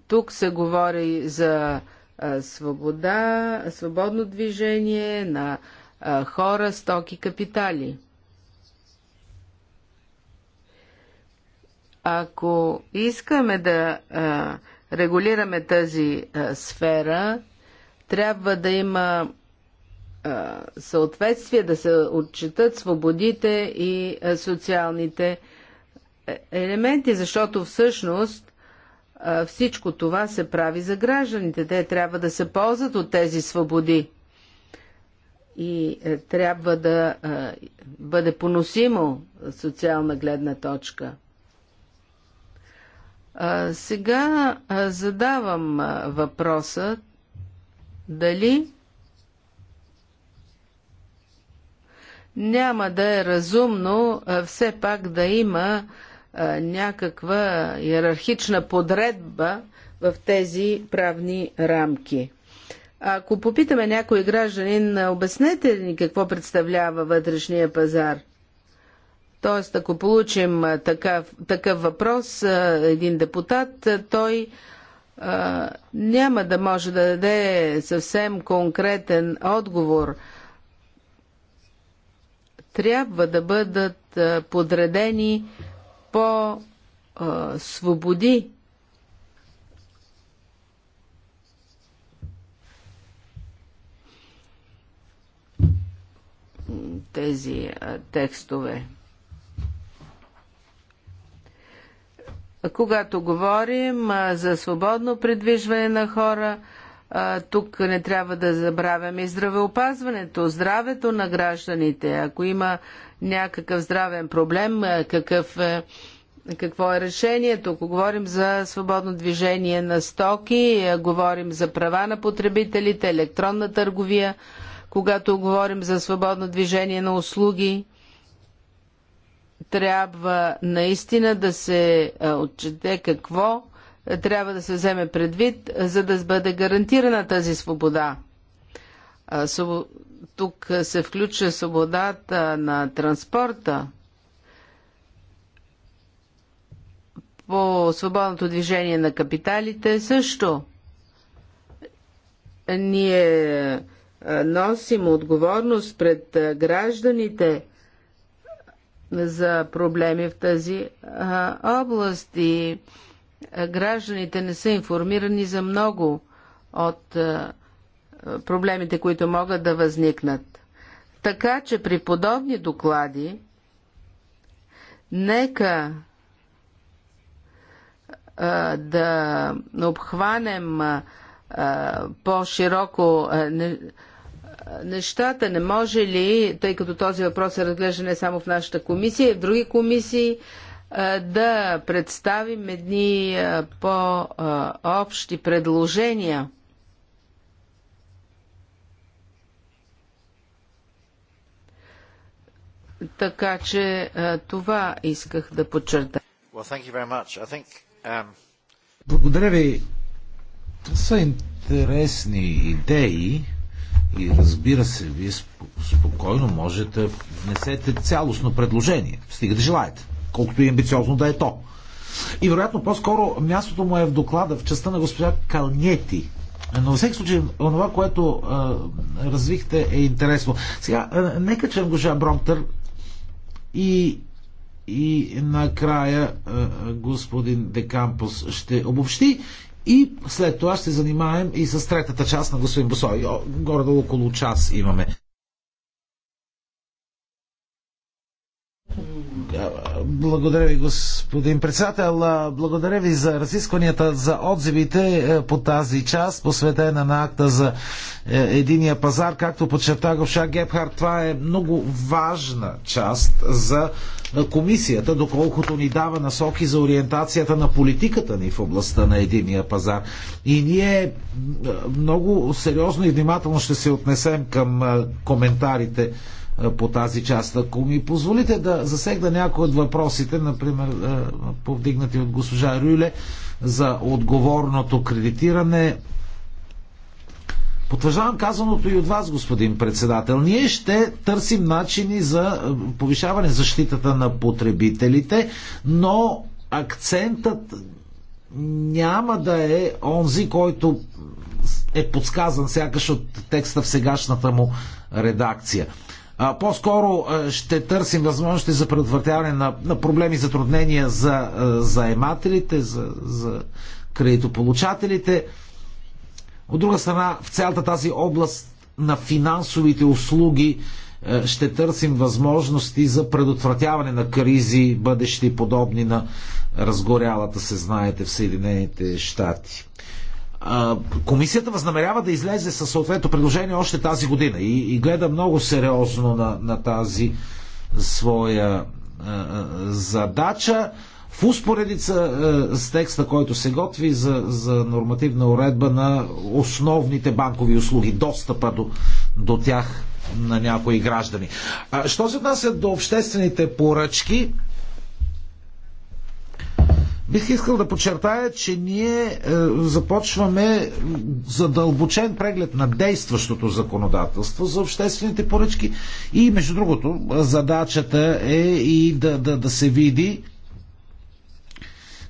тук се говори за а, свобода, свободно движение на а, хора, стоки, капитали. Ако искаме да а, регулираме тази а, сфера, трябва да има съответствие, да се отчитат свободите и социалните елементи, защото всъщност всичко това се прави за гражданите. Те трябва да се ползват от тези свободи и е, трябва да е, бъде поносимо социална гледна точка. Сега задавам въпроса дали няма да е разумно все пак да има някаква иерархична подредба в тези правни рамки. Ако попитаме някой гражданин, обяснете ни какво представлява вътрешния пазар? Тоест, ако получим такъв, такъв въпрос, един депутат, той а, няма да може да даде съвсем конкретен отговор. Трябва да бъдат подредени по-свободи. тези а, текстове. Когато говорим а, за свободно придвижване на хора, тук не трябва да забравяме и здравеопазването, здравето на гражданите. Ако има някакъв здравен проблем, какъв е, какво е решението? Ако говорим за свободно движение на стоки, говорим за права на потребителите, електронна търговия, когато говорим за свободно движение на услуги, трябва наистина да се отчете какво трябва да се вземе предвид, за да бъде гарантирана тази свобода. Тук се включва свободата на транспорта. По свободното движение на капиталите също. Ние носим отговорност пред гражданите за проблеми в тази област и е, гражданите не са информирани за много от е, проблемите, които могат да възникнат. Така че при подобни доклади, нека е, да обхванем по-широко нещата. Не може ли, тъй като този въпрос се разглежда не само в нашата комисия, и в други комисии, да представим едни по-общи предложения. Така че това исках да подчертая. Um, Благодаря ви. Това са интересни идеи и разбира се, вие спокойно можете да внесете цялостно предложение, стига да желаете колкото и амбициозно да е то. И вероятно по-скоро мястото му е в доклада в частта на госпожа Калнети. Но във всеки случай, това, което а, развихте е интересно. Сега, а, нека чуем госпожа Бромтър и, и накрая а, господин Декампус ще обобщи и след това ще занимаем и с третата част на господин Босой. Горе долу около час имаме. Благодаря ви, господин председател. Благодаря ви за разискванията, за отзивите е, по тази част, посветена на акта за е, единия пазар. Както подчерта Говша Гепхард, това е много важна част за е, комисията, доколкото ни дава насоки за ориентацията на политиката ни в областта на единия пазар. И ние много сериозно и внимателно ще се отнесем към коментарите е, по тази част. Ако ми позволите да засегна някои от въпросите, например е, повдигнати от госпожа Рюле за отговорното кредитиране, Потвържавам казаното и от вас, господин председател. Ние ще търсим начини за е, повишаване защитата на потребителите, но акцентът няма да е онзи, който е подсказан сякаш от текста в сегашната му редакция. По-скоро е, ще търсим възможности за предотвратяване на, на проблеми, затруднения за е, заемателите, за, за кредитополучателите. От друга страна, в цялата тази област на финансовите услуги е, ще търсим възможности за предотвратяване на кризи, бъдещи подобни на разгорялата се, знаете, в Съединените щати. Комисията възнамерява да излезе със съответно предложение още тази година и, и гледа много сериозно на, на тази своя а, задача в успоредица а, с текста, който се готви за, за нормативна уредба на основните банкови услуги, достъпа до, до тях на някои граждани. А, що се отнася до обществените поръчки, Бих искал да подчертая, че ние е, започваме задълбочен преглед на действащото законодателство за обществените поръчки и, между другото, задачата е и да, да, да се види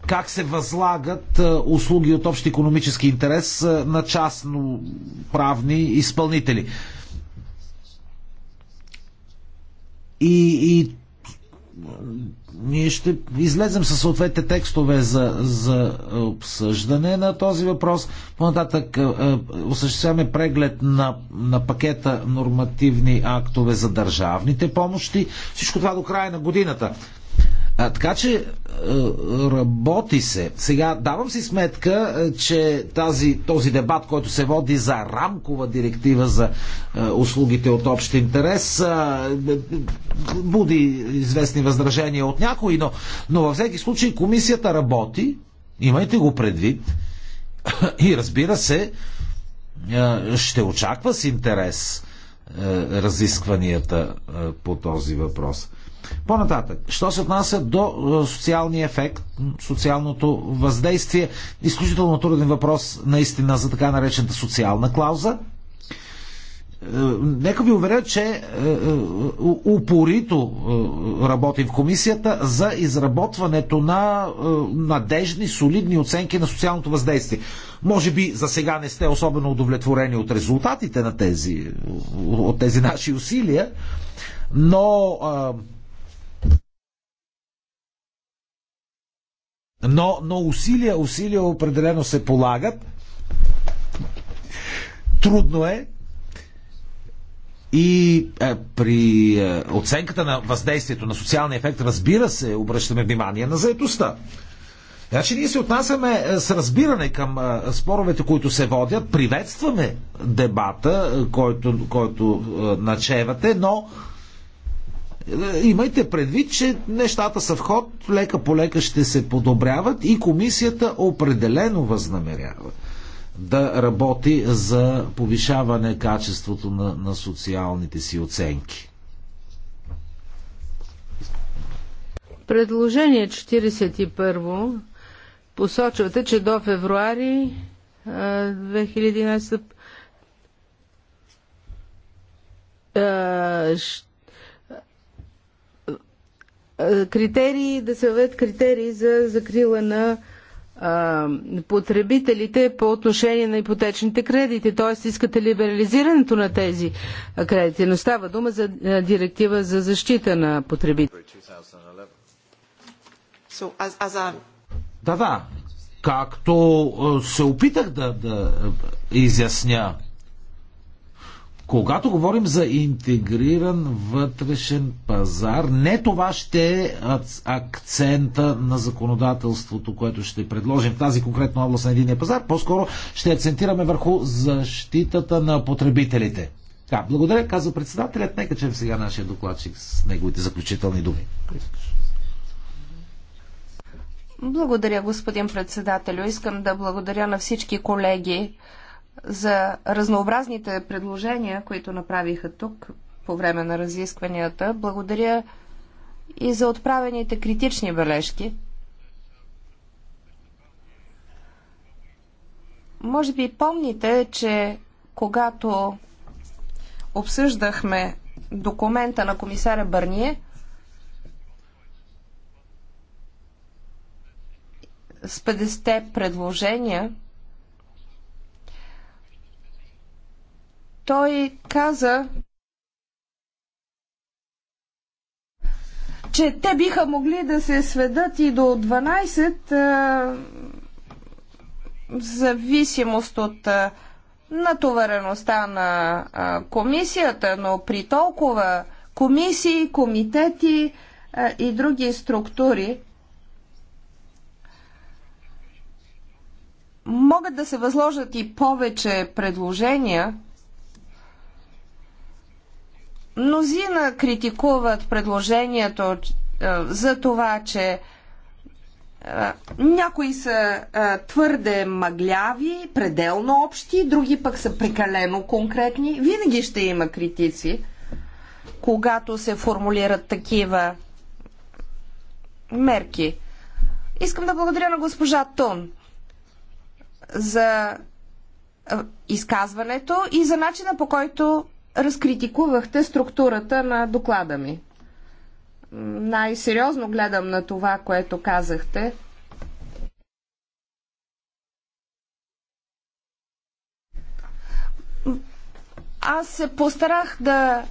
как се възлагат е, услуги от общ економически интерес е, на частно правни изпълнители. И, и ние ще излезем със съответните текстове за, за обсъждане на този въпрос. По-нататък е, е, осъществяваме преглед на, на пакета нормативни актове за държавните помощи. Всичко това до края на годината. А, така че а, е, работи се. Сега давам си сметка, а, е, че тази, този дебат, който се води за рамкова директива за а, е, услугите от общ интерес, а, буди известни възражения от някои, но, но във всеки случай комисията работи, имайте го предвид, и разбира се, а, ще очаква с интерес а, разискванията а, по този въпрос. По-нататък, що се отнася до е, социалния ефект, социалното въздействие, изключително труден въпрос наистина за така наречената социална клауза. Е, нека ви уверя, че е, упорито работим в комисията за изработването на надежни, солидни оценки на социалното въздействие. Може би за сега не сте особено удовлетворени от резултатите на тези, от тези наши усилия, но Но, но усилия, усилия определено се полагат. Трудно е. И е, при е, оценката на въздействието на социалния ефект, разбира се, обръщаме внимание на заетостта. Значи ние се отнасяме е, с разбиране към е, споровете, които се водят, приветстваме дебата, е, който, който начевате, но е, имайте предвид, че нещата са в ход, лека по лека ще се подобряват и комисията определено възнамерява да работи за повишаване качеството на, на социалните си оценки. Предложение 41 посочвате, че до февруари 2011 ще критерии, да се въведат критерии за закрила на потребителите по отношение на ипотечните кредити, т.е. искате либерализирането на тези кредити, но става дума за директива за защита на потребителите. Да, да. Както се опитах да, да изясня когато говорим за интегриран вътрешен пазар, не това ще е акцента на законодателството, което ще предложим в тази конкретна област на единия пазар. По-скоро ще акцентираме върху защитата на потребителите. Да, благодаря, казва председателят. Нека чуем сега нашия докладчик с неговите заключителни думи. Благодаря, господин председателю. Искам да благодаря на всички колеги, за разнообразните предложения, които направиха тук по време на разискванията. Благодаря и за отправените критични бележки. Може би помните, че когато обсъждахме документа на комисаря Бърние, с 50 предложения, Той каза, че те биха могли да се сведат и до 12 в зависимост от натовареността на комисията, но при толкова комисии, комитети и други структури могат да се възложат и повече предложения – Мнозина критикуват предложението е, за това, че е, някои са е, твърде мъгляви, пределно общи, други пък са прекалено конкретни. Винаги ще има критици, когато се формулират такива мерки. Искам да благодаря на госпожа Тун за изказването и за начина по който разкритикувахте структурата на доклада ми. Най-сериозно гледам на това, което казахте. Аз се постарах да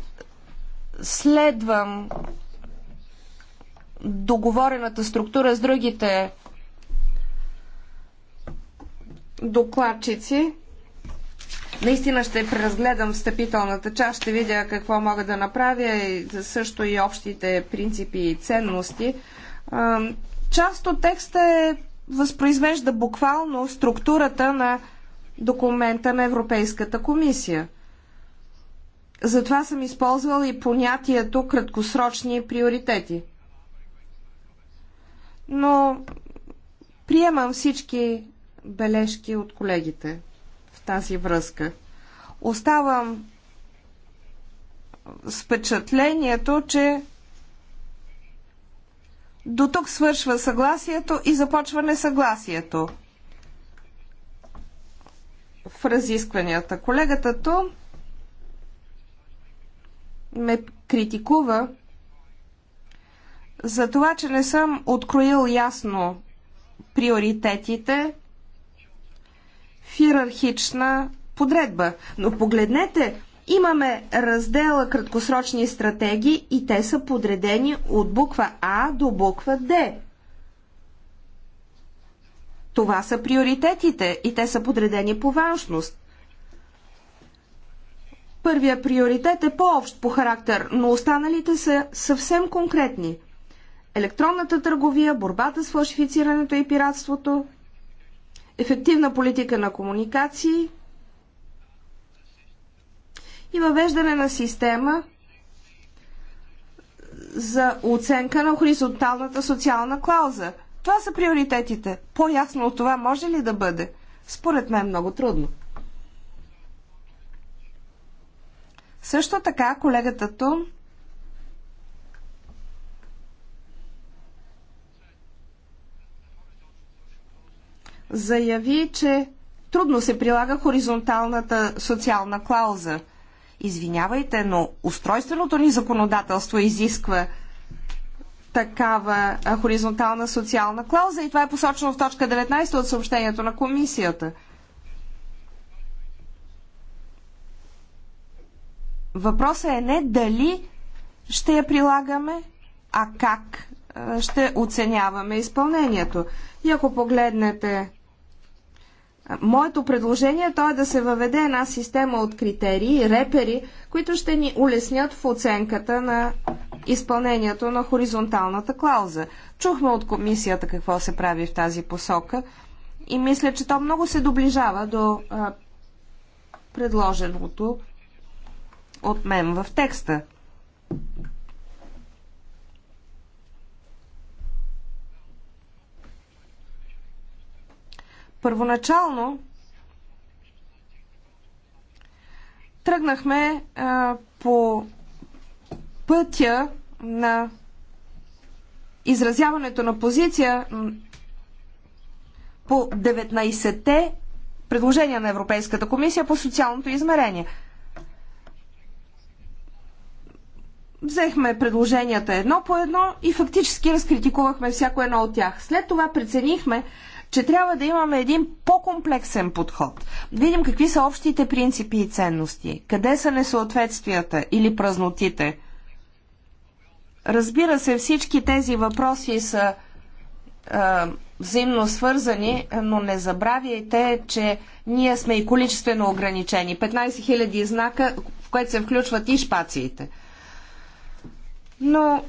следвам договорената структура с другите докладчици. Наистина ще преразгледам встъпителната част, ще видя какво мога да направя и също и общите принципи и ценности. Част от текста е възпроизвежда буквално структурата на документа на Европейската комисия. Затова съм използвал и понятието краткосрочни приоритети. Но приемам всички бележки от колегите тази връзка. Оставам с впечатлението, че до тук свършва съгласието и започва несъгласието в разискванията. Колегата то ме критикува за това, че не съм откроил ясно приоритетите в иерархична подредба. Но погледнете, имаме раздела краткосрочни стратегии и те са подредени от буква А до буква Д. Това са приоритетите и те са подредени по важност. Първия приоритет е по-общ по характер, но останалите са съвсем конкретни. Електронната търговия, борбата с фалшифицирането и пиратството, ефективна политика на комуникации и въвеждане на система за оценка на хоризонталната социална клауза. Това са приоритетите. По-ясно от това може ли да бъде? Според мен много трудно. Също така колегата Тун заяви, че трудно се прилага хоризонталната социална клауза. Извинявайте, но устройственото ни законодателство изисква такава хоризонтална социална клауза и това е посочено в точка 19 от съобщението на комисията. Въпросът е не дали ще я прилагаме, а как ще оценяваме изпълнението. И ако погледнете Моето предложение то е да се въведе една система от критерии, репери, които ще ни улеснят в оценката на изпълнението на хоризонталната клауза. Чухме от комисията какво се прави в тази посока и мисля, че то много се доближава до а, предложеното от мен в текста. Първоначално тръгнахме а, по пътя на изразяването на позиция по 19-те предложения на Европейската комисия по социалното измерение. Взехме предложенията едно по едно и фактически разкритикувахме всяко едно от тях. След това преценихме, че трябва да имаме един по-комплексен подход. видим какви са общите принципи и ценности, къде са несъответствията или празнотите. Разбира се, всички тези въпроси са а, взаимно свързани, но не забравяйте, че ние сме и количествено ограничени. 15 000 знака, в което се включват и шпациите. Но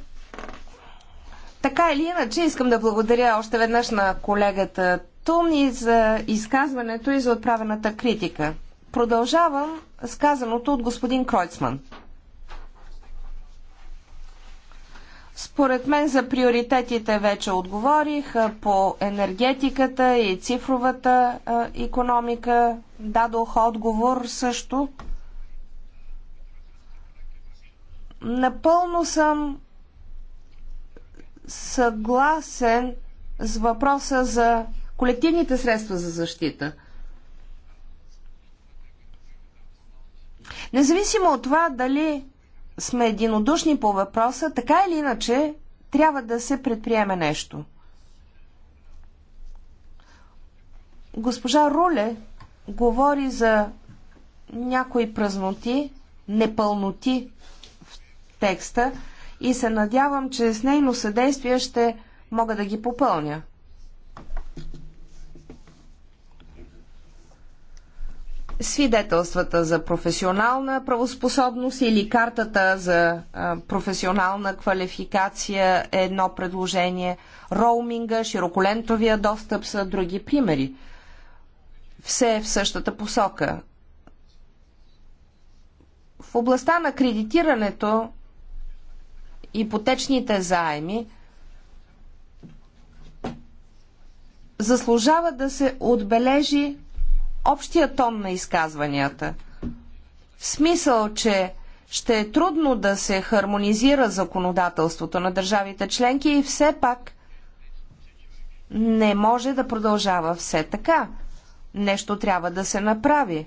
така или иначе, искам да благодаря още веднъж на колегата Туни за изказването и за отправената критика. Продължавам с казаното от господин Кройцман. Според мен за приоритетите вече отговорих по енергетиката и цифровата економика. Дадох отговор също. Напълно съм съгласен с въпроса за колективните средства за защита. Независимо от това дали сме единодушни по въпроса, така или иначе трябва да се предприеме нещо. Госпожа Руле говори за някои празноти, непълноти в текста, и се надявам, че с нейно съдействие ще мога да ги попълня. Свидетелствата за професионална правоспособност или картата за професионална квалификация е едно предложение. Роуминга, широколентовия достъп са други примери. Все е в същата посока. В областта на кредитирането ипотечните заеми заслужава да се отбележи общия тон на изказванията. В смисъл, че ще е трудно да се хармонизира законодателството на държавите членки и все пак не може да продължава все така. Нещо трябва да се направи.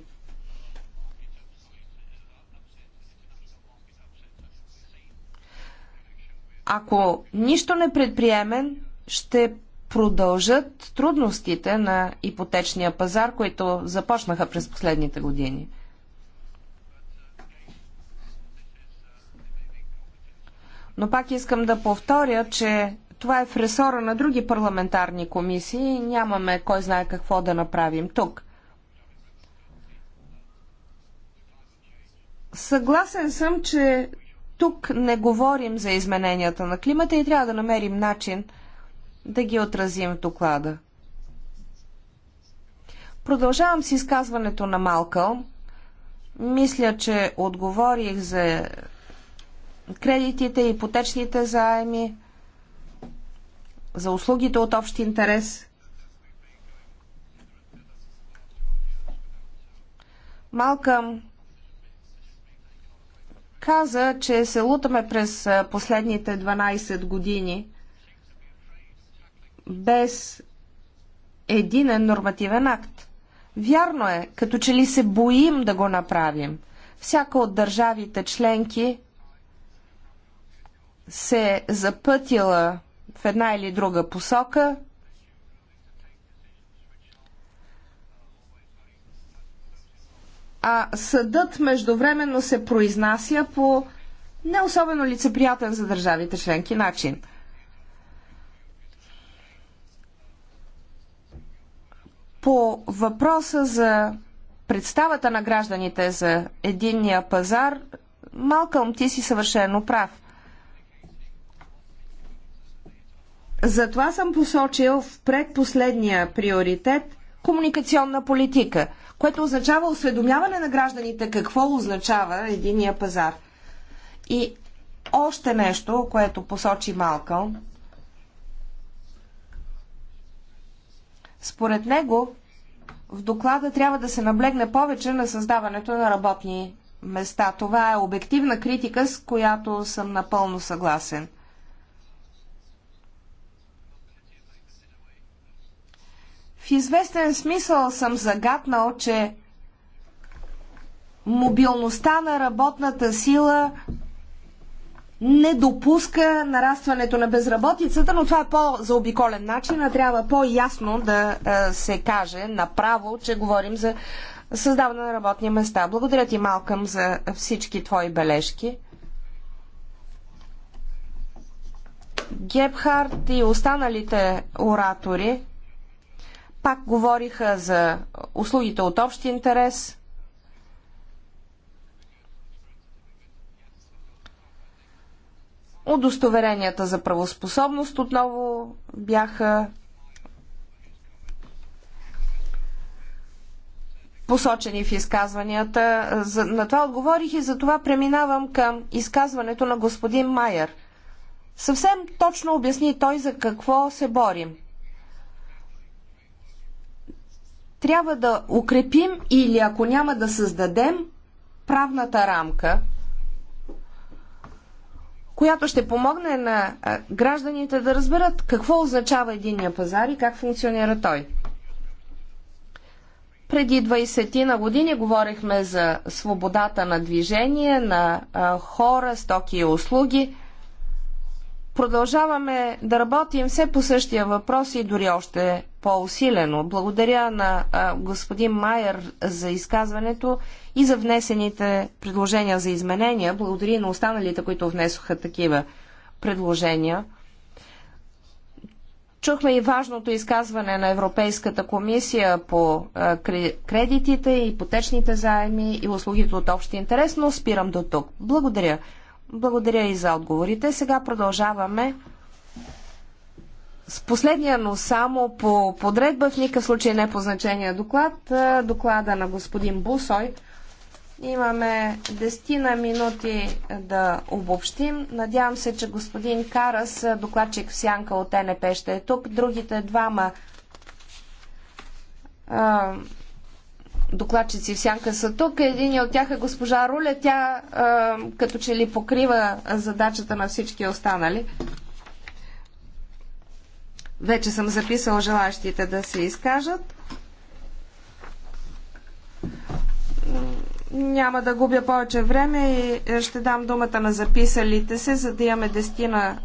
Ако нищо не предприемен, ще продължат трудностите на ипотечния пазар, които започнаха през последните години. Но пак искам да повторя, че това е в ресора на други парламентарни комисии и нямаме кой знае какво да направим тук. Съгласен съм, че тук не говорим за измененията на климата и трябва да намерим начин да ги отразим в доклада. Продължавам с изказването на Малкъл. Мисля, че отговорих за кредитите, ипотечните заеми, за услугите от общ интерес. Малкам каза, че се лутаме през последните 12 години без единен нормативен акт. Вярно е, като че ли се боим да го направим. Всяка от държавите членки се запътила в една или друга посока – а съдът междувременно се произнася по не особено лицеприятен за държавите членки начин. По въпроса за представата на гражданите за единния пазар, Малкълм, ти си съвършено прав. Затова съм посочил в предпоследния приоритет комуникационна политика – което означава осведомяване на гражданите какво означава единия пазар. И още нещо, което посочи Малкъл. Според него, в доклада трябва да се наблегне повече на създаването на работни места. Това е обективна критика, с която съм напълно съгласен. В известен смисъл съм загаднал, че мобилността на работната сила не допуска нарастването на безработицата, но това е по-заобиколен начин, а трябва по-ясно да се каже направо, че говорим за създаване на работни места. Благодаря ти, Малкам, за всички твои бележки. Гебхарт и останалите оратори пак говориха за услугите от общ интерес. Удостоверенията за правоспособност отново бяха посочени в изказванията. На това отговорих и за това преминавам към изказването на господин Майер. Съвсем точно обясни той за какво се борим. трябва да укрепим или ако няма да създадем правната рамка, която ще помогне на гражданите да разберат какво означава единния пазар и как функционира той. Преди 20 на години говорихме за свободата на движение на хора, стоки и услуги. Продължаваме да работим все по същия въпрос и дори още по-усилено. Благодаря на господин Майер за изказването и за внесените предложения за изменения. Благодаря на останалите, които внесоха такива предложения. Чухме и важното изказване на Европейската комисия по кредитите, и ипотечните заеми и услугите от общ интерес, но спирам до тук. Благодаря. Благодаря и за отговорите. Сега продължаваме с последния, но само по подредба, в никакъв случай не по значение доклад, доклада на господин Бусой. Имаме дестина минути да обобщим. Надявам се, че господин Карас, докладчик в сянка от НП, ще е тук. Другите двама докладчици в сянка са тук. Един от тях е госпожа Руля. Тя а, като че ли покрива задачата на всички останали. Вече съм записал желащите да се изкажат. Няма да губя повече време и ще дам думата на записалите се, за да имаме дестина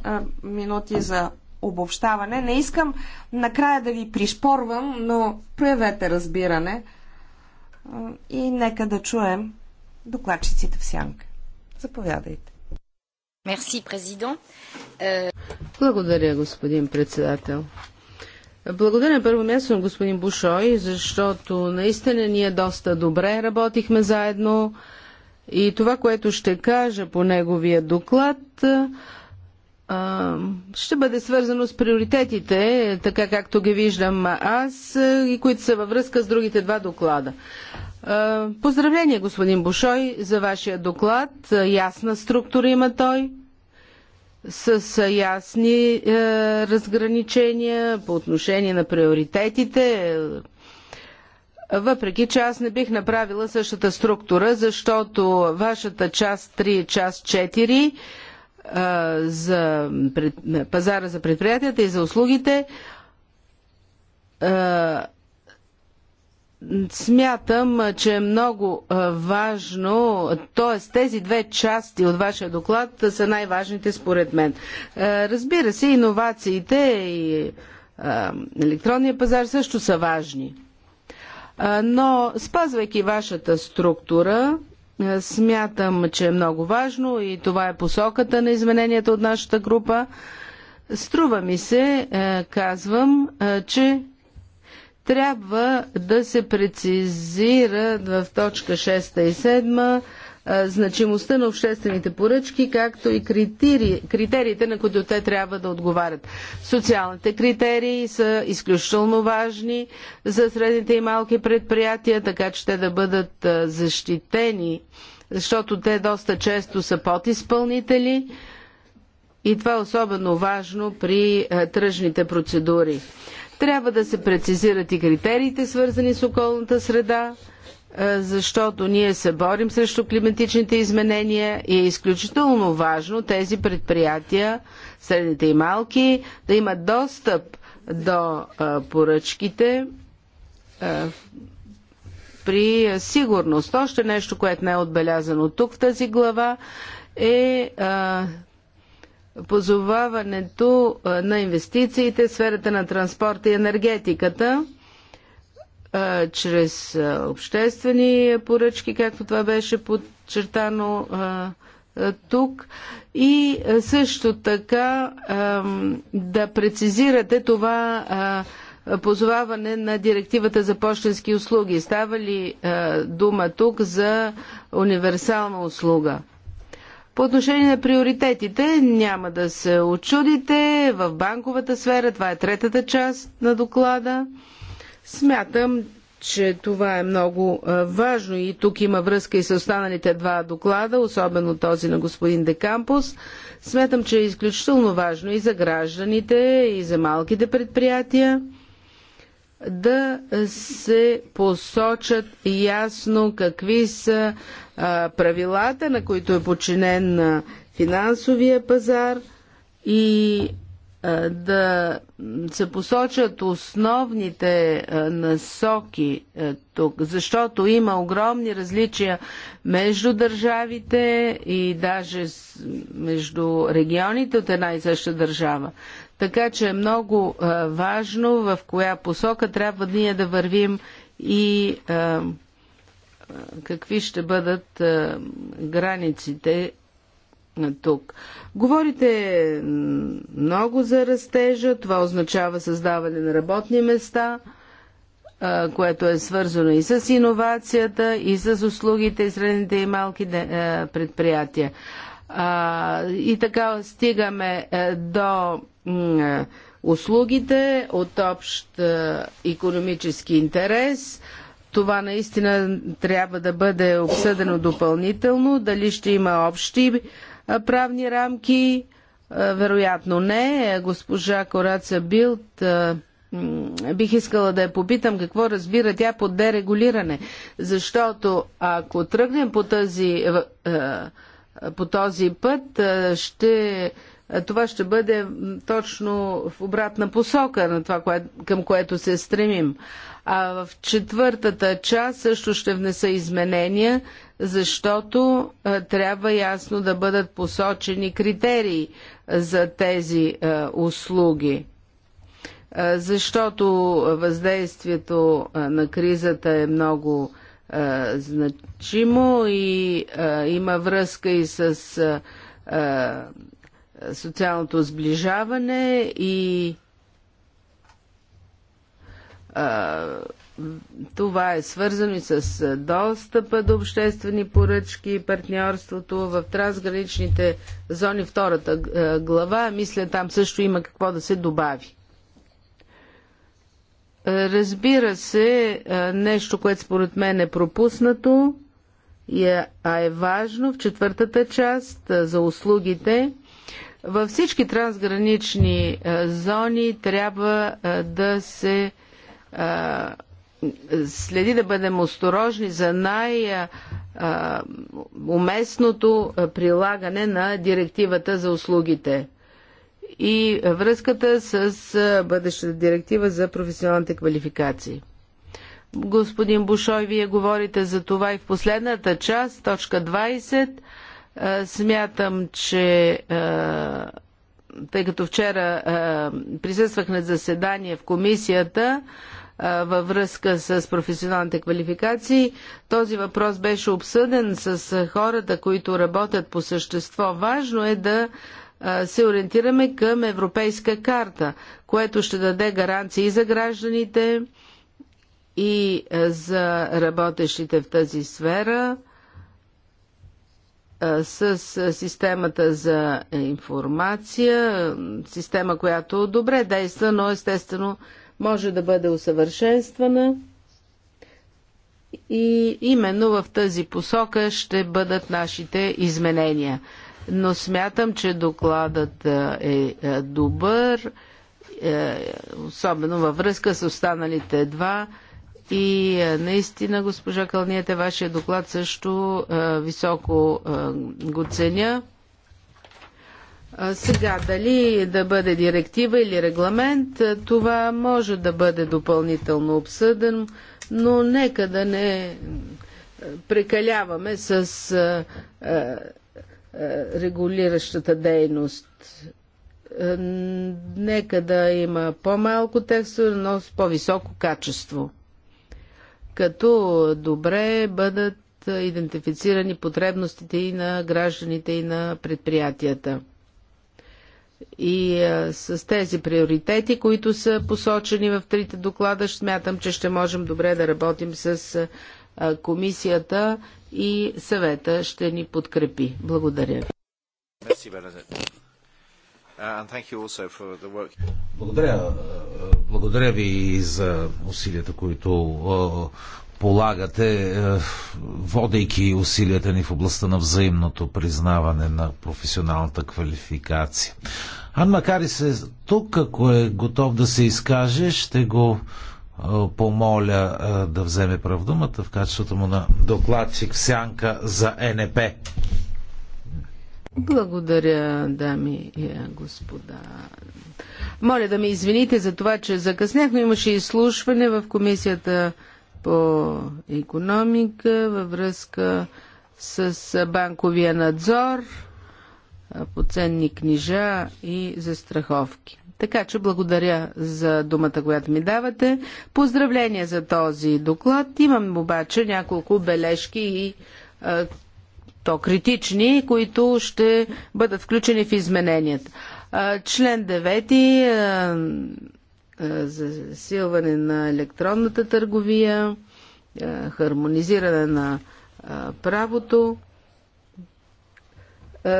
минути за обобщаване. Не искам накрая да ви пришпорвам, но проявете разбиране и нека да чуем докладчиците в сянка. Заповядайте. Мерси, президент. Благодаря, господин председател. Благодаря на първо място на господин Бушой, защото наистина ние доста добре работихме заедно и това, което ще кажа по неговия доклад, ще бъде свързано с приоритетите, така както ги виждам аз е, и които са във връзка с другите два доклада. Поздравления, господин Бушой, за вашия доклад. Ясна структура има той, с ясни е, разграничения по отношение на приоритетите. Въпреки че аз не бих направила същата структура, защото вашата част 3 и част 4 за пред, пазара за предприятията и за услугите, смятам, че е много важно, т.е. тези две части от вашия доклад са най-важните според мен. Разбира се, иновациите и електронния пазар също са важни. Но спазвайки вашата структура, Смятам, че е много важно и това е посоката на измененията от нашата група. Струва ми се, е, казвам, е, че трябва да се прецизира в точка 6 и 7 значимостта на обществените поръчки, както и критерии, критериите, на които те трябва да отговарят. Социалните критерии са изключително важни за средните и малки предприятия, така че те да бъдат защитени, защото те доста често са подизпълнители. И това е особено важно при тръжните процедури. Трябва да се прецизират и критериите, свързани с околната среда, е, защото ние се борим срещу климатичните изменения и е изключително важно тези предприятия, средните и малки, да имат достъп до е, поръчките е, при сигурност. Още нещо, което не е отбелязано тук в тази глава е позоваването на инвестициите в сферата на транспорта и енергетиката – а, чрез а, обществени поръчки, както това беше подчертано а, тук и също така да прецизирате това позоваване на директивата за почтенски услуги. Става ли дума тук за универсална услуга? По отношение на приоритетите, няма да се очудите. В банковата сфера, това е третата част на доклада, Смятам, че това е много важно и тук има връзка и с останалите два доклада, особено този на господин Декампус. Смятам, че е изключително важно и за гражданите, и за малките предприятия да се посочат ясно какви са правилата, на които е подчинен финансовия пазар и е, да се посочат основните е, насоки е, тук, защото има огромни различия между държавите и даже между регионите от една и съща държава. Така че е много важно в коя посока трябва ние да вървим и какви ще бъдат границите на тук. Говорите много за растежа, това означава създаване на работни места, което е свързано и с иновацията, и с услугите, и средните и малки предприятия. И така стигаме до услугите от общ економически интерес. Това наистина трябва да бъде обсъдено допълнително, дали ще има общи правни рамки? Вероятно не. Госпожа Кораца Билт бих искала да я попитам какво разбира тя под дерегулиране. Защото ако тръгнем по, тази, по този път, ще, това ще бъде точно в обратна посока на това, към което се стремим. А в четвъртата част също ще внеса изменения, защото е, трябва ясно да бъдат посочени критерии е, за тези е, услуги. Защото въздействието на кризата е много значимо и има връзка и с социалното сближаване и това е свързано и с достъпа до обществени поръчки, партньорството в трансграничните зони, втората глава. Мисля, там също има какво да се добави. Разбира се, нещо, което според мен е пропуснато, е, а е важно в четвъртата част за услугите. Във всички трансгранични зони трябва да се следи да бъдем осторожни за най-уместното прилагане на директивата за услугите и връзката с бъдещата директива за професионалните квалификации. Господин Бушой, вие говорите за това и в последната част, точка 20. Смятам, че тъй като вчера присъствах на заседание в комисията, във връзка с професионалните квалификации. Този въпрос беше обсъден с хората, които работят по същество. Важно е да се ориентираме към европейска карта, което ще даде гаранции за гражданите и за работещите в тази сфера с системата за информация, система, която добре действа, но естествено може да бъде усъвършенствана и именно в тази посока ще бъдат нашите изменения. Но смятам, че докладът е добър, е, особено във връзка с останалите два. И наистина, госпожа Кълниете, вашия доклад също високо го ценя. Сега, дали да бъде директива или регламент, това може да бъде допълнително обсъдено, но нека да не прекаляваме с регулиращата дейност. Нека да има по-малко текстове, но с по-високо качество. Като добре бъдат идентифицирани потребностите и на гражданите, и на предприятията. И а, с тези приоритети, които са посочени в трите доклада, смятам, че ще можем добре да работим с а, комисията и съвета ще ни подкрепи. Благодаря ви. Uh, благодаря. Благодаря ви и за усилията, които полагате, е, водейки усилията ни в областта на взаимното признаване на професионалната квалификация. Ан макар и се тук, ако е готов да се изкаже, ще го е, помоля е, да вземе правдумата в качеството му на докладчик в сянка за НП. Благодаря, дами и господа. Моля да ме извините за това, че закъснях, но имаше изслушване в комисията по економика във връзка с банковия надзор по ценни книжа и застраховки. Така че благодаря за думата, която ми давате. Поздравления за този доклад. Имам обаче няколко бележки и а, то критични, които ще бъдат включени в измененията. А, член 9. А, е, засилване на електронната търговия, е, хармонизиране на е, правото.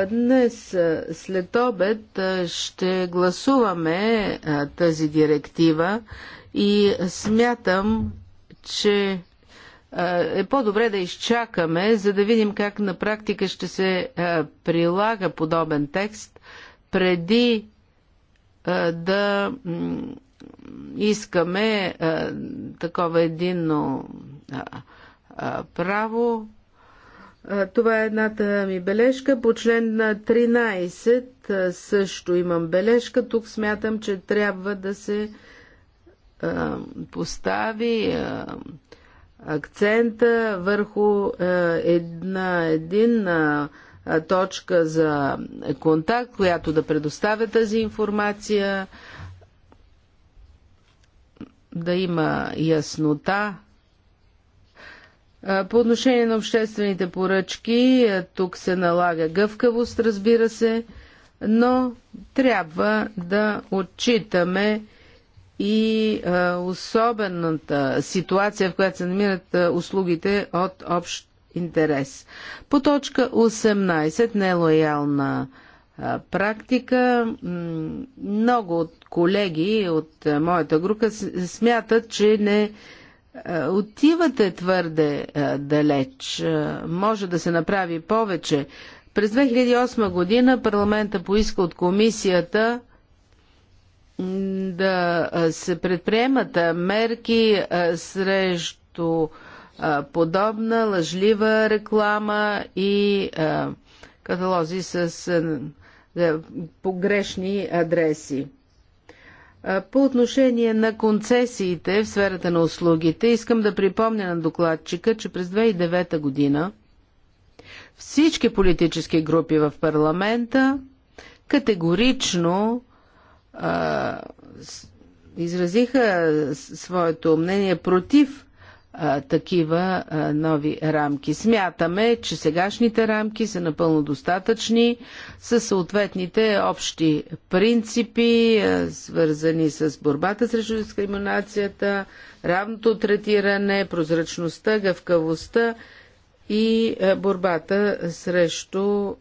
Днес след обед ще гласуваме тази директива и смятам, че е по-добре да изчакаме, за да видим как на практика ще се прилага подобен текст преди да искаме а, е, такова единно а, е, а, е, право. А, това е едната ми бележка. По член на 13 а, също имам бележка. Тук смятам, че трябва да се а, постави а, акцента върху а, една единна точка за контакт, която да предоставя тази информация да има яснота. По отношение на обществените поръчки, тук се налага гъвкавост, разбира се, но трябва да отчитаме и особената ситуация, в която се намират услугите от общ интерес. По точка 18 нелоялна е практика. Много от колеги от моята група смятат, че не отивате твърде далеч. Може да се направи повече. През 2008 година парламента поиска от комисията да се предприемат мерки срещу подобна лъжлива реклама и каталози с е, погрешни адреси. Е, по отношение на концесиите в сферата на услугите, искам да припомня на докладчика, че през 2009 година всички политически групи в парламента категорично а, е, изразиха своето мнение против а, такива а, нови рамки. Смятаме, че сегашните рамки са напълно достатъчни с съответните общи принципи, а, свързани с борбата срещу дискриминацията, равното третиране, прозрачността, гъвкавостта и борбата срещу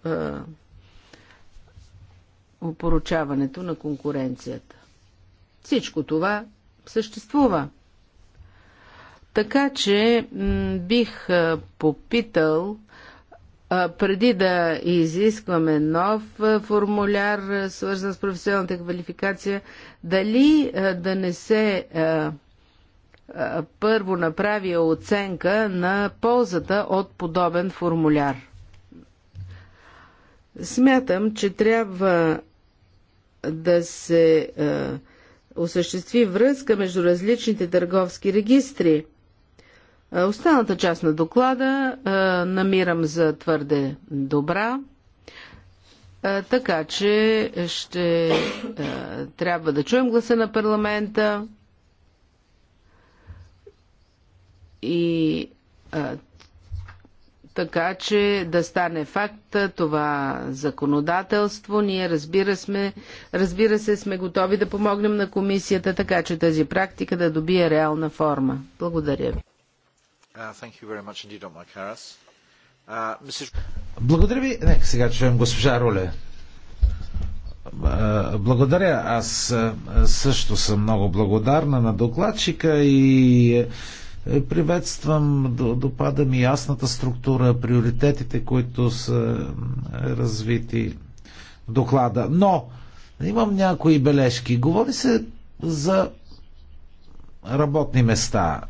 опоручаването на конкуренцията. Всичко това съществува. Така че бих попитал, преди да изискваме нов формуляр, свързан с професионалната квалификация, дали да не се първо направи оценка на ползата от подобен формуляр. Смятам, че трябва да се осъществи връзка между различните търговски регистри – е, останата част на доклада е, намирам за твърде добра, е, така че ще трябва да чуем гласа на парламента и така че да стане факт това законодателство. Ние разбира, сме, разбира се сме готови да помогнем на комисията, така че тази практика да добие реална форма. Благодаря ви. Uh, uh, благодаря ви. Нека сега чуем госпожа Руле. Е, благодаря. Аз е, също съм много благодарна на докладчика и е, приветствам допада ми ясната структура, приоритетите, които са развити в доклада. Но имам някои бележки. Говори се за работни места.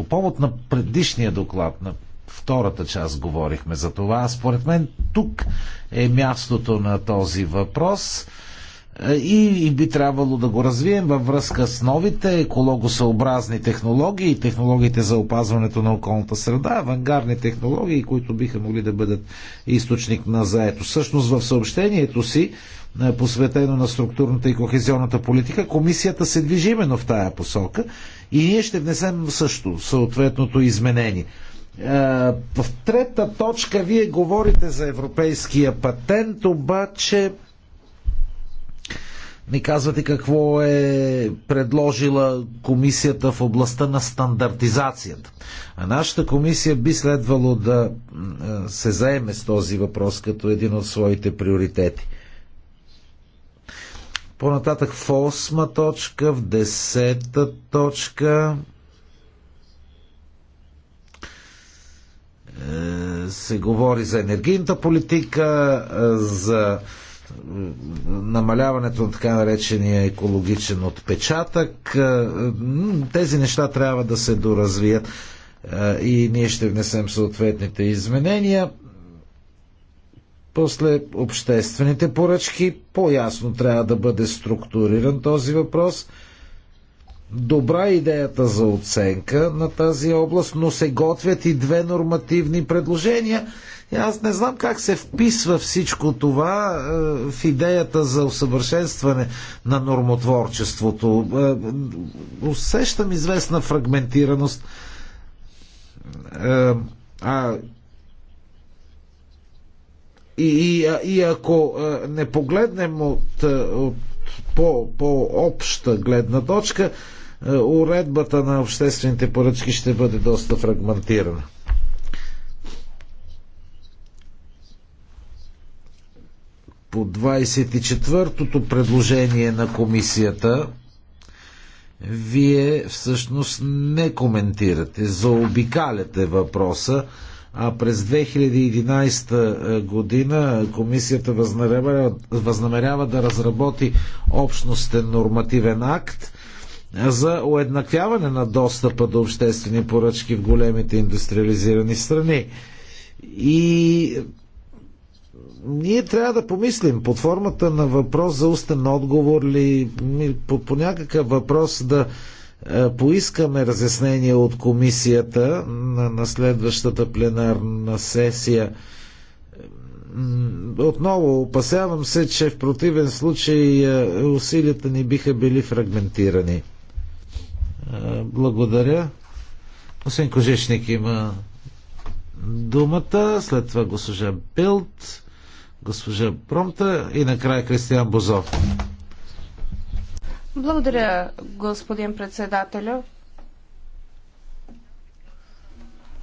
По повод на предишния доклад, на втората част говорихме за това. Според мен тук е мястото на този въпрос. Е, и, и би трябвало да го развием във връзка с новите екологосъобразни технологии, технологиите за опазването на околната среда, авангарни технологии, които биха могли да бъдат източник на заето. Същност в съобщението си, е, посветено на структурната и кохезионната политика, комисията се движи именно в тая посока и ние ще внесем също съответното изменение. Е, в трета точка вие говорите за европейския патент, обаче ни казвате какво е предложила комисията в областта на стандартизацията. А нашата комисия би следвало да се заеме с този въпрос като един от своите приоритети. По-нататък в 8 точка, в 10 точка е, се говори за енергийната политика, е, за намаляването на така наречения екологичен отпечатък. Е, тези неща трябва да се доразвият е, и ние ще внесем съответните изменения. После обществените поръчки по-ясно трябва да бъде структуриран този въпрос. Добра идеята за оценка на тази област, но се готвят и две нормативни предложения и аз не знам как се вписва всичко това е, в идеята за усъвършенстване на нормотворчеството. Е, усещам известна фрагментираност. Е, а, и, и, и ако не погледнем от, от по, по-обща гледна точка, уредбата на обществените поръчки ще бъде доста фрагментирана. по 24-тото предложение на комисията вие всъщност не коментирате, заобикаляте въпроса, а през 2011 е, година комисията възнамерява, възнамерява да разработи общностен нормативен акт за уеднаквяване на достъпа до обществени поръчки в големите индустриализирани страни. И ние трябва да помислим под формата на въпрос за устен отговор ли, по, по някакъв въпрос да е, поискаме разяснение от комисията на, на следващата пленарна сесия. Отново опасявам се, че в противен случай е, усилията ни биха били фрагментирани. Е, благодаря. Освен Кожешник има думата, след това госпожа Билт госпожа Промта и накрая Кристиан Бозов. Благодаря, господин председателю.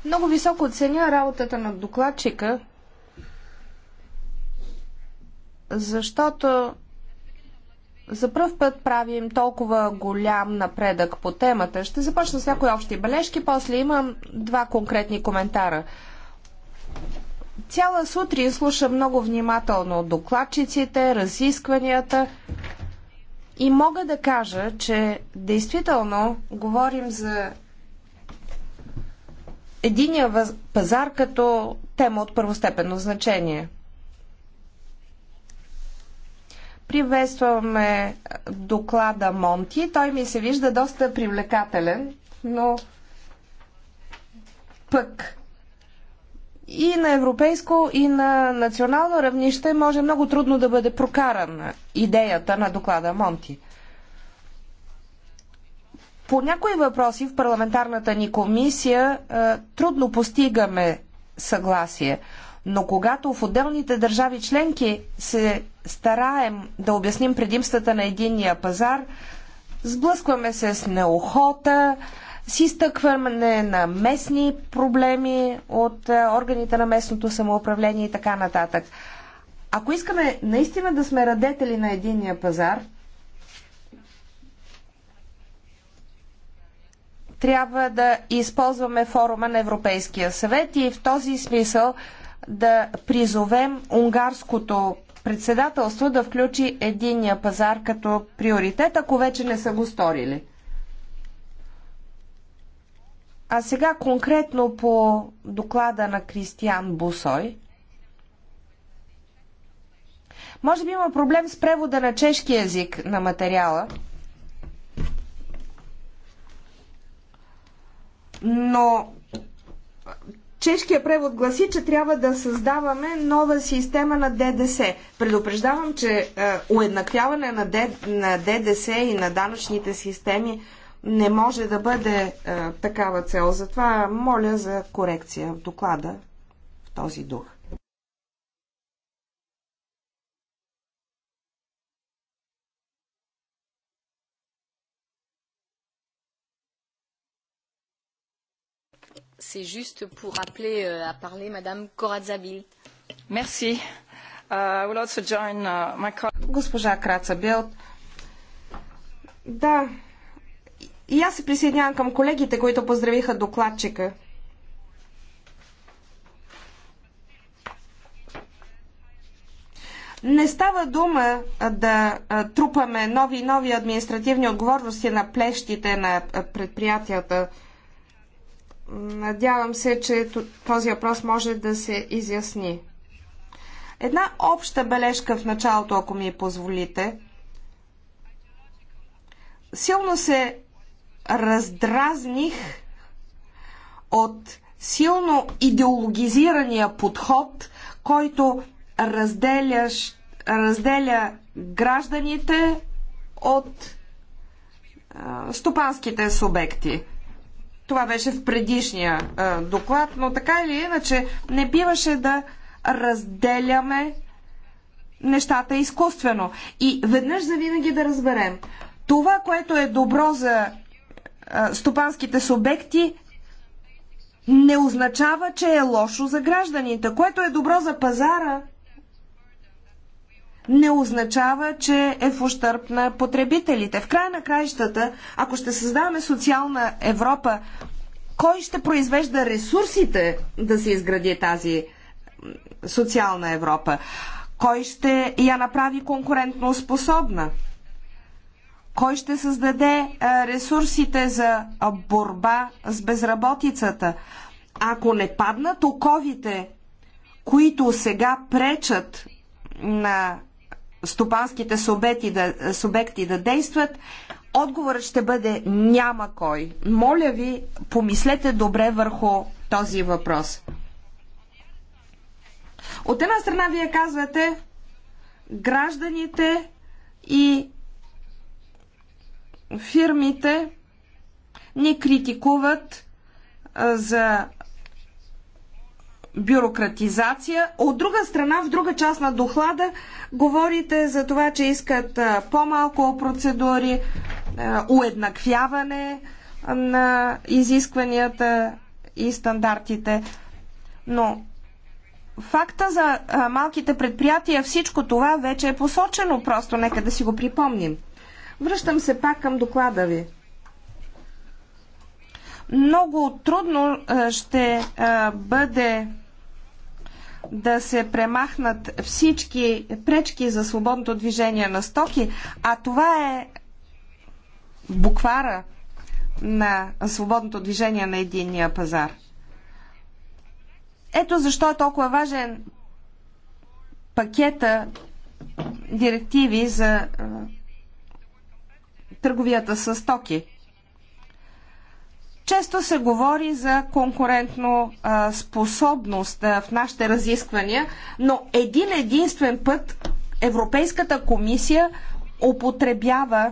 Много високо оценя работата на докладчика, защото за първ път правим толкова голям напредък по темата. Ще започна с някои общи бележки, после имам два конкретни коментара. Цяла сутрин слушам много внимателно докладчиците, разискванията и мога да кажа, че действително говорим за единия пазар като тема от първостепенно значение. Приветстваме доклада Монти. Той ми се вижда доста привлекателен, но пък и на европейско, и на национално равнище може много трудно да бъде прокарана идеята на доклада Монти. По някои въпроси в парламентарната ни комисия е, трудно постигаме съгласие, но когато в отделните държави членки се стараем да обясним предимствата на единния пазар, сблъскваме се с неохота, с изтъкване на местни проблеми от е, органите на местното самоуправление и така нататък. Ако искаме наистина да сме радетели на единния пазар, трябва да използваме форума на Европейския съвет и в този смисъл да призовем унгарското председателство да включи единния пазар като приоритет, ако вече не са го сторили. А сега конкретно по доклада на Кристиан Бусой. Може би има проблем с превода на чешки язик на материала. Но чешкият превод гласи, че трябва да създаваме нова система на ДДС. Предупреждавам, че е, уеднаквяване на, Д, на ДДС и на данъчните системи не може да бъде а, такава цел. Затова моля за корекция в доклада в този дух. C'est juste pour appeler euh, à parler Madame Corazabil. Merci. Uh, we'll also join, uh, my... colleague. Госпожа Краца Белт. Да, и аз се присъединявам към колегите, които поздравиха докладчика. Не става дума да трупаме нови и нови административни отговорности на плещите на предприятията. Надявам се, че този въпрос може да се изясни. Една обща бележка в началото, ако ми позволите. Силно се раздразних от силно идеологизирания подход, който разделя, разделя гражданите от а, стопанските субекти. Това беше в предишния а, доклад, но така или иначе не биваше да разделяме нещата изкуствено. И веднъж завинаги да разберем, това, което е добро за стопанските субекти не означава, че е лошо за гражданите. Което е добро за пазара, не означава, че е в ущърп на потребителите. В края на краищата, ако ще създаваме социална Европа, кой ще произвежда ресурсите да се изгради тази социална Европа? Кой ще я направи конкурентно способна? Кой ще създаде ресурсите за борба с безработицата? Ако не паднат оковите, които сега пречат на стопанските субекти да, субекти да действат, отговорът ще бъде няма кой. Моля ви, помислете добре върху този въпрос. От една страна вие казвате, гражданите и фирмите ни критикуват за бюрократизация. От друга страна, в друга част на доклада говорите за това, че искат по-малко процедури, уеднаквяване на изискванията и стандартите. Но факта за малките предприятия, всичко това вече е посочено, просто нека да си го припомним. Връщам се пак към доклада ви. Много трудно ще бъде да се премахнат всички пречки за свободното движение на стоки, а това е буквара на свободното движение на единния пазар. Ето защо е толкова важен пакета директиви за търговията с стоки. Често се говори за конкурентно а, способност а, в нашите разисквания, но един единствен път Европейската комисия употребява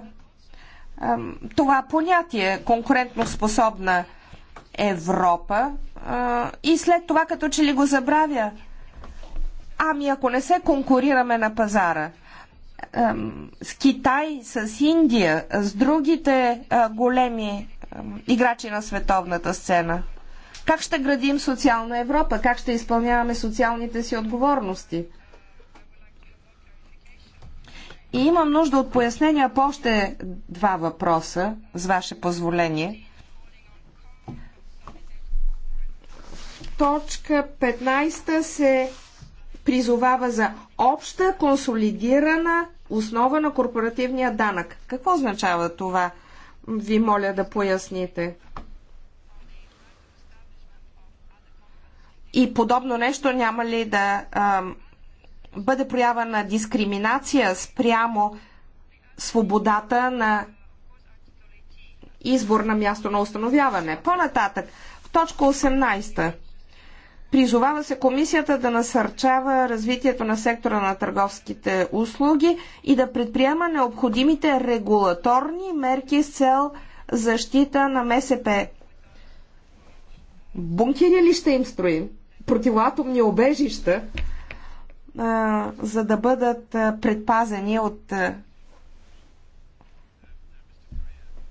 а, това понятие конкурентно способна Европа а, и след това като че ли го забравя. Ами ако не се конкурираме на пазара – с Китай, с Индия, с другите големи играчи на световната сцена? Как ще градим социална Европа? Как ще изпълняваме социалните си отговорности? И имам нужда от пояснения по още два въпроса, с ваше позволение. Точка 15 се призовава за обща консолидирана основа на корпоративния данък. Какво означава това? Ви моля да поясните. И подобно нещо няма ли да а, бъде проява на дискриминация спрямо свободата на избор на място на установяване? По-нататък, в точка 18 Призовава се комисията да насърчава развитието на сектора на търговските услуги и да предприема необходимите регулаторни мерки с цел защита на МСП. Бункери ли ще им строим? Противоатомни обежища, за да бъдат предпазени от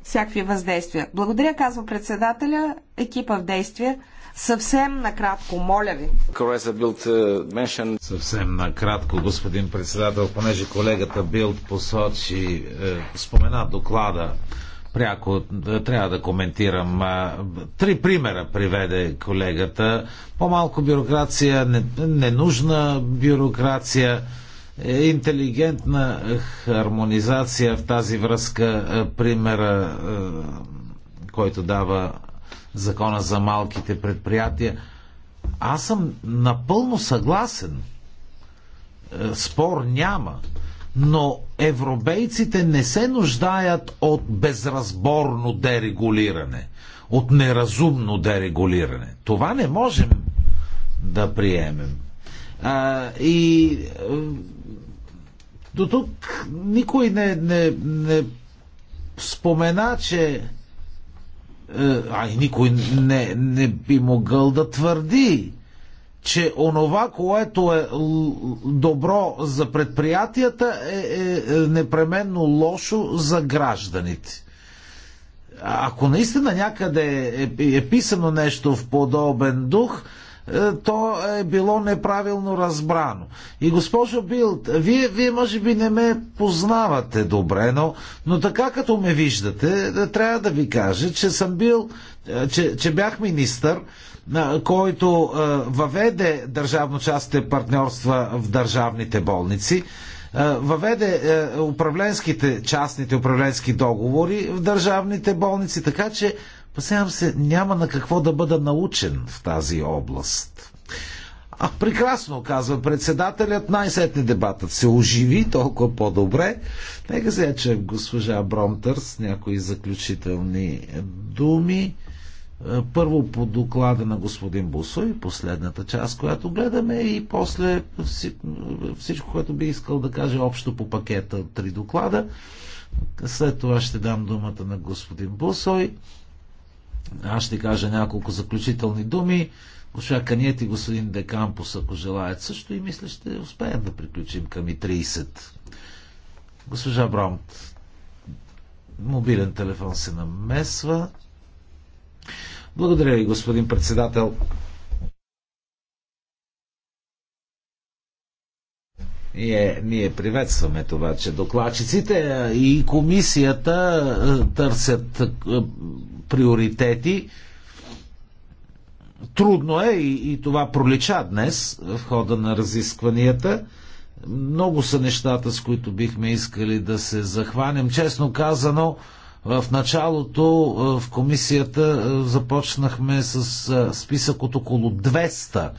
всякакви въздействия. Благодаря, казва председателя, екипа в действие. Съвсем накратко, моля ви. Е е, Съвсем накратко, господин председател, понеже колегата Билд посочи, е, спомена доклада пряко трябва да коментирам. Три примера приведе колегата. По-малко бюрокрация, ненужна бюрокрация, интелигентна хармонизация в тази връзка. Примера, който дава закона за малките предприятия. Аз съм напълно съгласен. Е, спор няма. Но европейците не се нуждаят от безразборно дерегулиране, от неразумно дерегулиране. Това не можем да приемем. А, и е, до тук никой не, не, не спомена, че е, ай, никой не, не би могъл да твърди, че онова, което е добро за предприятията, е, е, е непременно лошо за гражданите. Ако наистина някъде е, е писано нещо в подобен дух, е, то е било неправилно разбрано. И госпожо Билт, вие, вие може би не ме познавате добре, но, но така като ме виждате, е, трябва да ви кажа, че съм бил, е, че, че бях министър, който въведе държавно-частните партньорства в държавните болници въведе управленските, частните управленски договори в държавните болници, така че Посявам се, няма на какво да бъда научен в тази област. А, прекрасно, казва председателят. Най-сетне дебатът се оживи, толкова по-добре. Нека се че госпожа Бромтърс, някои заключителни думи. Е, първо по доклада на господин Бусо и последната част, която гледаме и после всичко, което би искал да каже общо по пакета три доклада. След това ще дам думата на господин Бусой аз ще кажа няколко заключителни думи. Госпожа Каниет и господин Декампус, ако желаят също и мисля, ще успеем да приключим към и 30. Госпожа Брамт, мобилен телефон се намесва. Благодаря ви, господин председател. Ние, ние приветстваме това, че докладчиците и комисията е, търсят е, приоритети. Трудно е и, и това пролича днес в хода на разискванията. Много са нещата, с които бихме искали да се захванем. Честно казано, в началото е, в комисията е, започнахме с е, списък от около 200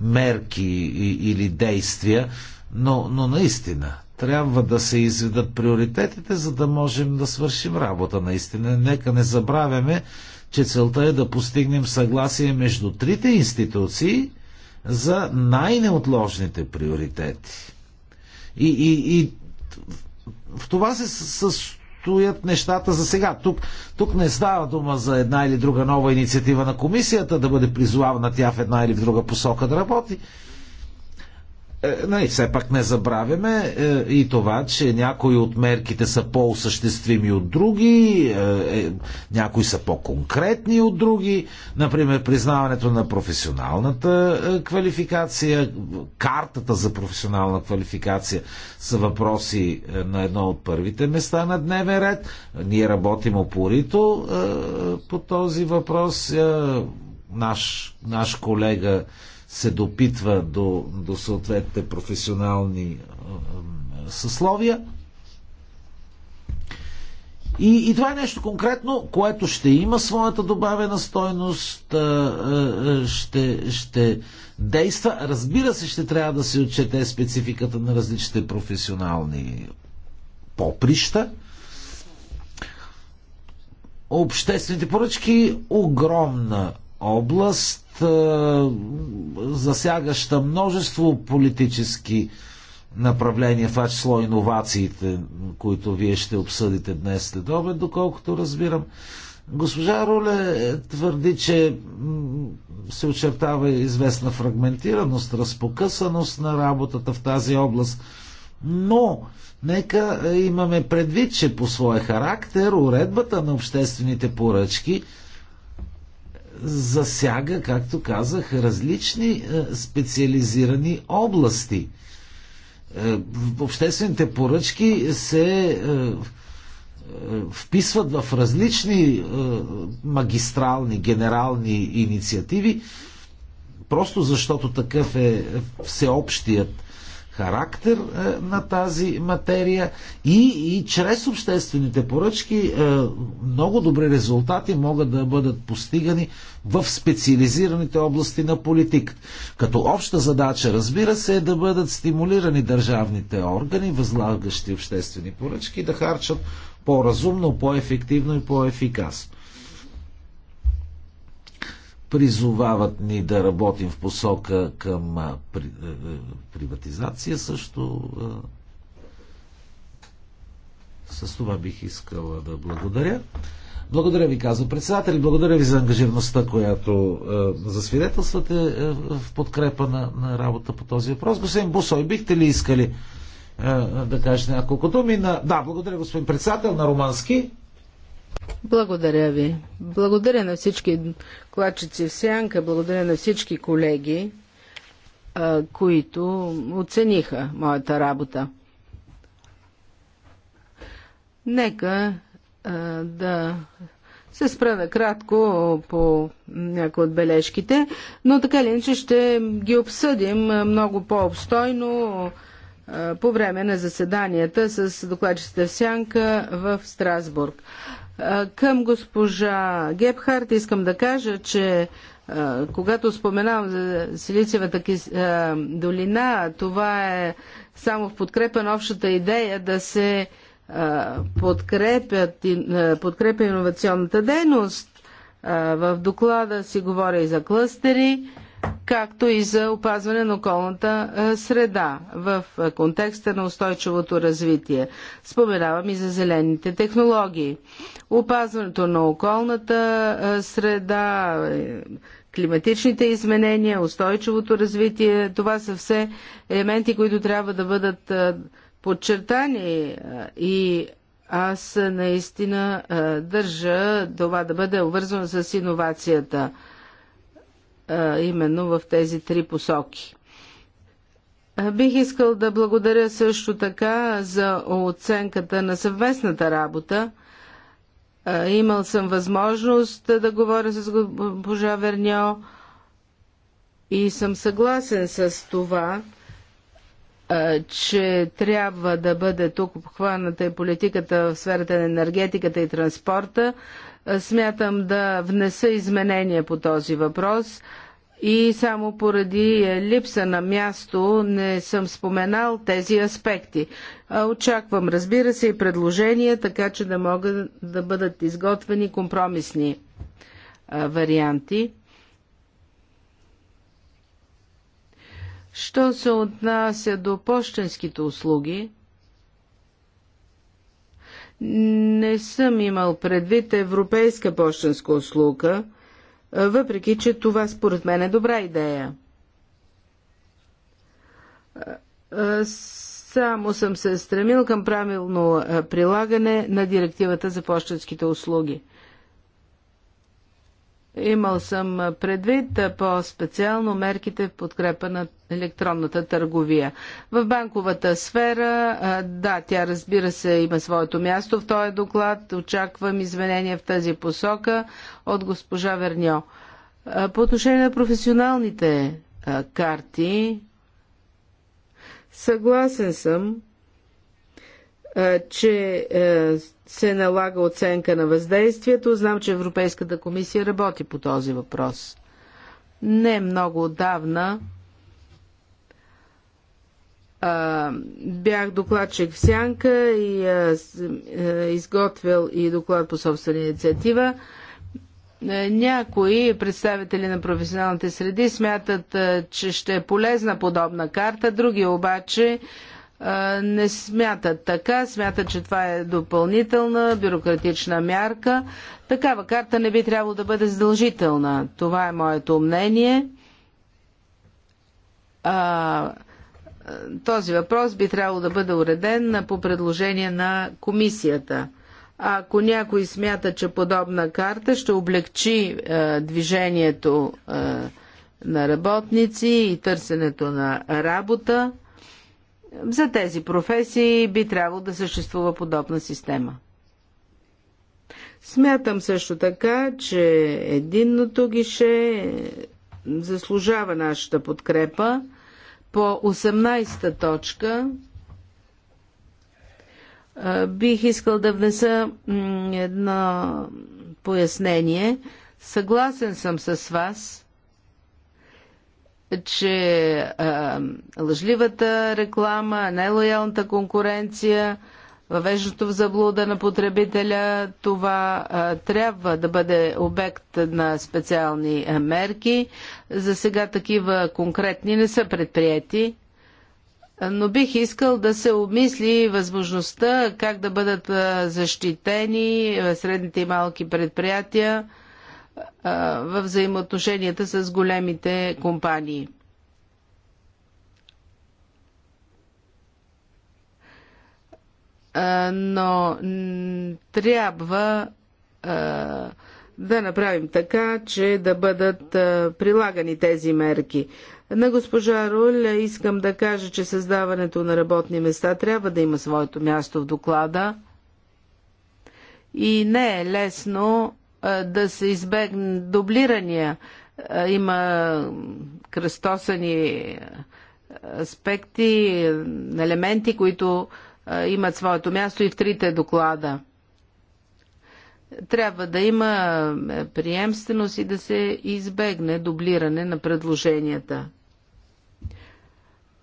мерки или действия, но, но наистина трябва да се изведат приоритетите, за да можем да свършим работа наистина. Нека не забравяме, че целта е да постигнем съгласие между трите институции за най-неотложните приоритети. И, и, и в това се състоят нещата за сега. Тук, тук не става дума за една или друга нова инициатива на комисията да бъде призовавана тя в една или в друга посока да работи. Е, нали, все пак не забравяме е, и това, че някои от мерките са по-осъществими от други, е, някои са по-конкретни от други. Например, признаването на професионалната квалификация, картата за професионална квалификация са въпроси на едно от първите места на дневен ред. Ние работим опорито по този въпрос. Наш, наш колега се допитва до, до съответните професионални съсловия. И, и това е нещо конкретно, което ще има своята добавена стойност, ще, ще действа. Разбира се, ще трябва да се отчете спецификата на различните професионални поприща. Обществените поръчки огромна област, засягаща множество политически направления, в това число иновациите, които вие ще обсъдите днес след обед, доколкото разбирам. Госпожа Руле твърди, че се очертава известна фрагментираност, разпокъсаност на работата в тази област, но нека имаме предвид, че по своя характер уредбата на обществените поръчки – засяга, както казах, различни е, специализирани области. Е, в обществените поръчки се е, вписват в различни магистрални, генерални инициативи, просто защото такъв е всеобщият характер е, на тази материя и, и чрез обществените поръчки е, много добри резултати могат да бъдат постигани в специализираните области на политиката. Като обща задача, разбира се, е да бъдат стимулирани държавните органи, възлагащи обществени поръчки, да харчат по-разумно, по-ефективно и по-ефикасно. Призовават ни да работим в посока към е, е, приватизация също. С това бих искала да благодаря. Благодаря ви, казва председател. Благодаря ви за ангажираността, която е, засвидетелствате е, в подкрепа на, на работа по този въпрос. Господин Бусой, бихте ли искали е, да кажете няколко думи? На... Да, благодаря, господин председател, на Романски. Благодаря ви. Благодаря на всички Клачици в Сянка, благодаря на всички колеги, които оцениха моята работа. Нека да се спра на кратко по някои от бележките, но така ли иначе ще ги обсъдим много по-обстойно по време на заседанията с докладчиците в Сянка в Страсбург. Към госпожа Гепхарт искам да кажа, че когато споменавам за Силициевата долина, това е само в подкрепа на общата идея да се подкрепят, подкрепя иновационната дейност. В доклада си говоря и за клъстери както и за опазване на околната е, среда в е, контекста на устойчивото развитие. Споменавам и за зелените технологии. Опазването на околната е, среда, климатичните изменения, устойчивото развитие, това са все елементи, които трябва да бъдат подчертани и аз наистина държа това да бъде обвързано с иновацията именно в тези три посоки. Бих искал да благодаря също така за оценката на съвместната работа. Имал съм възможност да говоря с Божа Верньо и съм съгласен с това, че трябва да бъде тук обхваната и политиката в сферата на енергетиката и транспорта, смятам да внеса изменения по този въпрос и само поради е, липса на място не съм споменал тези аспекти. Очаквам, разбира се, и предложения, така че да могат да бъдат изготвени компромисни варианти. Що се отнася до почтенските услуги, не съм имал предвид европейска почтенска услуга, въпреки че това според мен е добра идея. Само съм се стремил към правилно прилагане на директивата за почтенските услуги. Имал съм предвид по-специално мерките в подкрепа на електронната търговия. В банковата сфера, да, тя разбира се има своето място в този доклад. Очаквам изменения в тази посока от госпожа Верньо. По отношение на професионалните карти, съгласен съм, че се налага оценка на въздействието. Знам, че Европейската комисия работи по този въпрос. Не много отдавна бях докладчик в Сянка и изготвил и доклад по собствена инициатива. Някои представители на професионалните среди смятат, че ще е полезна подобна карта, други обаче не смятат така, смятат, че това е допълнителна бюрократична мярка. Такава карта не би трябвало да бъде задължителна. Това е моето мнение. А, този въпрос би трябвало да бъде уреден по предложение на комисията. Ако някой смята, че подобна карта ще облегчи е, движението е, на работници и търсенето на работа, за тези професии би трябвало да съществува подобна система. Смятам също така, че единното гише заслужава нашата подкрепа. По 18-та точка бих искал да внеса едно пояснение. Съгласен съм с вас, че а, лъжливата реклама, нелоялната конкуренция, въвеждането в заблуда на потребителя, това а, трябва да бъде обект на специални а, мерки. За сега такива конкретни не са предприяти, но бих искал да се обмисли възможността как да бъдат защитени средните и малки предприятия в взаимоотношенията с големите компании. Но трябва да направим така, че да бъдат прилагани тези мерки. На госпожа Руль искам да кажа, че създаването на работни места трябва да има своето място в доклада. И не е лесно да се избегне дублирания. Има кръстосани аспекти, елементи, които имат своето място и в трите доклада. Трябва да има приемственост и да се избегне дублиране на предложенията.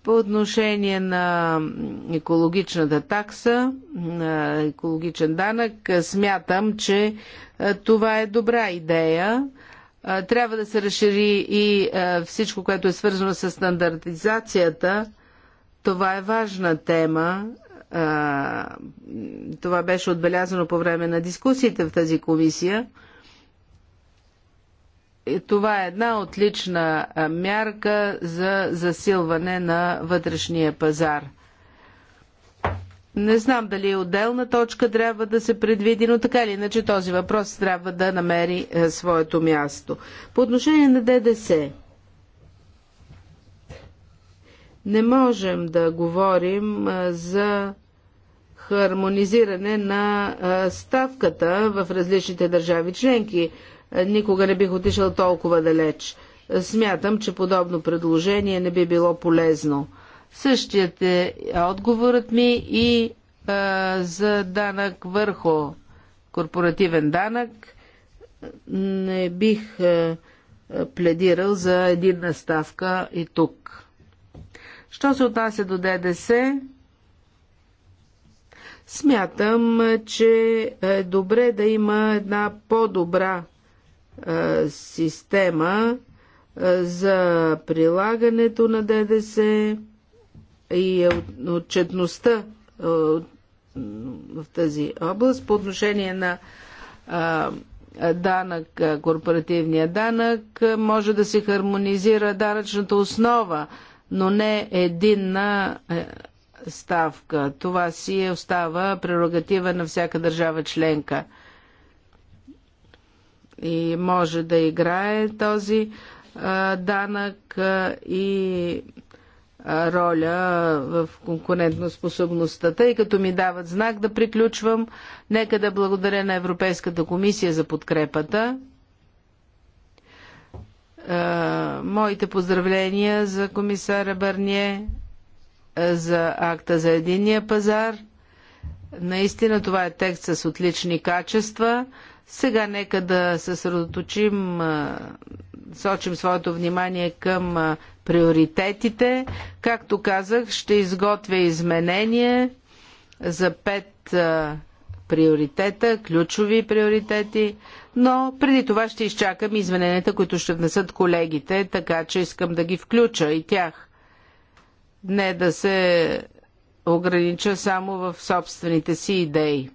По отношение на екологичната такса, на екологичен данък, смятам, че това е добра идея. Трябва да се разшири и всичко, което е свързано с стандартизацията. Това е важна тема. Това беше отбелязано по време на дискусиите в тази комисия. Е, това е една отлична мярка за засилване на вътрешния пазар. Не знам дали отделна точка трябва да се предвиди, но така или иначе този въпрос трябва да намери е, своето място. По отношение на ДДС. Не можем да говорим е, за хармонизиране на ставката в различните държави членки. Никога не бих отишъл толкова далеч. Смятам, че подобно предложение не би било полезно. Същият е отговорът ми и а, за данък върху корпоративен данък. Не бих а, пледирал за единна ставка и тук. Що се отнася до ДДС, смятам, че е добре да има една по-добра система за прилагането на ДДС и отчетността в тази област по отношение на данък, корпоративния данък, може да се хармонизира данъчната основа, но не единна ставка. Това си остава прерогатива на всяка държава членка – и може да играе този данък и роля в конкурентоспособността. Тъй като ми дават знак да приключвам, нека да благодаря на Европейската комисия за подкрепата. Моите поздравления за комисара Барние за акта за единния пазар. Наистина това е текст с отлични качества. Сега нека да съсредоточим, сочим своето внимание към приоритетите. Както казах, ще изготвя изменение за пет приоритета, ключови приоритети, но преди това ще изчакам измененията, които ще внесат колегите, така че искам да ги включа и тях. Не да се огранича само в собствените си идеи.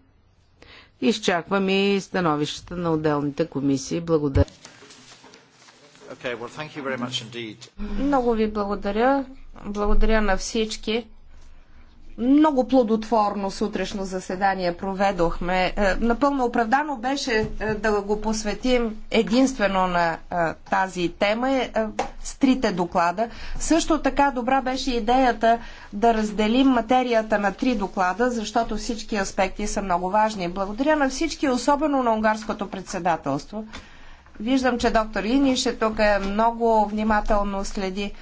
Изчаквам и становищата на отделните комисии. Благодаря. Okay, well, Много ви благодаря. Благодаря на всички. Много плодотворно сутрешно заседание проведохме. Е, напълно оправдано беше е, да го посветим единствено на е, тази тема с трите доклада. Също така добра беше идеята да разделим материята на три доклада, защото всички аспекти са много важни. Благодаря на всички, особено на унгарското председателство. Виждам, че доктор Иниш е тук много внимателно следи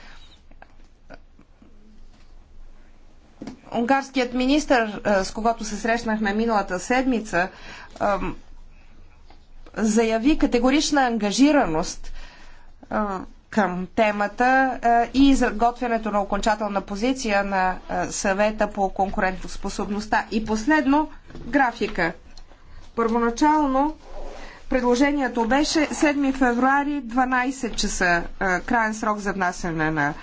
Унгарският министр, е, с когото се срещнахме миналата седмица, заяви категорична ангажираност към темата и изготвянето на окончателна позиция на съвета по конкурентоспособността. И последно, графика. Първоначално предложението беше 7 февруари 12 часа крайен срок за внасяне на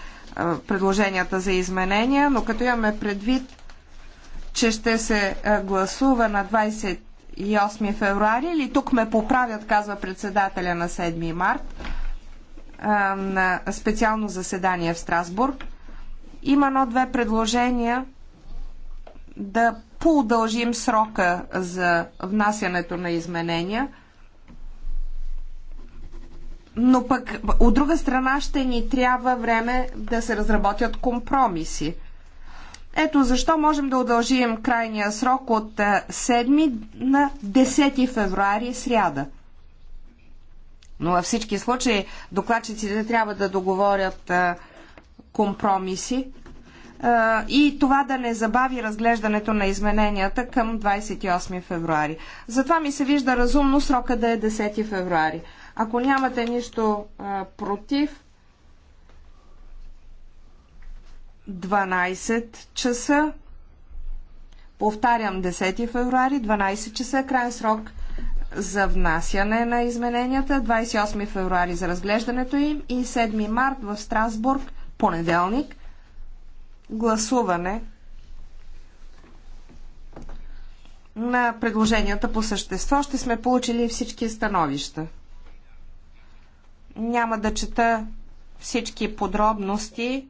предложенията за изменения, но като имаме предвид, че ще се гласува на 28 февруари, или тук ме поправят, казва председателя на 7 март, на специално заседание в Страсбург. Има едно-две предложения да поудължим срока за внасянето на изменения – но пък от друга страна ще ни трябва време да се разработят компромиси. Ето защо можем да удължим крайния срок от 7 е, на 10 февруари сряда. Но във всички случаи докладчиците трябва да договорят е, компромиси е, и това да не забави разглеждането на измененията към 28 февруари. Затова ми се вижда разумно срока да е 10 февруари. Ако нямате нищо а, против, 12 часа, повтарям 10 февруари, 12 часа, крайен срок за внасяне на измененията, 28 февруари за разглеждането им и 7 март в Страсбург, понеделник, гласуване на предложенията по същество. Ще сме получили всички становища. Няма да чета всички подробности.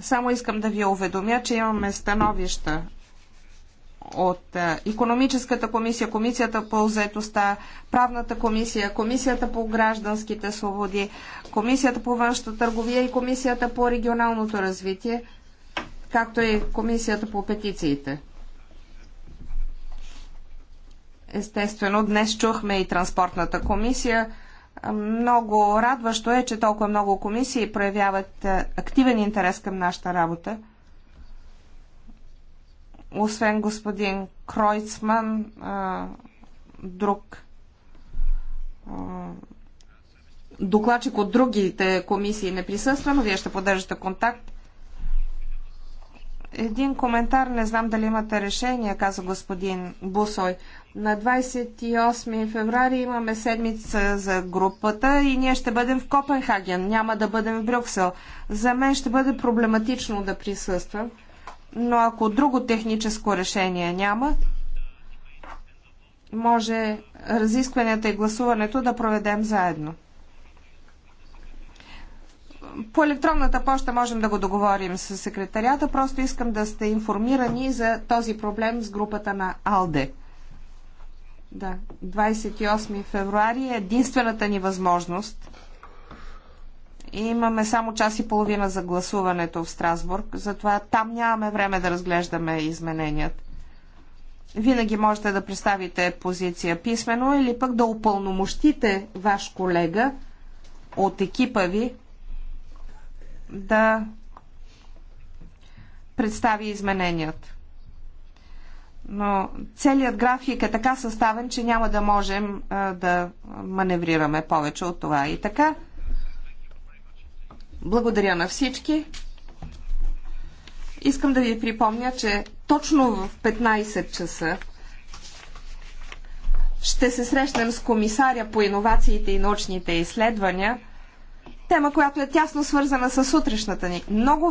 Само искам да ви уведомя, че имаме становища от економическата комисия, комисията по заетостта, правната комисия, комисията по гражданските свободи, комисията по външната търговия и комисията по регионалното развитие, както и комисията по петициите. Естествено, днес чухме и транспортната комисия. Много радващо е, че толкова много комисии проявяват е, активен интерес към нашата работа. Освен господин Кройцман, е, друг е, докладчик от другите комисии не присъства, но вие ще поддържате контакт. Един коментар, не знам дали имате решение, каза господин Бусой. На 28 феврари имаме седмица за групата и ние ще бъдем в Копенхаген, няма да бъдем в Брюксел. За мен ще бъде проблематично да присъствам, но ако друго техническо решение няма, може разискванията и гласуването да проведем заедно. По електронната почта можем да го договорим с секретарията, просто искам да сте информирани за този проблем с групата на АЛДЕК. Да, 28 февруари е единствената ни възможност. И имаме само час и половина за гласуването в Страсбург, затова там нямаме време да разглеждаме измененията. Винаги можете да представите позиция писмено или пък да упълномощите ваш колега от екипа ви да представи измененията но целият график е така съставен, че няма да можем да маневрираме повече от това. И така, благодаря на всички. Искам да ви припомня, че точно в 15 часа ще се срещнем с комисаря по иновациите и научните изследвания, тема, която е тясно свързана с утрешната ни. Много